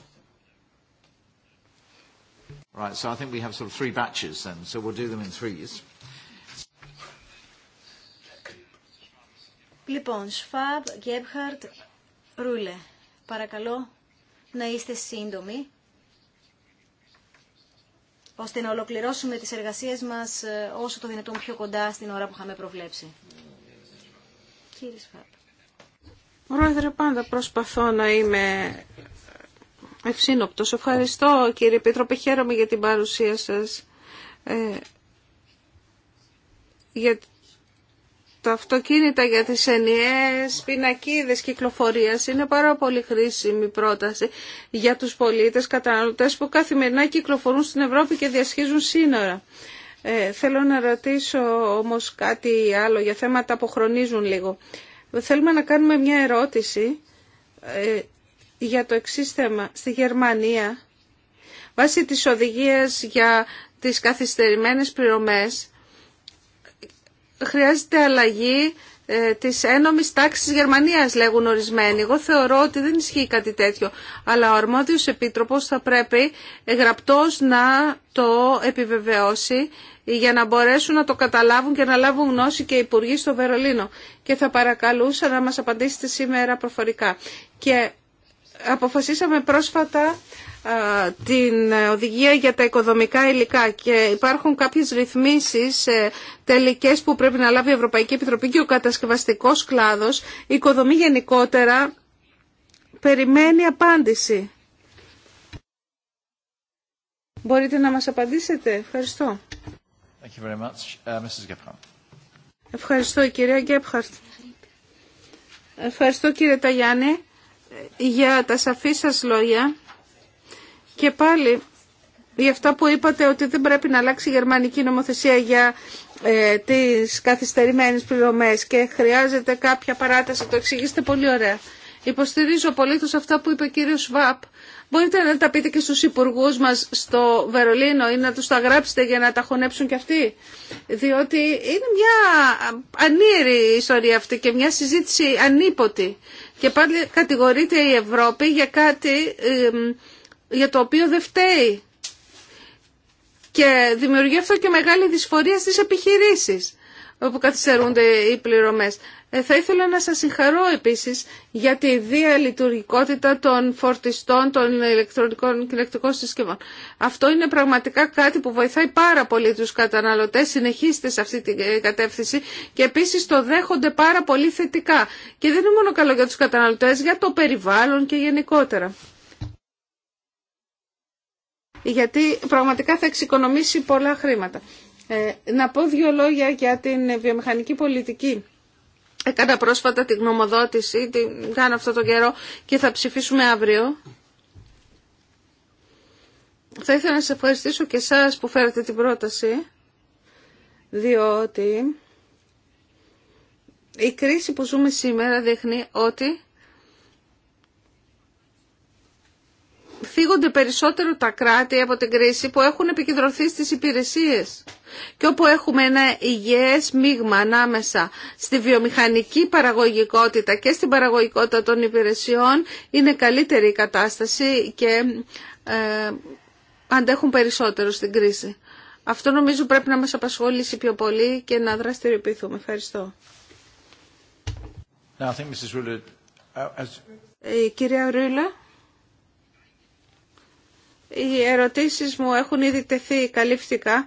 Right, so I think we have sort of three batches then, so we'll do them in threes. Λοιπόν, Σφαμπ, Γκέμπχαρτ, Ρούλε. Παρακαλώ να είστε σύντομοι, ώστε να ολοκληρώσουμε τις εργασίες μας ε, όσο το δυνατόν πιο κοντά στην ώρα που είχαμε προβλέψει. Κύριε Σφαμπ. Πρόεδρε, πάντα προσπαθώ να είμαι ευσύνοπτος. Ευχαριστώ κύριε Πίτροπε, χαίρομαι για την παρουσία σας. Ε, για τα αυτοκίνητα για τις ενιαίες πινακίδες κυκλοφορίας είναι πάρα πολύ χρήσιμη πρόταση για τους πολίτες καταναλωτές που καθημερινά κυκλοφορούν στην Ευρώπη και διασχίζουν σύνορα. Ε, θέλω να ρωτήσω όμως κάτι άλλο για θέματα που χρονίζουν λίγο. Θέλουμε να κάνουμε μια ερώτηση ε, για το εξής θέμα. Στη Γερμανία, βάσει της οδηγίας για τις καθυστερημένες πληρωμές, χρειάζεται αλλαγή ε, της ένομης τάξης Γερμανίας, λέγουν ορισμένοι. Εγώ θεωρώ ότι δεν ισχύει κάτι τέτοιο, αλλά ο αρμόδιος επίτροπος θα πρέπει γραπτός να το επιβεβαιώσει για να μπορέσουν να το καταλάβουν και να λάβουν γνώση και οι υπουργοί στο Βερολίνο. Και θα παρακαλούσα να μας απαντήσετε σήμερα προφορικά. Και αποφασίσαμε πρόσφατα την οδηγία για τα οικοδομικά υλικά και υπάρχουν κάποιες ρυθμίσεις ε, τελικές που πρέπει να λάβει η Ευρωπαϊκή Επιτροπή και ο κατασκευαστικός κλάδος. Η οικοδομή γενικότερα περιμένει απάντηση. Μπορείτε να μας απαντήσετε. Ευχαριστώ. Thank you very much. Uh, Mrs. Ευχαριστώ κυρία Γκέπχαρτ. Ευχαριστώ κύριε Ταγιάννη για τα σαφή σας λόγια και πάλι για αυτά που είπατε ότι δεν πρέπει να αλλάξει η γερμανική νομοθεσία για ε, τις καθυστερημένες πληρωμές και χρειάζεται κάποια παράταση. Το εξηγήσετε πολύ ωραία. Υποστηρίζω πολύ τους αυτά που είπε ο κύριο Σβάπ. Μπορείτε να τα πείτε και στου υπουργού μα στο Βερολίνο ή να του τα γράψετε για να τα χωνέψουν κι αυτοί. Διότι είναι μια ανήρη ιστορία αυτή και μια συζήτηση ανίποτη. Και πάλι κατηγορείται η Ευρώπη για κάτι για το οποίο δεν φταίει. Και δημιουργεί αυτό και μεγάλη δυσφορία στις επιχειρήσεις όπου καθυστερούνται οι πληρωμές. Ε, θα ήθελα να σας συγχαρώ επίσης για τη διαλειτουργικότητα των φορτιστών, των ηλεκτρονικών και ηλεκτρικών συσκευών. Αυτό είναι πραγματικά κάτι που βοηθάει πάρα πολύ τους καταναλωτές. Συνεχίστε σε αυτή την ε, κατεύθυνση και επίσης το δέχονται πάρα πολύ θετικά. Και δεν είναι μόνο καλό για τους καταναλωτές, για το περιβάλλον και γενικότερα γιατί πραγματικά θα εξοικονομήσει πολλά χρήματα. Ε, να πω δύο λόγια για την βιομηχανική πολιτική. Έκανα ε, πρόσφατα την γνωμοδότηση, την κάνω αυτό το καιρό και θα ψηφίσουμε αύριο. Θα ήθελα να σε ευχαριστήσω και εσάς που φέρατε την πρόταση, διότι η κρίση που ζούμε σήμερα δείχνει ότι Φύγονται περισσότερο τα κράτη από την κρίση που έχουν επικεντρωθεί στις υπηρεσίες και όπου έχουμε ένα υγιές μείγμα ανάμεσα στη βιομηχανική παραγωγικότητα και στην παραγωγικότητα των υπηρεσιών είναι καλύτερη η κατάσταση και ε, αντέχουν περισσότερο στην κρίση. Αυτό νομίζω πρέπει να μας απασχολήσει πιο πολύ και να δραστηριοποιηθούμε. Ευχαριστώ. Now, I think uh, ε, κυρία Ρούλα. Οι ερωτήσεις μου έχουν ήδη τεθεί καλύφθηκα.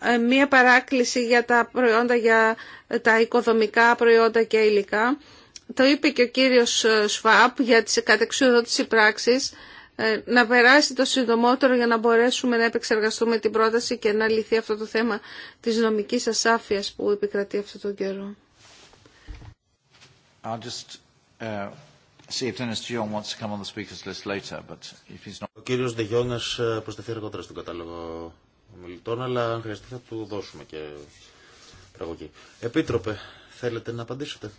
Ε, μία παράκληση για τα προϊόντα, για τα οικοδομικά προϊόντα και υλικά. Το είπε και ο κύριος ε, Σφάπ για τις κατεξουδότηση πράξης ε, να περάσει το συντομότερο για να μπορέσουμε να επεξεργαστούμε την πρόταση και να λυθεί αυτό το θέμα της νομικής ασάφειας που επικρατεί αυτόν τον καιρό. Uh, ο κύριος Δεγιώνας ε, προσταθεί αργότερα στον κατάλογο ομιλητών, αλλά αν χρειαστεί θα του δώσουμε και πραγωγή. Επίτροπε, θέλετε να απαντήσετε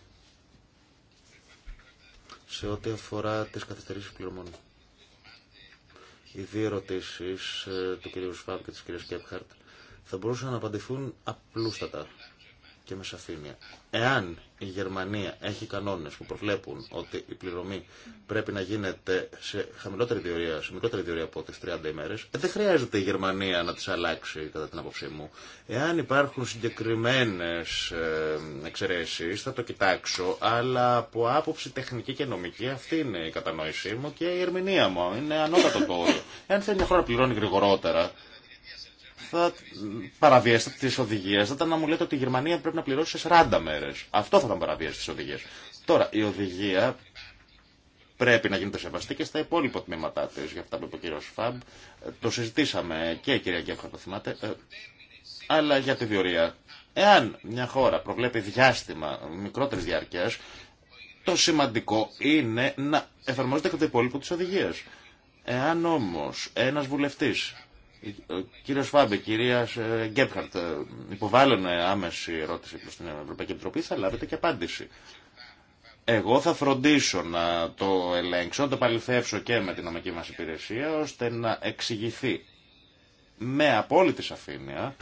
σε ό,τι αφορά τις καθυστερήσεις πληρωμών. Οι δύο ερωτήσει ε, του κυρίου Σφάμπ και της κυρίας Κέπχαρτ θα μπορούσαν να απαντηθούν απλούστατα και με Εάν η Γερμανία έχει κανόνες που προβλέπουν ότι η πληρωμή πρέπει να γίνεται σε χαμηλότερη διορία, σε μικρότερη διορία από τις 30 ημέρες, ε, δεν χρειάζεται η Γερμανία να τις αλλάξει κατά την άποψή μου. Εάν υπάρχουν συγκεκριμένες ε, εξαιρέσεις θα το κοιτάξω, αλλά από άποψη τεχνική και νομική αυτή είναι η κατανόησή μου και η ερμηνεία μου. Είναι ανώτατο το όριο. Εάν θέλει μια χώρα πληρώνει γρηγορότερα, θα παραβιάσετε τι οδηγίε, Θα ήταν να μου λέτε ότι η Γερμανία πρέπει να πληρώσει σε 40 μέρε. Αυτό θα ήταν παραβίαση της οδηγία. Τώρα, η οδηγία πρέπει να γίνεται σεβαστή και στα υπόλοιπα τμήματά τη. Για αυτά που είπε ο κύριο Φαμπ, το συζητήσαμε και η κυρία Γκέφα, το θυμάται. Ε, αλλά για τη διορία. Εάν μια χώρα προβλέπει διάστημα μικρότερη διάρκεια, το σημαντικό είναι να εφαρμόζεται και το υπόλοιπο τη οδηγία. Εάν όμω ένα βουλευτή ο κύριο Φάμπε, κυρία Γκέμπχαρτ ε, ε, υποβάλλουν άμεση ερώτηση προ την Ευρωπαϊκή Επιτροπή, θα λάβετε και απάντηση. Εγώ θα φροντίσω να το ελέγξω, να το παληθεύσω και με την νομική μα υπηρεσία, ώστε να εξηγηθεί με απόλυτη σαφήνεια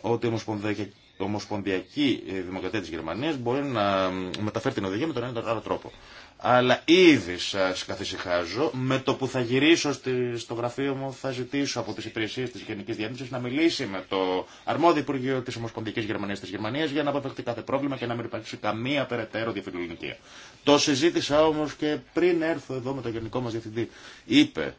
ότι η Ομοσπονδιακή Ομοσπονδιακή ε, Δημοκρατία της Γερμανίας μπορεί να μεταφέρει την οδηγία με τον ένα τον άλλο τρόπο. Αλλά ήδη σα καθησυχάζω με το που θα γυρίσω στο γραφείο μου θα ζητήσω από τι υπηρεσίε τη Γενική Διεύθυνση να μιλήσει με το αρμόδιο Υπουργείο τη Ομοσπονδιακή Γερμανία τη Γερμανία για να αποφευχθεί κάθε πρόβλημα και να μην υπάρξει καμία περαιτέρω διαφιλονικία. Το συζήτησα όμω και πριν έρθω εδώ με τον Γενικό μα Διευθυντή. Είπε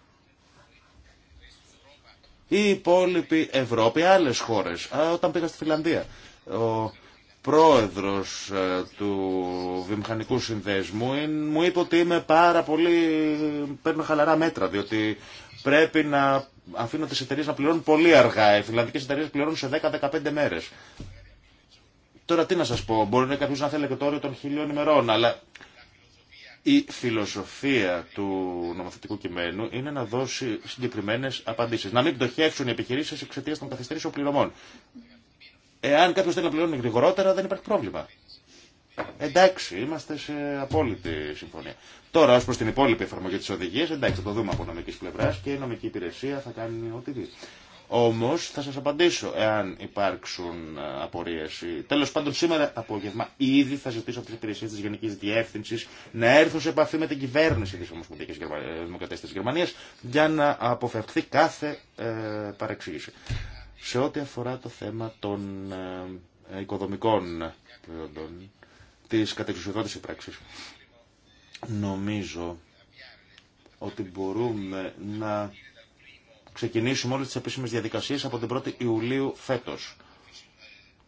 η υπόλοιπη Ευρώπη, άλλες χώρες. Όταν πήγα στη Φιλανδία, ο πρόεδρος ε, του βιομηχανικού συνδέσμου μου είπε ότι είμαι πάρα πολύ, παίρνω χαλαρά μέτρα, διότι πρέπει να αφήνω τις εταιρείε να πληρώνουν πολύ αργά. Οι φιλανδικές εταιρείε πληρώνουν σε 10-15 μέρες. Τώρα τι να σας πω, μπορεί να κάποιος να θέλει και το όριο των χιλίων ημερών, αλλά η φιλοσοφία του νομοθετικού κειμένου είναι να δώσει συγκεκριμένε απαντήσει. Να μην πτωχεύσουν οι επιχειρήσει εξαιτία των καθυστερήσεων πληρωμών. Εάν κάποιο θέλει να πληρώνει γρηγορότερα, δεν υπάρχει πρόβλημα. Εντάξει, είμαστε σε απόλυτη συμφωνία. Τώρα, ω προ την υπόλοιπη εφαρμογή τη οδηγία, εντάξει, θα το δούμε από νομική πλευρά και η νομική υπηρεσία θα κάνει ό,τι δει. Όμω θα σα απαντήσω εάν υπάρξουν ε, απορίε. Τέλος πάντων σήμερα απόγευμα ήδη θα ζητήσω από τις υπηρεσίε τη Γενικής Διεύθυνσης να έρθουν σε επαφή με την κυβέρνηση τη Ομοσπονδιακή ε, δημοκρατία τη Γερμανία για να αποφευχθεί κάθε ε, παρεξήγηση. Σε ό,τι αφορά το θέμα των ε, οικοδομικών προϊόντων τη κατεξουσιοδότησης πράξη, νομίζω ότι μπορούμε να ξεκινήσουμε όλες τις επίσημες διαδικασίες από την 1η Ιουλίου φέτος.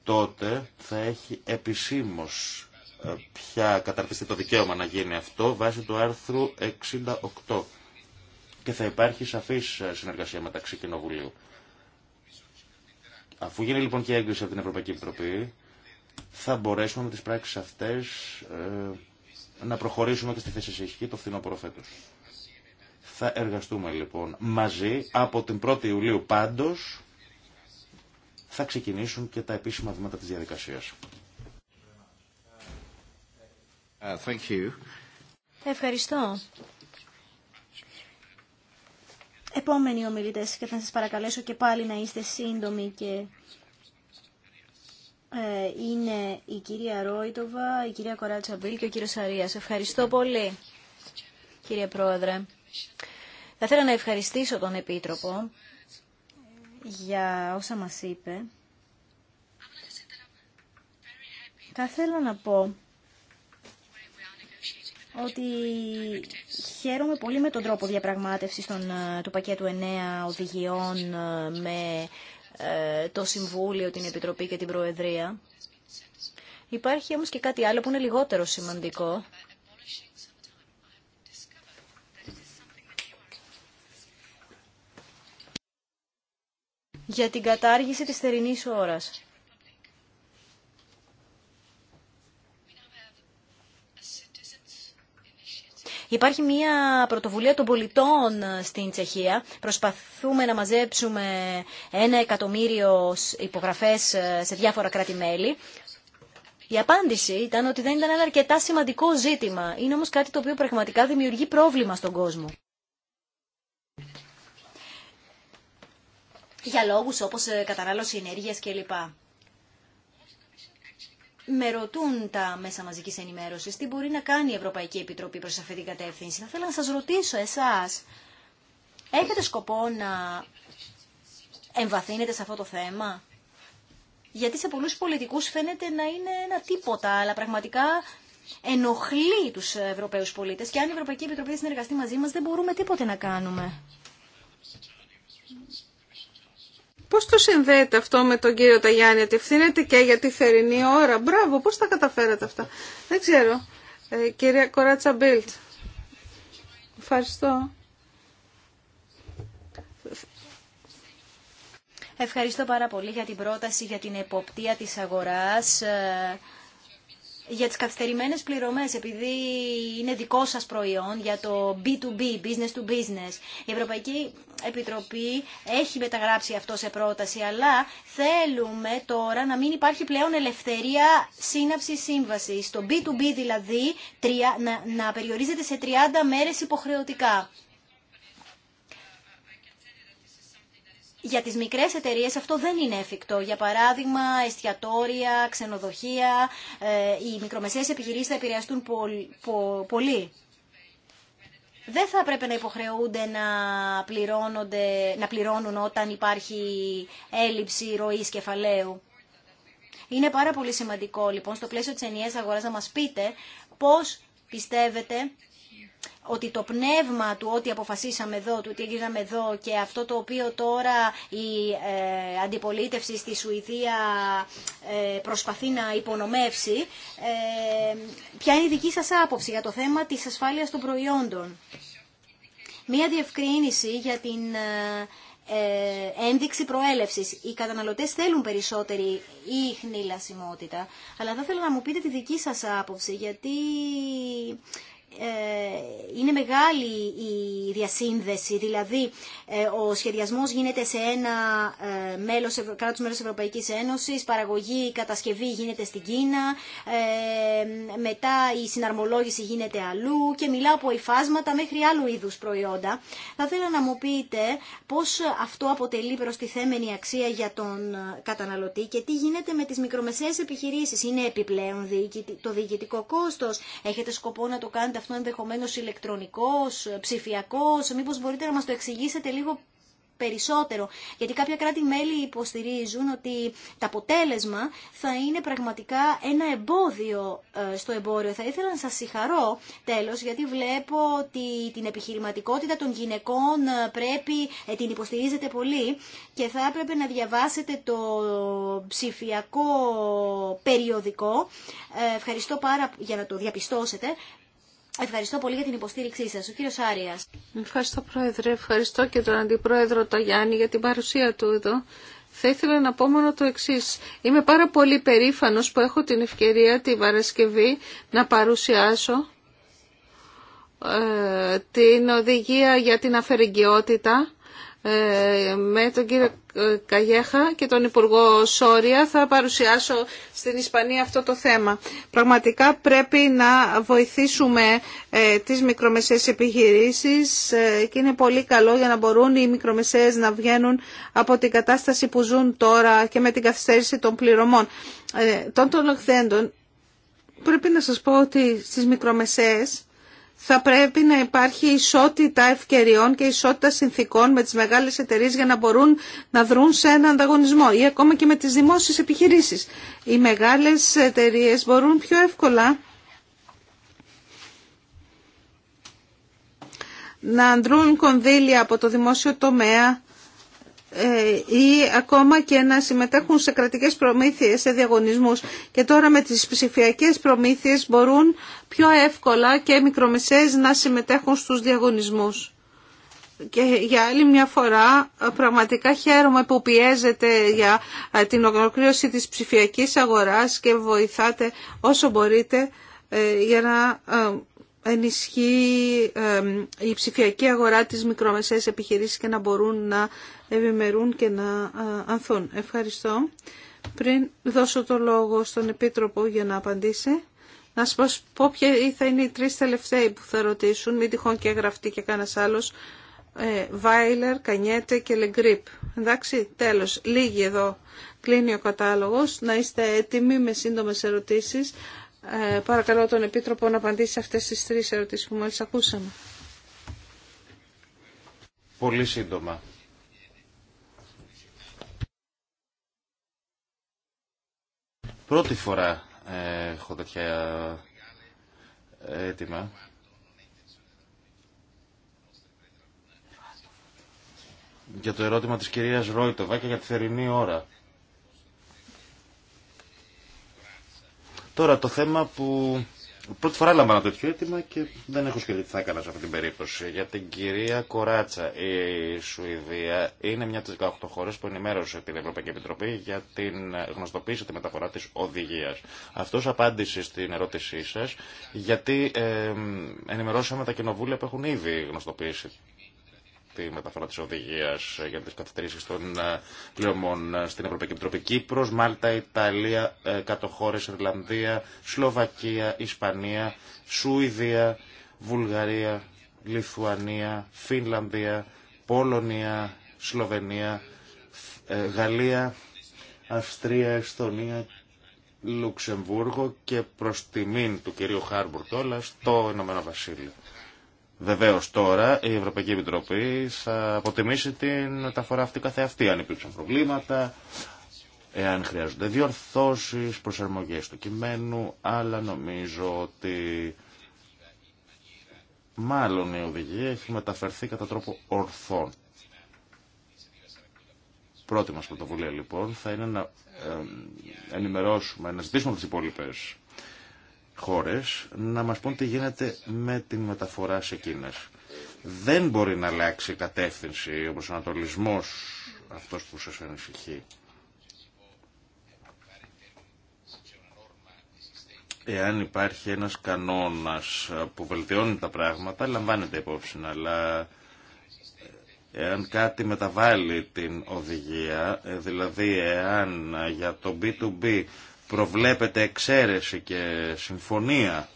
Τότε θα έχει επισήμως ε, πια καταρτιστεί το δικαίωμα να γίνει αυτό βάσει του άρθρου 68 και θα υπάρχει σαφής ε, συνεργασία μεταξύ Κοινοβουλίου. Αφού γίνει λοιπόν και έγκριση από την Ευρωπαϊκή Επιτροπή, θα μπορέσουμε με τις πράξεις αυτές ε, να προχωρήσουμε και στη θέση ισχύ το φθινόπωρο φέτος. Θα εργαστούμε λοιπόν μαζί. Από την 1η Ιουλίου πάντως θα ξεκινήσουν και τα επίσημα βήματα της διαδικασίας. Uh, Ευχαριστώ. Επόμενοι ομιλητές και θα σας παρακαλέσω και πάλι να είστε σύντομοι και ε, είναι η κυρία Ρόιτοβα, η κυρία Κοράτσα Μπίλ και ο κύριος Αρίας. Ευχαριστώ πολύ, κύριε Πρόεδρε. Θα ήθελα να ευχαριστήσω τον Επίτροπο για όσα μας είπε. Θα ήθελα να πω ότι χαίρομαι πολύ με τον τρόπο διαπραγμάτευσης των, ε, του πακέτου 9 οδηγιών ε, με ε, το Συμβούλιο, την Επιτροπή και την Προεδρία. Υπάρχει όμως και κάτι άλλο που είναι λιγότερο σημαντικό για την κατάργηση της θερινής ώρας. Υπάρχει μια πρωτοβουλία των πολιτών στην Τσεχία. Προσπαθούμε να μαζέψουμε ένα εκατομμύριο υπογραφές σε διάφορα κράτη-μέλη. Η απάντηση ήταν ότι δεν ήταν ένα αρκετά σημαντικό ζήτημα. Είναι όμως κάτι το οποίο πραγματικά δημιουργεί πρόβλημα στον κόσμο. για λόγους όπως ε, κατανάλωση ενέργειας κλπ. Με ρωτούν τα μέσα μαζική ενημέρωση, τι μπορεί να κάνει η Ευρωπαϊκή Επιτροπή προς αυτή την κατεύθυνση. Θα ήθελα να σας ρωτήσω εσάς, έχετε σκοπό να εμβαθύνετε σε αυτό το θέμα. Γιατί σε πολλούς πολιτικούς φαίνεται να είναι ένα τίποτα, αλλά πραγματικά ενοχλεί του Ευρωπαίους πολίτες και αν η Ευρωπαϊκή Επιτροπή δεν συνεργαστεί μαζί μα δεν μπορούμε τίποτε να κάνουμε. Πώς το συνδέεται αυτό με τον κύριο Ταγιάννη, ότι ευθύνεται και για τη θερινή ώρα. Μπράβο, πώς τα καταφέρατε αυτά. Δεν ξέρω. Ε, κυρία Κοράτσα Μπίλτ. Ευχαριστώ. Ευχαριστώ πάρα πολύ για την πρόταση για την εποπτεία της αγοράς. Ε, για τις καθυστερημένες πληρωμές, επειδή είναι δικό σας προϊόν, για το B2B, business to business. Η Ευρωπαϊκή Επιτροπή έχει μεταγράψει αυτό σε πρόταση, αλλά θέλουμε τώρα να μην υπάρχει πλέον ελευθερία σύναψη σύμβαση. Το B2B δηλαδή να, να περιορίζεται σε 30 μέρες υποχρεωτικά. για τις μικρές εταιρείες αυτό δεν είναι εφικτό. Για παράδειγμα, εστιατόρια, ξενοδοχεία, ε, οι μικρομεσαίες επιχειρήσεις θα επηρεαστούν πολύ. Δεν θα πρέπει να υποχρεούνται να, πληρώνονται, να πληρώνουν όταν υπάρχει έλλειψη ροής κεφαλαίου. Είναι πάρα πολύ σημαντικό λοιπόν στο πλαίσιο της ενιαίας αγοράς να μας πείτε πώς πιστεύετε ότι το πνεύμα του ό,τι αποφασίσαμε εδώ, του ότι έγιναμε εδώ και αυτό το οποίο τώρα η ε, αντιπολίτευση στη Σουηδία ε, προσπαθεί να υπονομεύσει, ε, ποια είναι η δική σας άποψη για το θέμα της ασφάλειας των προϊόντων. Μία διευκρίνηση για την ε, ε, ένδειξη προέλευσης. Οι καταναλωτές θέλουν περισσότερη ίχνη λασιμότητα, αλλά θα ήθελα να μου πείτε τη δική σας άποψη, γιατί ε, είναι μεγάλη η διασύνδεση, δηλαδή ε, ο σχεδιασμός γίνεται σε ένα ε, μέλος, κράτος μέλος Ευρωπαϊκής Ένωσης, παραγωγή, η κατασκευή γίνεται στην Κίνα, μετά η συναρμολόγηση γίνεται αλλού και μιλάω από υφάσματα μέχρι άλλου είδους προϊόντα. Θα ήθελα να μου πείτε πώς αυτό αποτελεί προστιθέμενη αξία για τον καταναλωτή και τι γίνεται με τις μικρομεσαίες επιχειρήσεις. Είναι επιπλέον το διοικητικό κόστος, έχετε σκοπό να το κάνετε αυτό αυτό ενδεχομένως ηλεκτρονικός, ε, ψηφιακός, μήπως μπορείτε να μας το εξηγήσετε λίγο περισσότερο, γιατί κάποια κράτη-μέλη υποστηρίζουν ότι το αποτέλεσμα θα είναι πραγματικά ένα εμπόδιο ε, στο εμπόριο. Θα ήθελα να σας συγχαρώ τέλος, γιατί βλέπω ότι την επιχειρηματικότητα των γυναικών ε, πρέπει, την υποστηρίζετε πολύ και θα έπρεπε να διαβάσετε το ψηφιακό περιοδικό, ευχαριστώ πάρα για να το διαπιστώσετε, Ευχαριστώ πολύ για την υποστήριξή σας. Ο κύριο Άρια. Ευχαριστώ Πρόεδρε. Ευχαριστώ και τον Αντιπρόεδρο Ταγιάννη για την παρουσία του εδώ. Θα ήθελα να πω μόνο το εξή. Είμαι πάρα πολύ περήφανο που έχω την ευκαιρία την Παρασκευή να παρουσιάσω ε, την οδηγία για την αφαιρεγκαιότητα ε, με τον κύριο Καγέχα και τον Υπουργό Σόρια θα παρουσιάσω στην Ισπανία αυτό το θέμα. Πραγματικά πρέπει να βοηθήσουμε ε, τις μικρομεσαίες επιχειρήσεις ε, και είναι πολύ καλό για να μπορούν οι μικρομεσαίες να βγαίνουν από την κατάσταση που ζουν τώρα και με την καθυστέρηση των πληρωμών. Των των οχθέντων πρέπει να σας πω ότι στις μικρομεσαίες θα πρέπει να υπάρχει ισότητα ευκαιριών και ισότητα συνθήκων με τις μεγάλες εταιρείες για να μπορούν να δρουν σε έναν ανταγωνισμό ή ακόμα και με τις δημόσιες επιχειρήσεις. Οι μεγάλες εταιρείες μπορούν πιο εύκολα να αντρούν κονδύλια από το δημόσιο τομέα ή ακόμα και να συμμετέχουν σε κρατικές προμήθειες, σε διαγωνισμούς. Και τώρα με τις ψηφιακές προμήθειες μπορούν πιο εύκολα και μικρομεσαίες να συμμετέχουν στους διαγωνισμούς. Και για άλλη μια φορά πραγματικά χαίρομαι που πιέζετε για ε, την ολοκλήρωση της ψηφιακής αγοράς και βοηθάτε όσο μπορείτε ε, για να ε, ενισχύει η ψηφιακή αγορά της μικρομεσαίες επιχειρήσεις και να μπορούν να ευημερούν και να ανθούν. Ευχαριστώ. Πριν δώσω το λόγο στον Επίτροπο για να απαντήσει, να σας πω ποιοι θα είναι οι τρεις τελευταίοι που θα ρωτήσουν, μην τυχόν και γραφτεί και κανένα άλλο, ε, Βάιλερ, Κανιέτε και Λεγκρίπ. Εντάξει, τέλος, λίγοι εδώ κλείνει ο κατάλογος. Να είστε έτοιμοι με σύντομες ερωτήσεις. Ε, παρακαλώ τον Επίτροπο να απαντήσει αυτές τις τρεις ερωτήσεις που μόλις ακούσαμε. Πολύ σύντομα. Πρώτη φορά ε, έχω τέτοια έτοιμα. Ε, για το ερώτημα της κυρίας Ρόιτοβα και για τη θερινή ώρα. Τώρα το θέμα που Πρώτη φορά λαμβάνω τέτοιο αίτημα και δεν έχω σκεφτεί τι θα έκανα σε αυτή την περίπτωση. Για την κυρία Κοράτσα, η Σουηδία είναι μια από τι 18 χώρε που ενημέρωσε την Ευρωπαϊκή Επιτροπή για την γνωστοποίηση τη μεταφορά τη οδηγία. Αυτό απάντησε στην ερώτησή σα, γιατί ενημερώσαμε τα κοινοβούλια που έχουν ήδη γνωστοποιήσει τη μεταφορά τη οδηγία ε, για τις καθυστερήσει των ε, πλεωμών ε, στην Ευρωπαϊκή Επιτροπή Κύπρο, Μάλτα, Ιταλία, κάτω χώρες, Σλοβακία, Ισπανία, Σουηδία, Βουλγαρία, Λιθουανία, Φινλανδία, Πολωνία, Σλοβενία, Γαλλία, Αυστρία, Εστονία Λουξεμβούργο και προς τιμήν του κυρίου Χάρμπουρ το στο Ηνωμένο Βασίλειο. Βεβαίω τώρα η Ευρωπαϊκή Επιτροπή θα αποτιμήσει την μεταφορά αυτή καθεαυτή, αν υπήρξαν προβλήματα, εάν χρειάζονται διορθώσεις, προσαρμογέ του κειμένου, αλλά νομίζω ότι μάλλον η οδηγία έχει μεταφερθεί κατά τρόπο ορθών. Πρώτη μας πρωτοβουλία λοιπόν θα είναι να ε, ενημερώσουμε, να ζητήσουμε τι υπόλοιπες χώρες να μας πούν τι γίνεται με την μεταφορά σε κίνηση Δεν μπορεί να αλλάξει η κατεύθυνση, ο προσανατολισμός αυτός που σας ανησυχεί. Εάν υπάρχει ένας κανόνας που βελτιώνει τα πράγματα, λαμβάνεται υπόψη, αλλά εάν κάτι μεταβάλλει την οδηγία, ε, δηλαδή εάν για το B2B προβλέπεται εξαίρεση και συμφωνία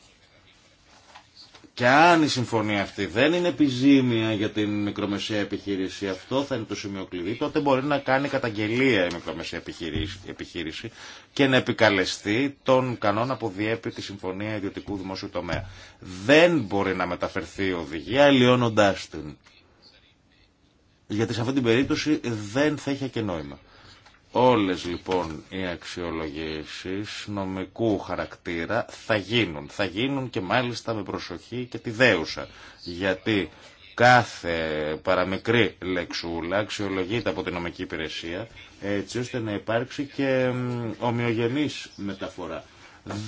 και αν η συμφωνία αυτή δεν είναι επιζήμια για την μικρομεσαία επιχείρηση, αυτό θα είναι το σημείο κλειδί, τότε μπορεί να κάνει καταγγελία η μικρομεσαία επιχείρηση και να επικαλεστεί τον κανόνα που διέπει τη συμφωνία ιδιωτικού δημόσιου τομέα. Δεν μπορεί να μεταφερθεί η οδηγία αλλοιώνοντά την. Γιατί σε αυτή την περίπτωση δεν θα είχε και νόημα. Όλες λοιπόν οι αξιολογήσεις νομικού χαρακτήρα θα γίνουν. Θα γίνουν και μάλιστα με προσοχή και τη δέουσα. Γιατί κάθε παραμικρή λεξούλα αξιολογείται από την νομική υπηρεσία έτσι ώστε να υπάρξει και ομοιογενής μεταφορά.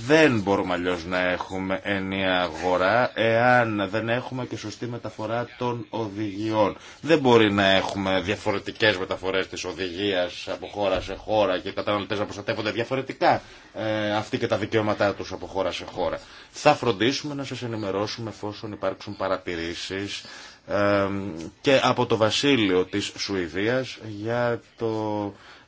Δεν μπορούμε αλλιώ να έχουμε ενία αγορά εάν δεν έχουμε και σωστή μεταφορά των οδηγιών. Δεν μπορεί να έχουμε διαφορετικέ μεταφορέ τη οδηγία από χώρα σε χώρα και οι καταναλωτέ να προστατεύονται διαφορετικά ε, αυτοί και τα δικαιώματά του από χώρα σε χώρα. Θα φροντίσουμε να σα ενημερώσουμε εφόσον υπάρξουν παρατηρήσει και από το βασίλειο της Σουηδίας για, το,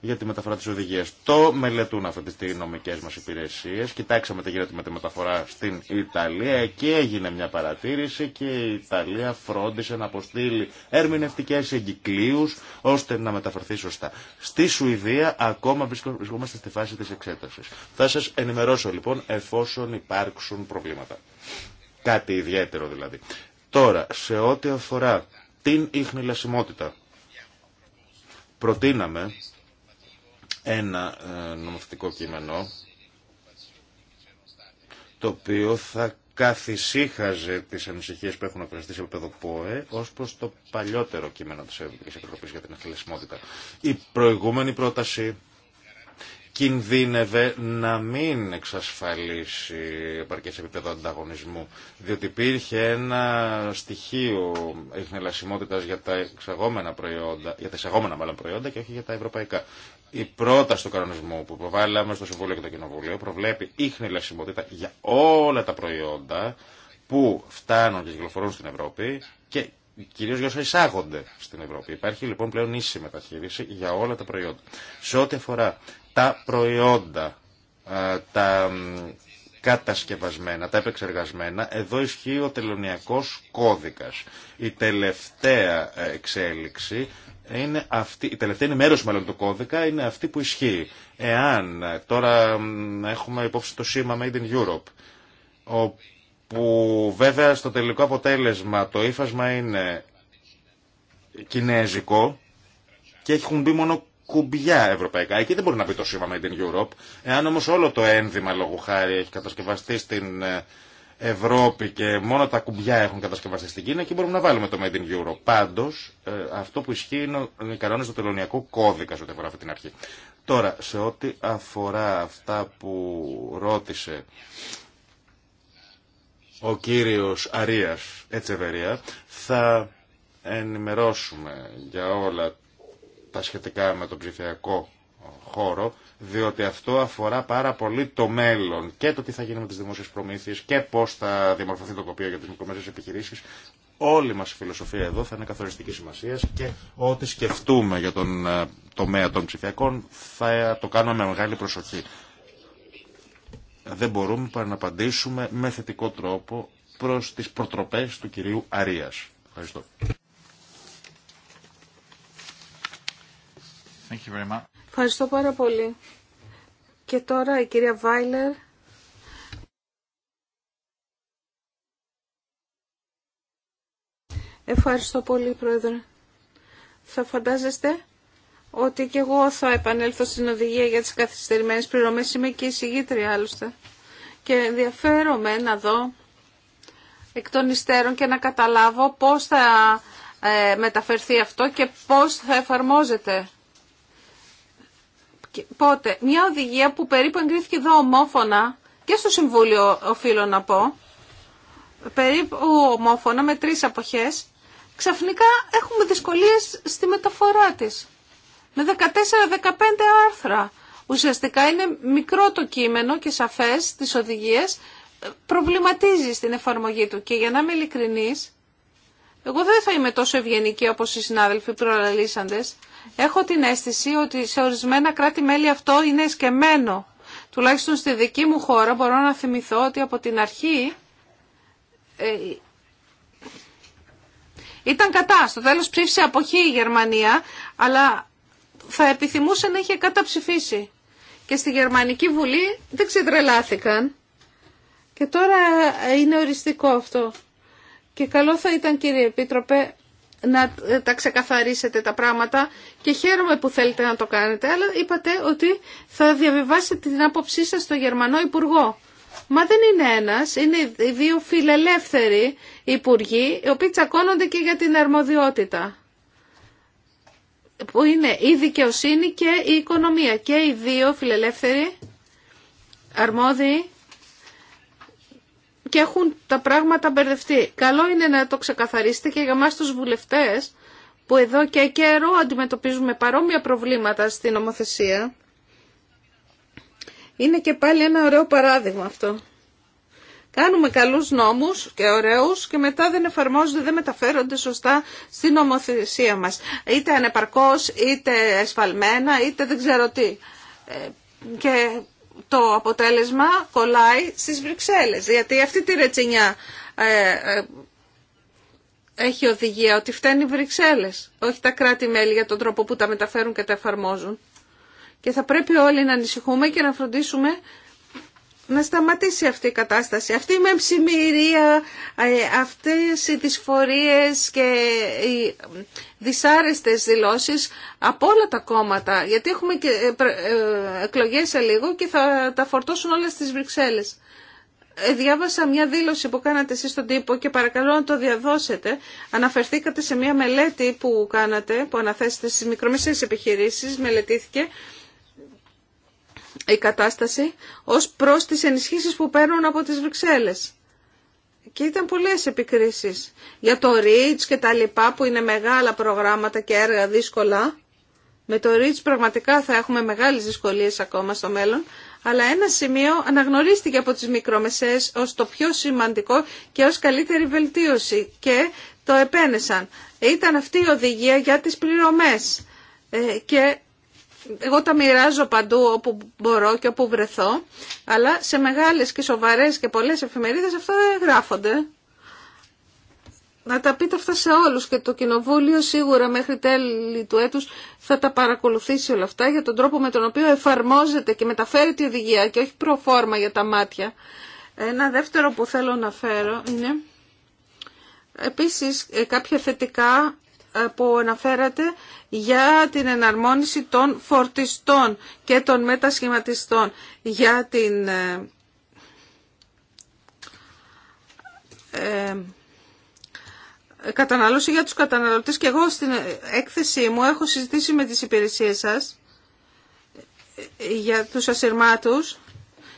για τη μεταφορά της οδηγίας. Το μελετούν αυτές τις νομικές μας υπηρεσίες. Κοιτάξαμε τι γίνεται με τη μεταφορά στην Ιταλία. Εκεί έγινε μια παρατήρηση και η Ιταλία φρόντισε να αποστείλει ερμηνευτικές εγκυκλίους ώστε να μεταφερθεί σωστά. Στη Σουηδία ακόμα βρισκόμαστε στη φάση της εξέτασης. Θα σας ενημερώσω λοιπόν εφόσον υπάρξουν προβλήματα. Κάτι ιδιαίτερο δηλαδή. Τώρα, σε ό,τι αφορά την ίχνηλασιμότητα, προτείναμε ένα ε, νομοθετικό κείμενο το οποίο θα καθησύχαζε τις ανησυχίε που έχουν αφαιρεστεί σε επίπεδο ΠΟΕ ω προ το παλιότερο κείμενο της Ευρωπαϊκή Επιτροπή για την Λασιμότητα. Η προηγούμενη πρόταση κινδύνευε να μην εξασφαλίσει επαρκές επίπεδο ανταγωνισμού, διότι υπήρχε ένα στοιχείο εχνελασιμότητας για τα εξαγόμενα προϊόντα, για τα εισαγόμενα μάλλον προϊόντα και όχι για τα ευρωπαϊκά. Η πρόταση του κανονισμού που προβάλαμε στο Συμβούλιο και το Κοινοβούλιο προβλέπει ίχνηλασιμότητα για όλα τα προϊόντα που φτάνουν και κυκλοφορούν στην Ευρώπη και κυρίως για όσα εισάγονται στην Ευρώπη. Υπάρχει λοιπόν πλέον ίση μεταχείριση για όλα τα προϊόντα. Σε ό,τι αφορά τα προϊόντα, τα κατασκευασμένα, τα επεξεργασμένα, εδώ ισχύει ο τελωνιακός κώδικας. Η τελευταία ε, εξέλιξη είναι αυτή, η τελευταία είναι μέρος μάλλον του κώδικα, είναι αυτή που ισχύει. Εάν ε, τώρα έχουμε υπόψη το σήμα Made in Europe, όπου βέβαια στο τελικό αποτέλεσμα το ύφασμα είναι κινέζικο και έχουν μπει μόνο κουμπιά ευρωπαϊκά. Εκεί δεν μπορεί να πει το σήμα Made in Europe. Εάν όμω όλο το ένδυμα λόγου χάρη έχει κατασκευαστεί στην ε, Ευρώπη και μόνο τα κουμπιά έχουν κατασκευαστεί στην Κίνα, εκεί μπορούμε να βάλουμε το Made in Europe. Πάντω, ε, αυτό που ισχύει είναι οι κανόνε του τελωνιακού κώδικα, ό,τι αφορά την αρχή. Τώρα, σε ό,τι αφορά αυτά που ρώτησε ο κύριος Αρίας Ετσεβερία, θα ενημερώσουμε για όλα τα σχετικά με τον ψηφιακό χώρο, διότι αυτό αφορά πάρα πολύ το μέλλον και το τι θα γίνει με τις δημόσιες προμήθειες και πώς θα διαμορφωθεί το κοπείο για τις μικρομέσες επιχειρήσεις. Όλη μας η φιλοσοφία εδώ θα είναι καθοριστική σημασία και ό,τι σκεφτούμε για τον ε, τομέα των ψηφιακών θα το κάνουμε με μεγάλη προσοχή. Δεν μπορούμε παρά να απαντήσουμε με θετικό τρόπο προς τις προτροπές του κυρίου Αρίας. Ευχαριστώ. Thank you Ευχαριστώ πάρα πολύ. Και τώρα η κυρία Βάιλερ. Ευχαριστώ πολύ, Πρόεδρε. Θα φαντάζεστε ότι και εγώ θα επανέλθω στην οδηγία για τις καθυστερημένες πληρωμές. Είμαι και εισηγήτρια άλλωστε. Και ενδιαφέρομαι να δω εκ των υστέρων και να καταλάβω πώς θα ε, μεταφερθεί αυτό και πώς θα εφαρμόζεται πότε. Μια οδηγία που περίπου εγκρίθηκε εδώ ομόφωνα και στο Συμβούλιο οφείλω να πω, περίπου ομόφωνα με τρεις αποχές, ξαφνικά έχουμε δυσκολίες στη μεταφορά της. Με 14-15 άρθρα. Ουσιαστικά είναι μικρό το κείμενο και σαφές τις οδηγίες, προβληματίζει στην εφαρμογή του. Και για να είμαι ειλικρινής, εγώ δεν θα είμαι τόσο ευγενική όπως οι συνάδελφοι προαναλύσαντες. Έχω την αίσθηση ότι σε ορισμένα κράτη-μέλη αυτό είναι εσκεμμένο. Τουλάχιστον στη δική μου χώρα μπορώ να θυμηθώ ότι από την αρχή ε, ήταν κατά. Στο τέλος ψήφισε αποχή η Γερμανία, αλλά θα επιθυμούσε να είχε καταψηφίσει. Και στη Γερμανική Βουλή δεν ξετρελάθηκαν. Και τώρα ε, είναι οριστικό αυτό. Και καλό θα ήταν κύριε Επίτροπε να ε, τα ξεκαθαρίσετε τα πράγματα και χαίρομαι που θέλετε να το κάνετε, αλλά είπατε ότι θα διαβιβάσετε την άποψή σας στο Γερμανό Υπουργό. Μα δεν είναι ένας, είναι οι δύο φιλελεύθεροι υπουργοί, οι οποίοι τσακώνονται και για την αρμοδιότητα. Που είναι η δικαιοσύνη και η οικονομία. Και οι δύο φιλελεύθεροι αρμόδιοι και έχουν τα πράγματα μπερδευτεί. Καλό είναι να το ξεκαθαρίσετε και για εμάς τους βουλευτές που εδώ και καιρό αντιμετωπίζουμε παρόμοια προβλήματα στην νομοθεσία. Είναι και πάλι ένα ωραίο παράδειγμα αυτό. Κάνουμε καλούς νόμους και ωραίους και μετά δεν εφαρμόζονται, δεν μεταφέρονται σωστά στην νομοθεσία μας. Είτε ανεπαρκώς, είτε εσφαλμένα, είτε δεν ξέρω τι. Ε, και το αποτέλεσμα κολλάει στις Βρυξέλλες. Γιατί αυτή τη ρετσινιά ε, ε, έχει οδηγία ότι φταίνει οι Βρυξέλλες, όχι τα κράτη-μέλη για τον τρόπο που τα μεταφέρουν και τα εφαρμόζουν. Και θα πρέπει όλοι να ανησυχούμε και να φροντίσουμε να σταματήσει αυτή η κατάσταση. Αυτή η μεμψημυρία, ε, αυτές οι δυσφορίες και οι δυσάρεστες δηλώσεις από όλα τα κόμματα, γιατί έχουμε και ε, ε, εκλογές σε λίγο και θα τα φορτώσουν όλα στις Βρυξέλλες. Διάβασα μια δήλωση που κάνατε εσείς στον τύπο και παρακαλώ να το διαδώσετε. Αναφερθήκατε σε μια μελέτη που κάνατε, που αναθέσετε στις μικρομεσαίες επιχειρήσεις, μελετήθηκε η κατάσταση ως προς τις ενισχύσεις που παίρνουν από τις Βρυξέλλες. Και ήταν πολλές επικρίσεις για το REACH και τα λοιπά που είναι μεγάλα προγράμματα και έργα δύσκολα. Με το REACH πραγματικά θα έχουμε μεγάλες δυσκολίες ακόμα στο μέλλον. Αλλά ένα σημείο αναγνωρίστηκε από τις μικρομεσαίες ως το πιο σημαντικό και ως καλύτερη βελτίωση και το επένεσαν. Ήταν αυτή η οδηγία για τις πληρωμές ε, και εγώ τα μοιράζω παντού όπου μπορώ και όπου βρεθώ, αλλά σε μεγάλες και σοβαρές και πολλές εφημερίδες αυτά δεν γράφονται. Να τα πείτε αυτά σε όλους και το Κοινοβούλιο σίγουρα μέχρι τέλη του έτους θα τα παρακολουθήσει όλα αυτά για τον τρόπο με τον οποίο εφαρμόζεται και μεταφέρει τη οδηγία και όχι προφόρμα για τα μάτια. Ένα δεύτερο που θέλω να φέρω είναι επίσης ε, κάποια θετικά που αναφέρατε για την εναρμόνιση των φορτιστών και των μετασχηματιστών για την ε, ε, κατανάλωση για τους καταναλωτές και εγώ στην έκθεσή μου έχω συζητήσει με τις υπηρεσίες σας ε, για τους ασυρμάτους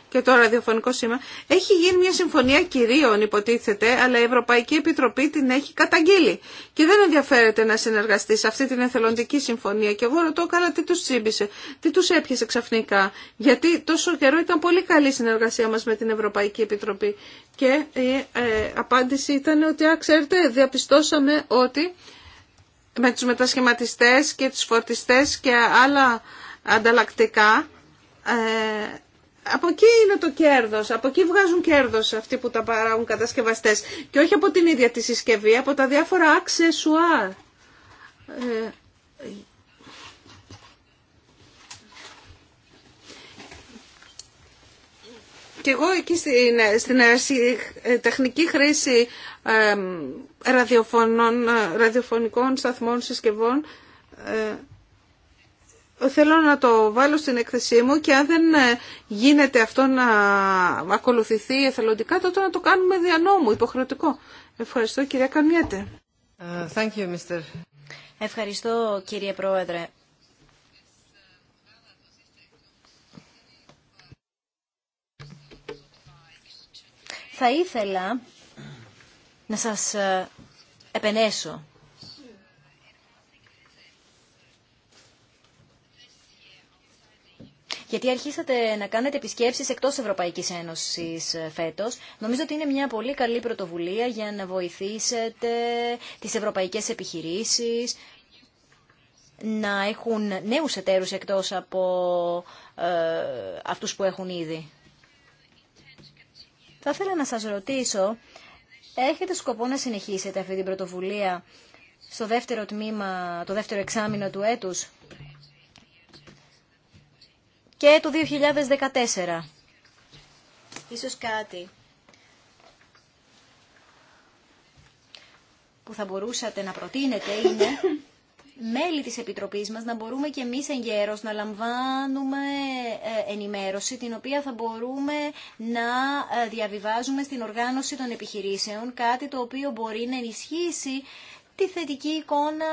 και το ραδιοφωνικό σήμα. Έχει γίνει μια συμφωνία κυρίων υποτίθεται, αλλά η Ευρωπαϊκή Επιτροπή την έχει καταγγείλει και δεν ενδιαφέρεται να συνεργαστεί σε αυτή την εθελοντική συμφωνία. Και εγώ ρωτώ καλά τι του τσίμπησε, τι του έπιασε ξαφνικά, γιατί τόσο καιρό ήταν πολύ καλή η συνεργασία μα με την Ευρωπαϊκή Επιτροπή. Και η ε, απάντηση ήταν ότι, α, ξέρετε, διαπιστώσαμε ότι με τους μετασχηματιστές και τους φορτιστές και άλλα ανταλλακτικά ε, από εκεί είναι το κέρδος, από εκεί βγάζουν κέρδος αυτοί που τα παράγουν κατασκευαστέ και όχι από την ίδια τη συσκευή, από τα διάφορα αξεσουάρ. Ε, και εγώ εκεί στην, στην τεχνική χρήση ε, ραδιοφωνικών σταθμών συσκευών ε, θέλω να το βάλω στην έκθεσή μου και αν δεν ε, γίνεται αυτό να ακολουθηθεί εθελοντικά, τότε να το κάνουμε δια νόμου, υποχρεωτικό. Ευχαριστώ κυρία Καμιέτε. Thank you, Ευχαριστώ κύριε Πρόεδρε. Θα ήθελα να σας ε, επενέσω γιατί αρχίσατε να κάνετε επισκέψεις εκτός Ευρωπαϊκής Ένωση ε, φέτος. Νομίζω ότι είναι μια πολύ καλή πρωτοβουλία για να βοηθήσετε τις ευρωπαϊκές επιχειρήσεις να έχουν νέους εταίρους εκτός από ε, αυτούς που έχουν ήδη. Θα ήθελα να σας ρωτήσω, έχετε σκοπό να συνεχίσετε αυτή την πρωτοβουλία στο δεύτερο τμήμα, το δεύτερο εξάμεινο του έτους και το 2014. Ίσως κάτι που θα μπορούσατε να προτείνετε είναι μέλη της Επιτροπής μας να μπορούμε και εμείς γέρος να λαμβάνουμε ε, ενημέρωση την οποία θα μπορούμε να ε, διαβιβάζουμε στην οργάνωση των επιχειρήσεων κάτι το οποίο μπορεί να ενισχύσει τη θετική εικόνα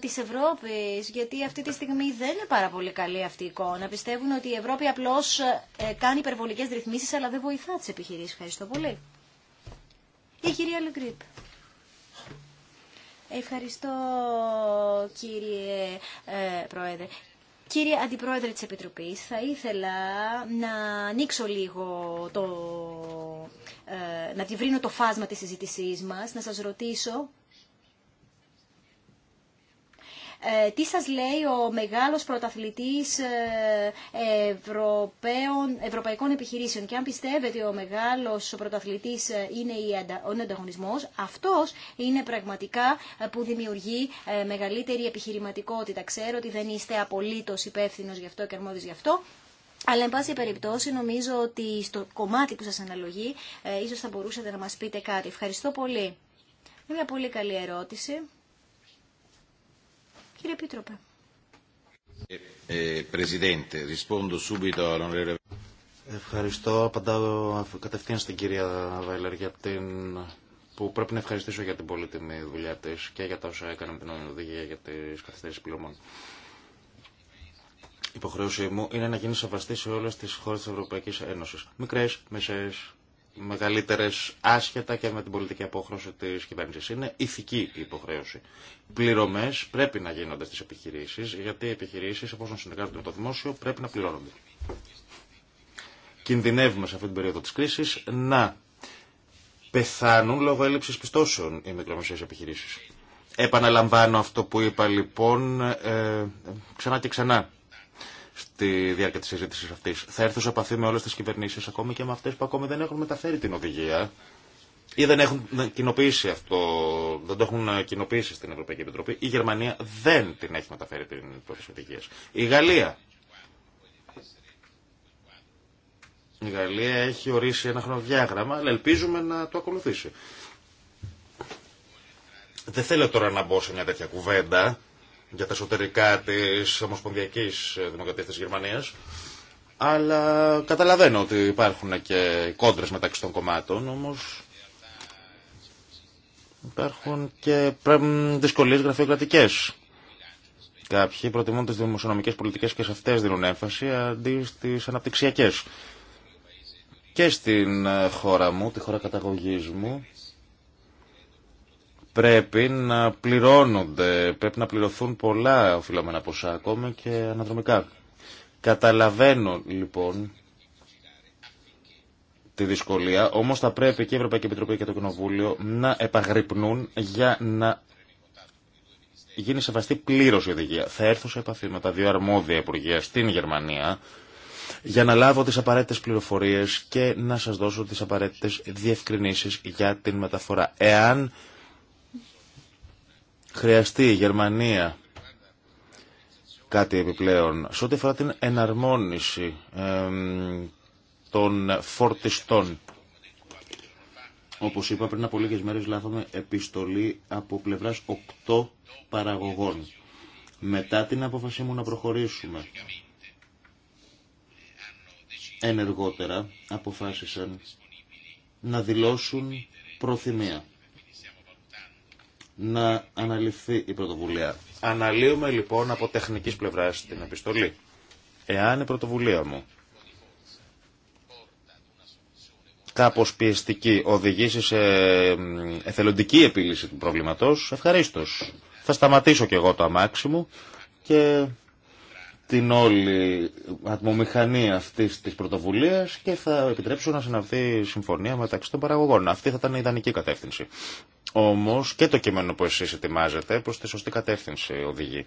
της Ευρώπης, γιατί αυτή τη στιγμή δεν είναι πάρα πολύ καλή αυτή η εικόνα. Πιστεύουν ότι η Ευρώπη απλώς ε, κάνει υπερβολικές ρυθμίσεις, αλλά δεν βοηθά τις επιχειρήσεις. Ευχαριστώ πολύ. Η κυρία Λεγκρίπ. Ευχαριστώ κύριε ε, Πρόεδρε. Κύριε Αντιπρόεδρε της Επιτροπής, θα ήθελα να ανοίξω λίγο το... Ε, να διευρύνω το φάσμα της συζήτησής μας, να σας ρωτήσω ε, τι σας λέει ο μεγάλος πρωταθλητής ε, ευρωπαϊκών επιχειρήσεων και αν πιστεύετε ο μεγάλος πρωταθλητής ε, είναι ο ανταγωνισμός, αυτός είναι πραγματικά που δημιουργεί μεγαλύτερη επιχειρηματικότητα. Ξέρω ότι δεν είστε απολύτως υπεύθυνος γι' αυτό και αρμόδιος γι' αυτό, αλλά, εν πάση περιπτώσει, νομίζω ότι στο κομμάτι που σας αναλογεί, ε, θα μπορούσατε να μας πείτε κάτι. Ευχαριστώ πολύ. Είναι μια πολύ καλή ερώτηση. Κύριε Επίτροπε. Ε, ε, Ευχαριστώ. Απαντάω κατευθείαν στην κυρία Βάιλερ για την που πρέπει να ευχαριστήσω για την πολύτιμη δουλειά τη και για τα όσα έκανε με την οδηγία για τι καθυστερήσει πληρωμών. Η υποχρέωσή μου είναι να γίνει σεβαστή σε όλε τι χώρε τη Ευρωπαϊκή Ένωση. Μικρέ, μεσαίε, Μεγαλύτερε άσχετα και με την πολιτική απόχρωση τη κυβέρνηση Είναι ηθική η υποχρέωση. Πληρωμές πρέπει να γίνονται στις επιχειρήσεις, γιατί οι επιχειρήσεις, εφόσον συνεργάζονται με το δημόσιο, πρέπει να πληρώνονται. Κινδυνεύουμε σε αυτή την περίοδο της κρίσης να πεθάνουν λόγω έλλειψης πιστώσεων οι μικρομεσαίε επιχειρήσει. Επαναλαμβάνω αυτό που είπα λοιπόν ε, ε, ξανά και ξανά στη διάρκεια τη συζήτηση αυτή. Θα έρθω σε επαφή με όλε τι κυβερνήσει, ακόμη και με αυτέ που ακόμη δεν έχουν μεταφέρει την οδηγία ή δεν έχουν κοινοποιήσει αυτό, δεν το έχουν κοινοποιήσει στην Ευρωπαϊκή Επιτροπή. Η Γερμανία δεν την έχει μεταφέρει την πρόταση οδηγία. Η Γαλλία. Η Γαλλία έχει ορίσει ένα χρονοδιάγραμμα, αλλά ελπίζουμε να το ακολουθήσει. Δεν θέλω τώρα να μπω σε μια τέτοια κουβέντα για τα εσωτερικά τη ομοσπονδιακή δημοκρατία τη Γερμανία, Αλλά καταλαβαίνω ότι υπάρχουν και κόντρες μεταξύ των κομμάτων, όμως υπάρχουν και δυσκολίες γραφειοκρατικές. Κάποιοι προτιμούν τι δημοσιονομικές πολιτικές και σε αυτές δίνουν έμφαση αντί στι αναπτυξιακές. Και στην ε, χώρα μου, τη χώρα καταγωγή μου, πρέπει να πληρώνονται, πρέπει να πληρωθούν πολλά οφειλόμενα ποσά ακόμα και αναδρομικά. Καταλαβαίνω λοιπόν τη δυσκολία, όμως θα πρέπει και η Ευρωπαϊκή Επιτροπή και το Κοινοβούλιο να επαγρυπνούν για να γίνει σεβαστή πλήρωση η οδηγία. Θα έρθω σε επαφή με τα δύο αρμόδια υπουργεία στην Γερμανία για να λάβω τις απαραίτητες πληροφορίες και να σας δώσω τις απαραίτητες διευκρινήσεις για την μεταφορά. Εάν χρειαστεί η Γερμανία κάτι επιπλέον σε ό,τι αφορά την εναρμόνιση των φορτιστών. Όπως είπα πριν από λίγες μέρες λάβαμε επιστολή από πλευράς οκτώ παραγωγών. Μετά την απόφασή μου να προχωρήσουμε ενεργότερα αποφάσισαν να δηλώσουν προθυμία να αναλυθεί η πρωτοβουλία. Αναλύουμε λοιπόν από τεχνικής πλευράς την επιστολή. Εάν η πρωτοβουλία μου Κάπω πιεστική οδηγήσει σε εθελοντική επίλυση του προβλήματος, ευχαρίστω. Θα σταματήσω κι εγώ το αμάξι μου και την όλη ατμομηχανία αυτή τη πρωτοβουλία και θα επιτρέψουν να συναυθεί συμφωνία μεταξύ των παραγωγών. Αυτή θα ήταν η ιδανική κατεύθυνση. Όμω και το κείμενο που εσεί ετοιμάζετε προ τη σωστή κατεύθυνση οδηγεί.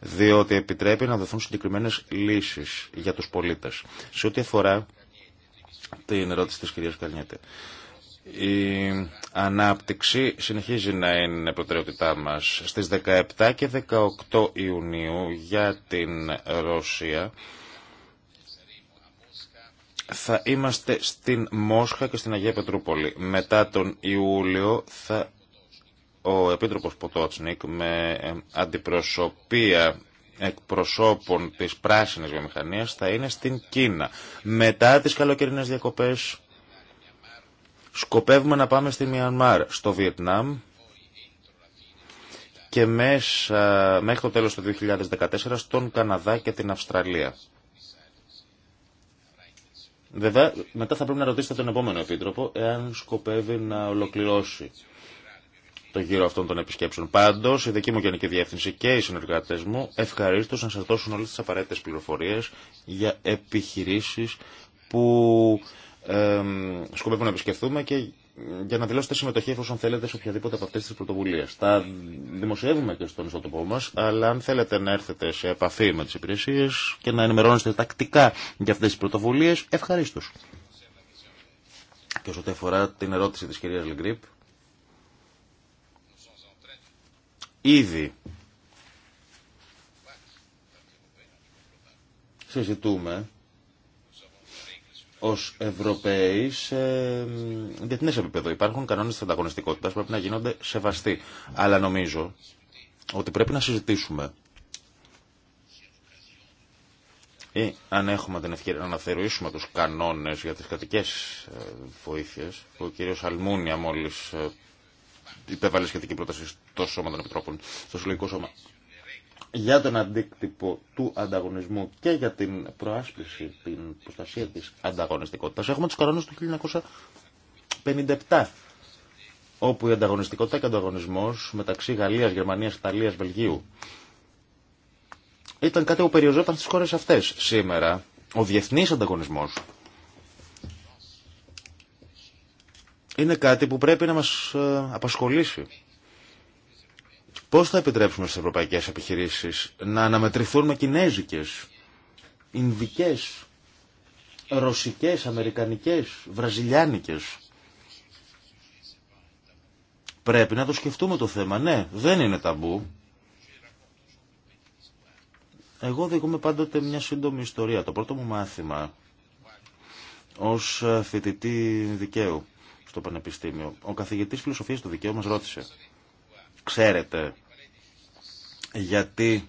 Διότι επιτρέπει να δοθούν συγκεκριμένε λύσει για του πολίτε. Σε ό,τι αφορά την ερώτηση τη κυρία Καρνιέτη. Η ανάπτυξη συνεχίζει να είναι προτεραιότητά μας. Στις 17 και 18 Ιουνίου για την Ρώσια θα είμαστε στην Μόσχα και στην Αγία Πετρούπολη. Μετά τον Ιούλιο θα ο Επίτροπος Ποτότσνικ με ε, αντιπροσωπεία εκπροσώπων της πράσινης βιομηχανίας θα είναι στην Κίνα. Μετά τις καλοκαιρινές διακοπές Σκοπεύουμε να πάμε στη Μιανμάρ, στο Βιετνάμ και μέσα, μέχρι το τέλος του 2014 στον Καναδά και την Αυστραλία. Βέβαια, μετά θα πρέπει να ρωτήσετε τον επόμενο επίτροπο εάν σκοπεύει να ολοκληρώσει το γύρο αυτών των επισκέψεων. Πάντω, η δική μου Γενική Διεύθυνση και οι συνεργάτε μου ευχαρίστω να σα δώσουν όλε τι απαραίτητε πληροφορίε για επιχειρήσει που σκοπεύουμε να επισκεφθούμε και για να δηλώσετε συμμετοχή εφόσον θέλετε σε οποιαδήποτε από αυτέ τι πρωτοβουλίε. Τα δημοσιεύουμε και στον ιστότοπό μα, αλλά αν θέλετε να έρθετε σε επαφή με τι υπηρεσίε και να ενημερώνεστε τακτικά για αυτέ τι πρωτοβουλίε, ευχαρίστω. Και όσο αφορά την ερώτηση τη κυρία Λεγκρίπ, ήδη συζητούμε ως Ευρωπαίοι σε διεθνέ επίπεδο. Υπάρχουν κανόνες της που πρέπει να γίνονται σεβαστοί. Αλλά νομίζω ότι πρέπει να συζητήσουμε ή αν έχουμε την ευκαιρία να αναθεωρήσουμε τους κανόνες για τις κρατικές ε, βοήθειες που ο κύριος Αλμούνια μόλις ε, υπέβαλε σχετική πρόταση στο Σώμα των Επιτρόπων, στο Συλλογικό Σώμα για τον αντίκτυπο του ανταγωνισμού και για την προάσπιση, την προστασία της ανταγωνιστικότητας. Έχουμε τους κανόνες του 1957, όπου η ανταγωνιστικότητα και ο ανταγωνισμός μεταξύ Γαλλίας, Γερμανίας, Ιταλίας, Βελγίου ήταν κάτι που περιοριζόταν στις χώρες αυτές. Σήμερα ο διεθνής ανταγωνισμός είναι κάτι που πρέπει να μας ε, απασχολήσει Πώς θα επιτρέψουμε στι ευρωπαϊκές επιχειρήσει να αναμετρηθούν με κινέζικες, ινδικές, ρωσικές, αμερικανικές, βραζιλιάνικες. Πρέπει να το σκεφτούμε το θέμα. Ναι, δεν είναι ταμπού. Εγώ διηγούμε πάντοτε μια σύντομη ιστορία. Το πρώτο μου μάθημα ως φοιτητή δικαίου στο Πανεπιστήμιο, ο καθηγητής φιλοσοφίας του δικαίου μας ρώτησε «Ξέρετε γιατί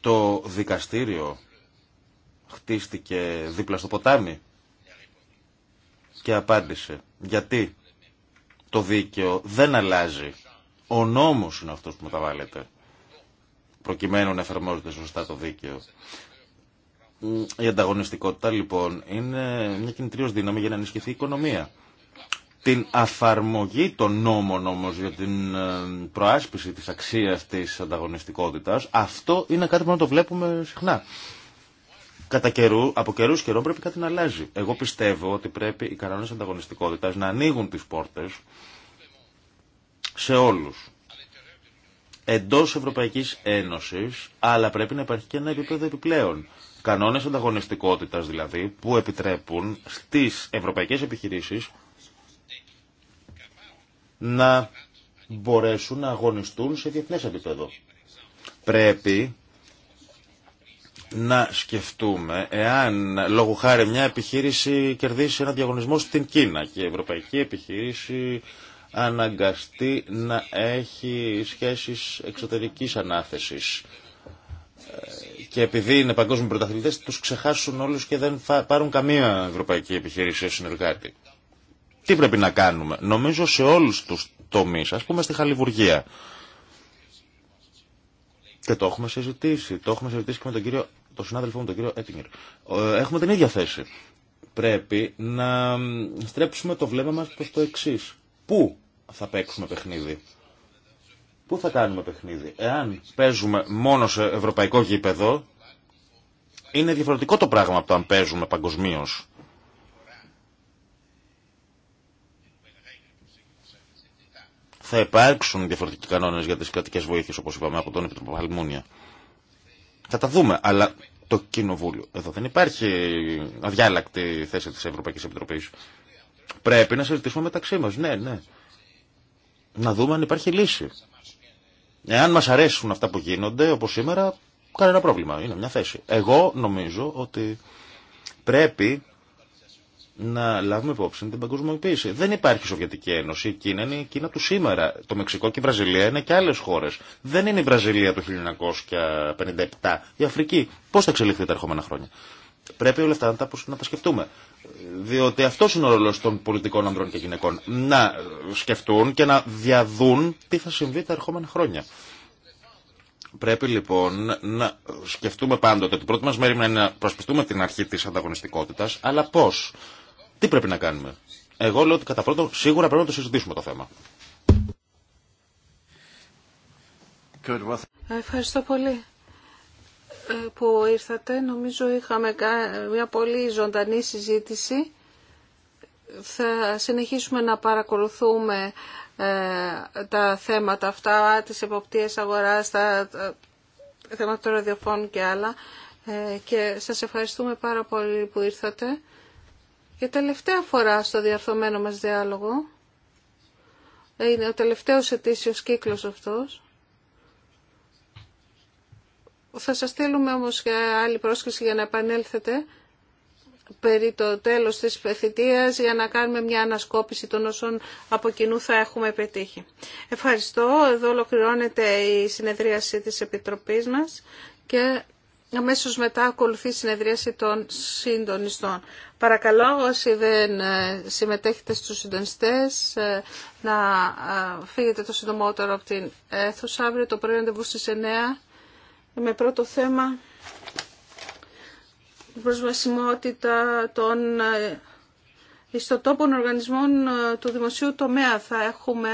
το δικαστήριο χτίστηκε δίπλα στο ποτάμι και απάντησε γιατί το δίκαιο δεν αλλάζει. Ο νόμος είναι αυτός που μεταβάλλεται προκειμένου να εφαρμόζεται σωστά το δίκαιο. Η ανταγωνιστικότητα λοιπόν είναι μια κινητήριος δύναμη για να ενισχυθεί η οικονομία την αφαρμογή των νόμων όμως για την ε, προάσπιση της αξίας της ανταγωνιστικότητας, αυτό είναι κάτι που να το βλέπουμε συχνά. Κατά καιρού, από καιρού καιρό πρέπει κάτι να αλλάζει. Εγώ πιστεύω ότι πρέπει οι κανόνες ανταγωνιστικότητας να ανοίγουν τις πόρτες σε όλους. Εντός Ευρωπαϊκής Ένωσης, αλλά πρέπει να υπάρχει και ένα επίπεδο επιπλέον. Κανόνες ανταγωνιστικότητας δηλαδή που επιτρέπουν στις ευρωπαϊκές επιχειρήσεις να μπορέσουν να αγωνιστούν σε διεθνές επίπεδο. Πρέπει να σκεφτούμε εάν λόγω χάρη μια επιχείρηση κερδίσει ένα διαγωνισμό στην Κίνα και η ευρωπαϊκή επιχείρηση αναγκαστεί να έχει σχέσεις εξωτερικής ανάθεσης και επειδή είναι παγκόσμιοι πρωταθλητές τους ξεχάσουν όλους και δεν πάρουν καμία ευρωπαϊκή επιχείρηση ως συνεργάτη τι πρέπει να κάνουμε. Νομίζω σε όλους τους τομείς, ας πούμε στη Χαλιβουργία. Και το έχουμε συζητήσει, το έχουμε συζητήσει και με τον κύριο, τον συνάδελφό μου, τον κύριο Έτιγκερ. Έχουμε την ίδια θέση. Πρέπει να στρέψουμε το βλέμμα μας προς το εξή. Πού θα παίξουμε παιχνίδι. Πού θα κάνουμε παιχνίδι. Εάν παίζουμε μόνο σε ευρωπαϊκό γήπεδο, είναι διαφορετικό το πράγμα από το αν παίζουμε παγκοσμίω θα υπάρξουν διαφορετικοί κανόνε για τις κρατικές βοήθειες, όπως είπαμε, από τον Επιτροπό Θα τα δούμε, αλλά το Κοινοβούλιο. Εδώ δεν υπάρχει αδιάλακτη θέση της Ευρωπαϊκής Επιτροπής. Πρέπει να συζητήσουμε μεταξύ μα. ναι, ναι. Να δούμε αν υπάρχει λύση. Εάν μας αρέσουν αυτά που γίνονται, όπω σήμερα, κανένα πρόβλημα. Είναι μια θέση. Εγώ νομίζω ότι πρέπει να λάβουμε υπόψη την παγκοσμιοποίηση. Δεν υπάρχει Σοβιετική Ένωση. Η Κίνα είναι η Κίνα του σήμερα. Το Μεξικό και η Βραζιλία είναι και άλλε χώρε. Δεν είναι η Βραζιλία του 1957. Η Αφρική. Πώ θα εξελιχθεί τα ερχόμενα χρόνια. Πρέπει όλα αυτά να τα, να τα σκεφτούμε. Διότι αυτό είναι ο ρόλο των πολιτικών ανδρών και γυναικών. Να σκεφτούν και να διαδούν τι θα συμβεί τα ερχόμενα χρόνια. Πρέπει λοιπόν να σκεφτούμε πάντοτε ότι η πρώτη μα μέρη είναι να προσπιστούμε την αρχή τη ανταγωνιστικότητα, αλλά πώ. Τι πρέπει να κάνουμε. Εγώ λέω ότι κατά πρώτον σίγουρα πρέπει να το συζητήσουμε το θέμα. Ευχαριστώ πολύ ε, που ήρθατε. Νομίζω είχαμε μια πολύ ζωντανή συζήτηση. Θα συνεχίσουμε να παρακολουθούμε ε, τα θέματα αυτά, τις εποπτείες αγοράς, τα θέματα των ραδιοφώνων και άλλα. Ε, και σας ευχαριστούμε πάρα πολύ που ήρθατε. Για τελευταία φορά στο διαρθωμένο μας διάλογο, είναι ο τελευταίος ετήσιος κύκλος αυτός, θα σας στείλουμε όμως και άλλη πρόσκληση για να επανέλθετε περί το τέλος της θητείας για να κάνουμε μια ανασκόπηση των όσων από κοινού θα έχουμε πετύχει. Ευχαριστώ. Εδώ ολοκληρώνεται η συνεδρίαση της Επιτροπής μας Αμέσως μετά ακολουθεί η συνεδρίαση των συντονιστών. Παρακαλώ όσοι δεν ε, συμμετέχετε στους συντονιστές ε, να ε, φύγετε το συντομότερο από την αίθουσα. Αύριο το πρωί ραντεβού στις 9 με πρώτο θέμα προσβασιμότητα των ιστοτόπων οργανισμών του δημοσίου τομέα. Θα έχουμε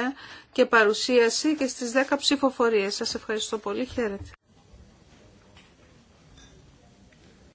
και παρουσίαση και στις 10 ψηφοφορίες. Σας ευχαριστώ πολύ. Χαίρετε.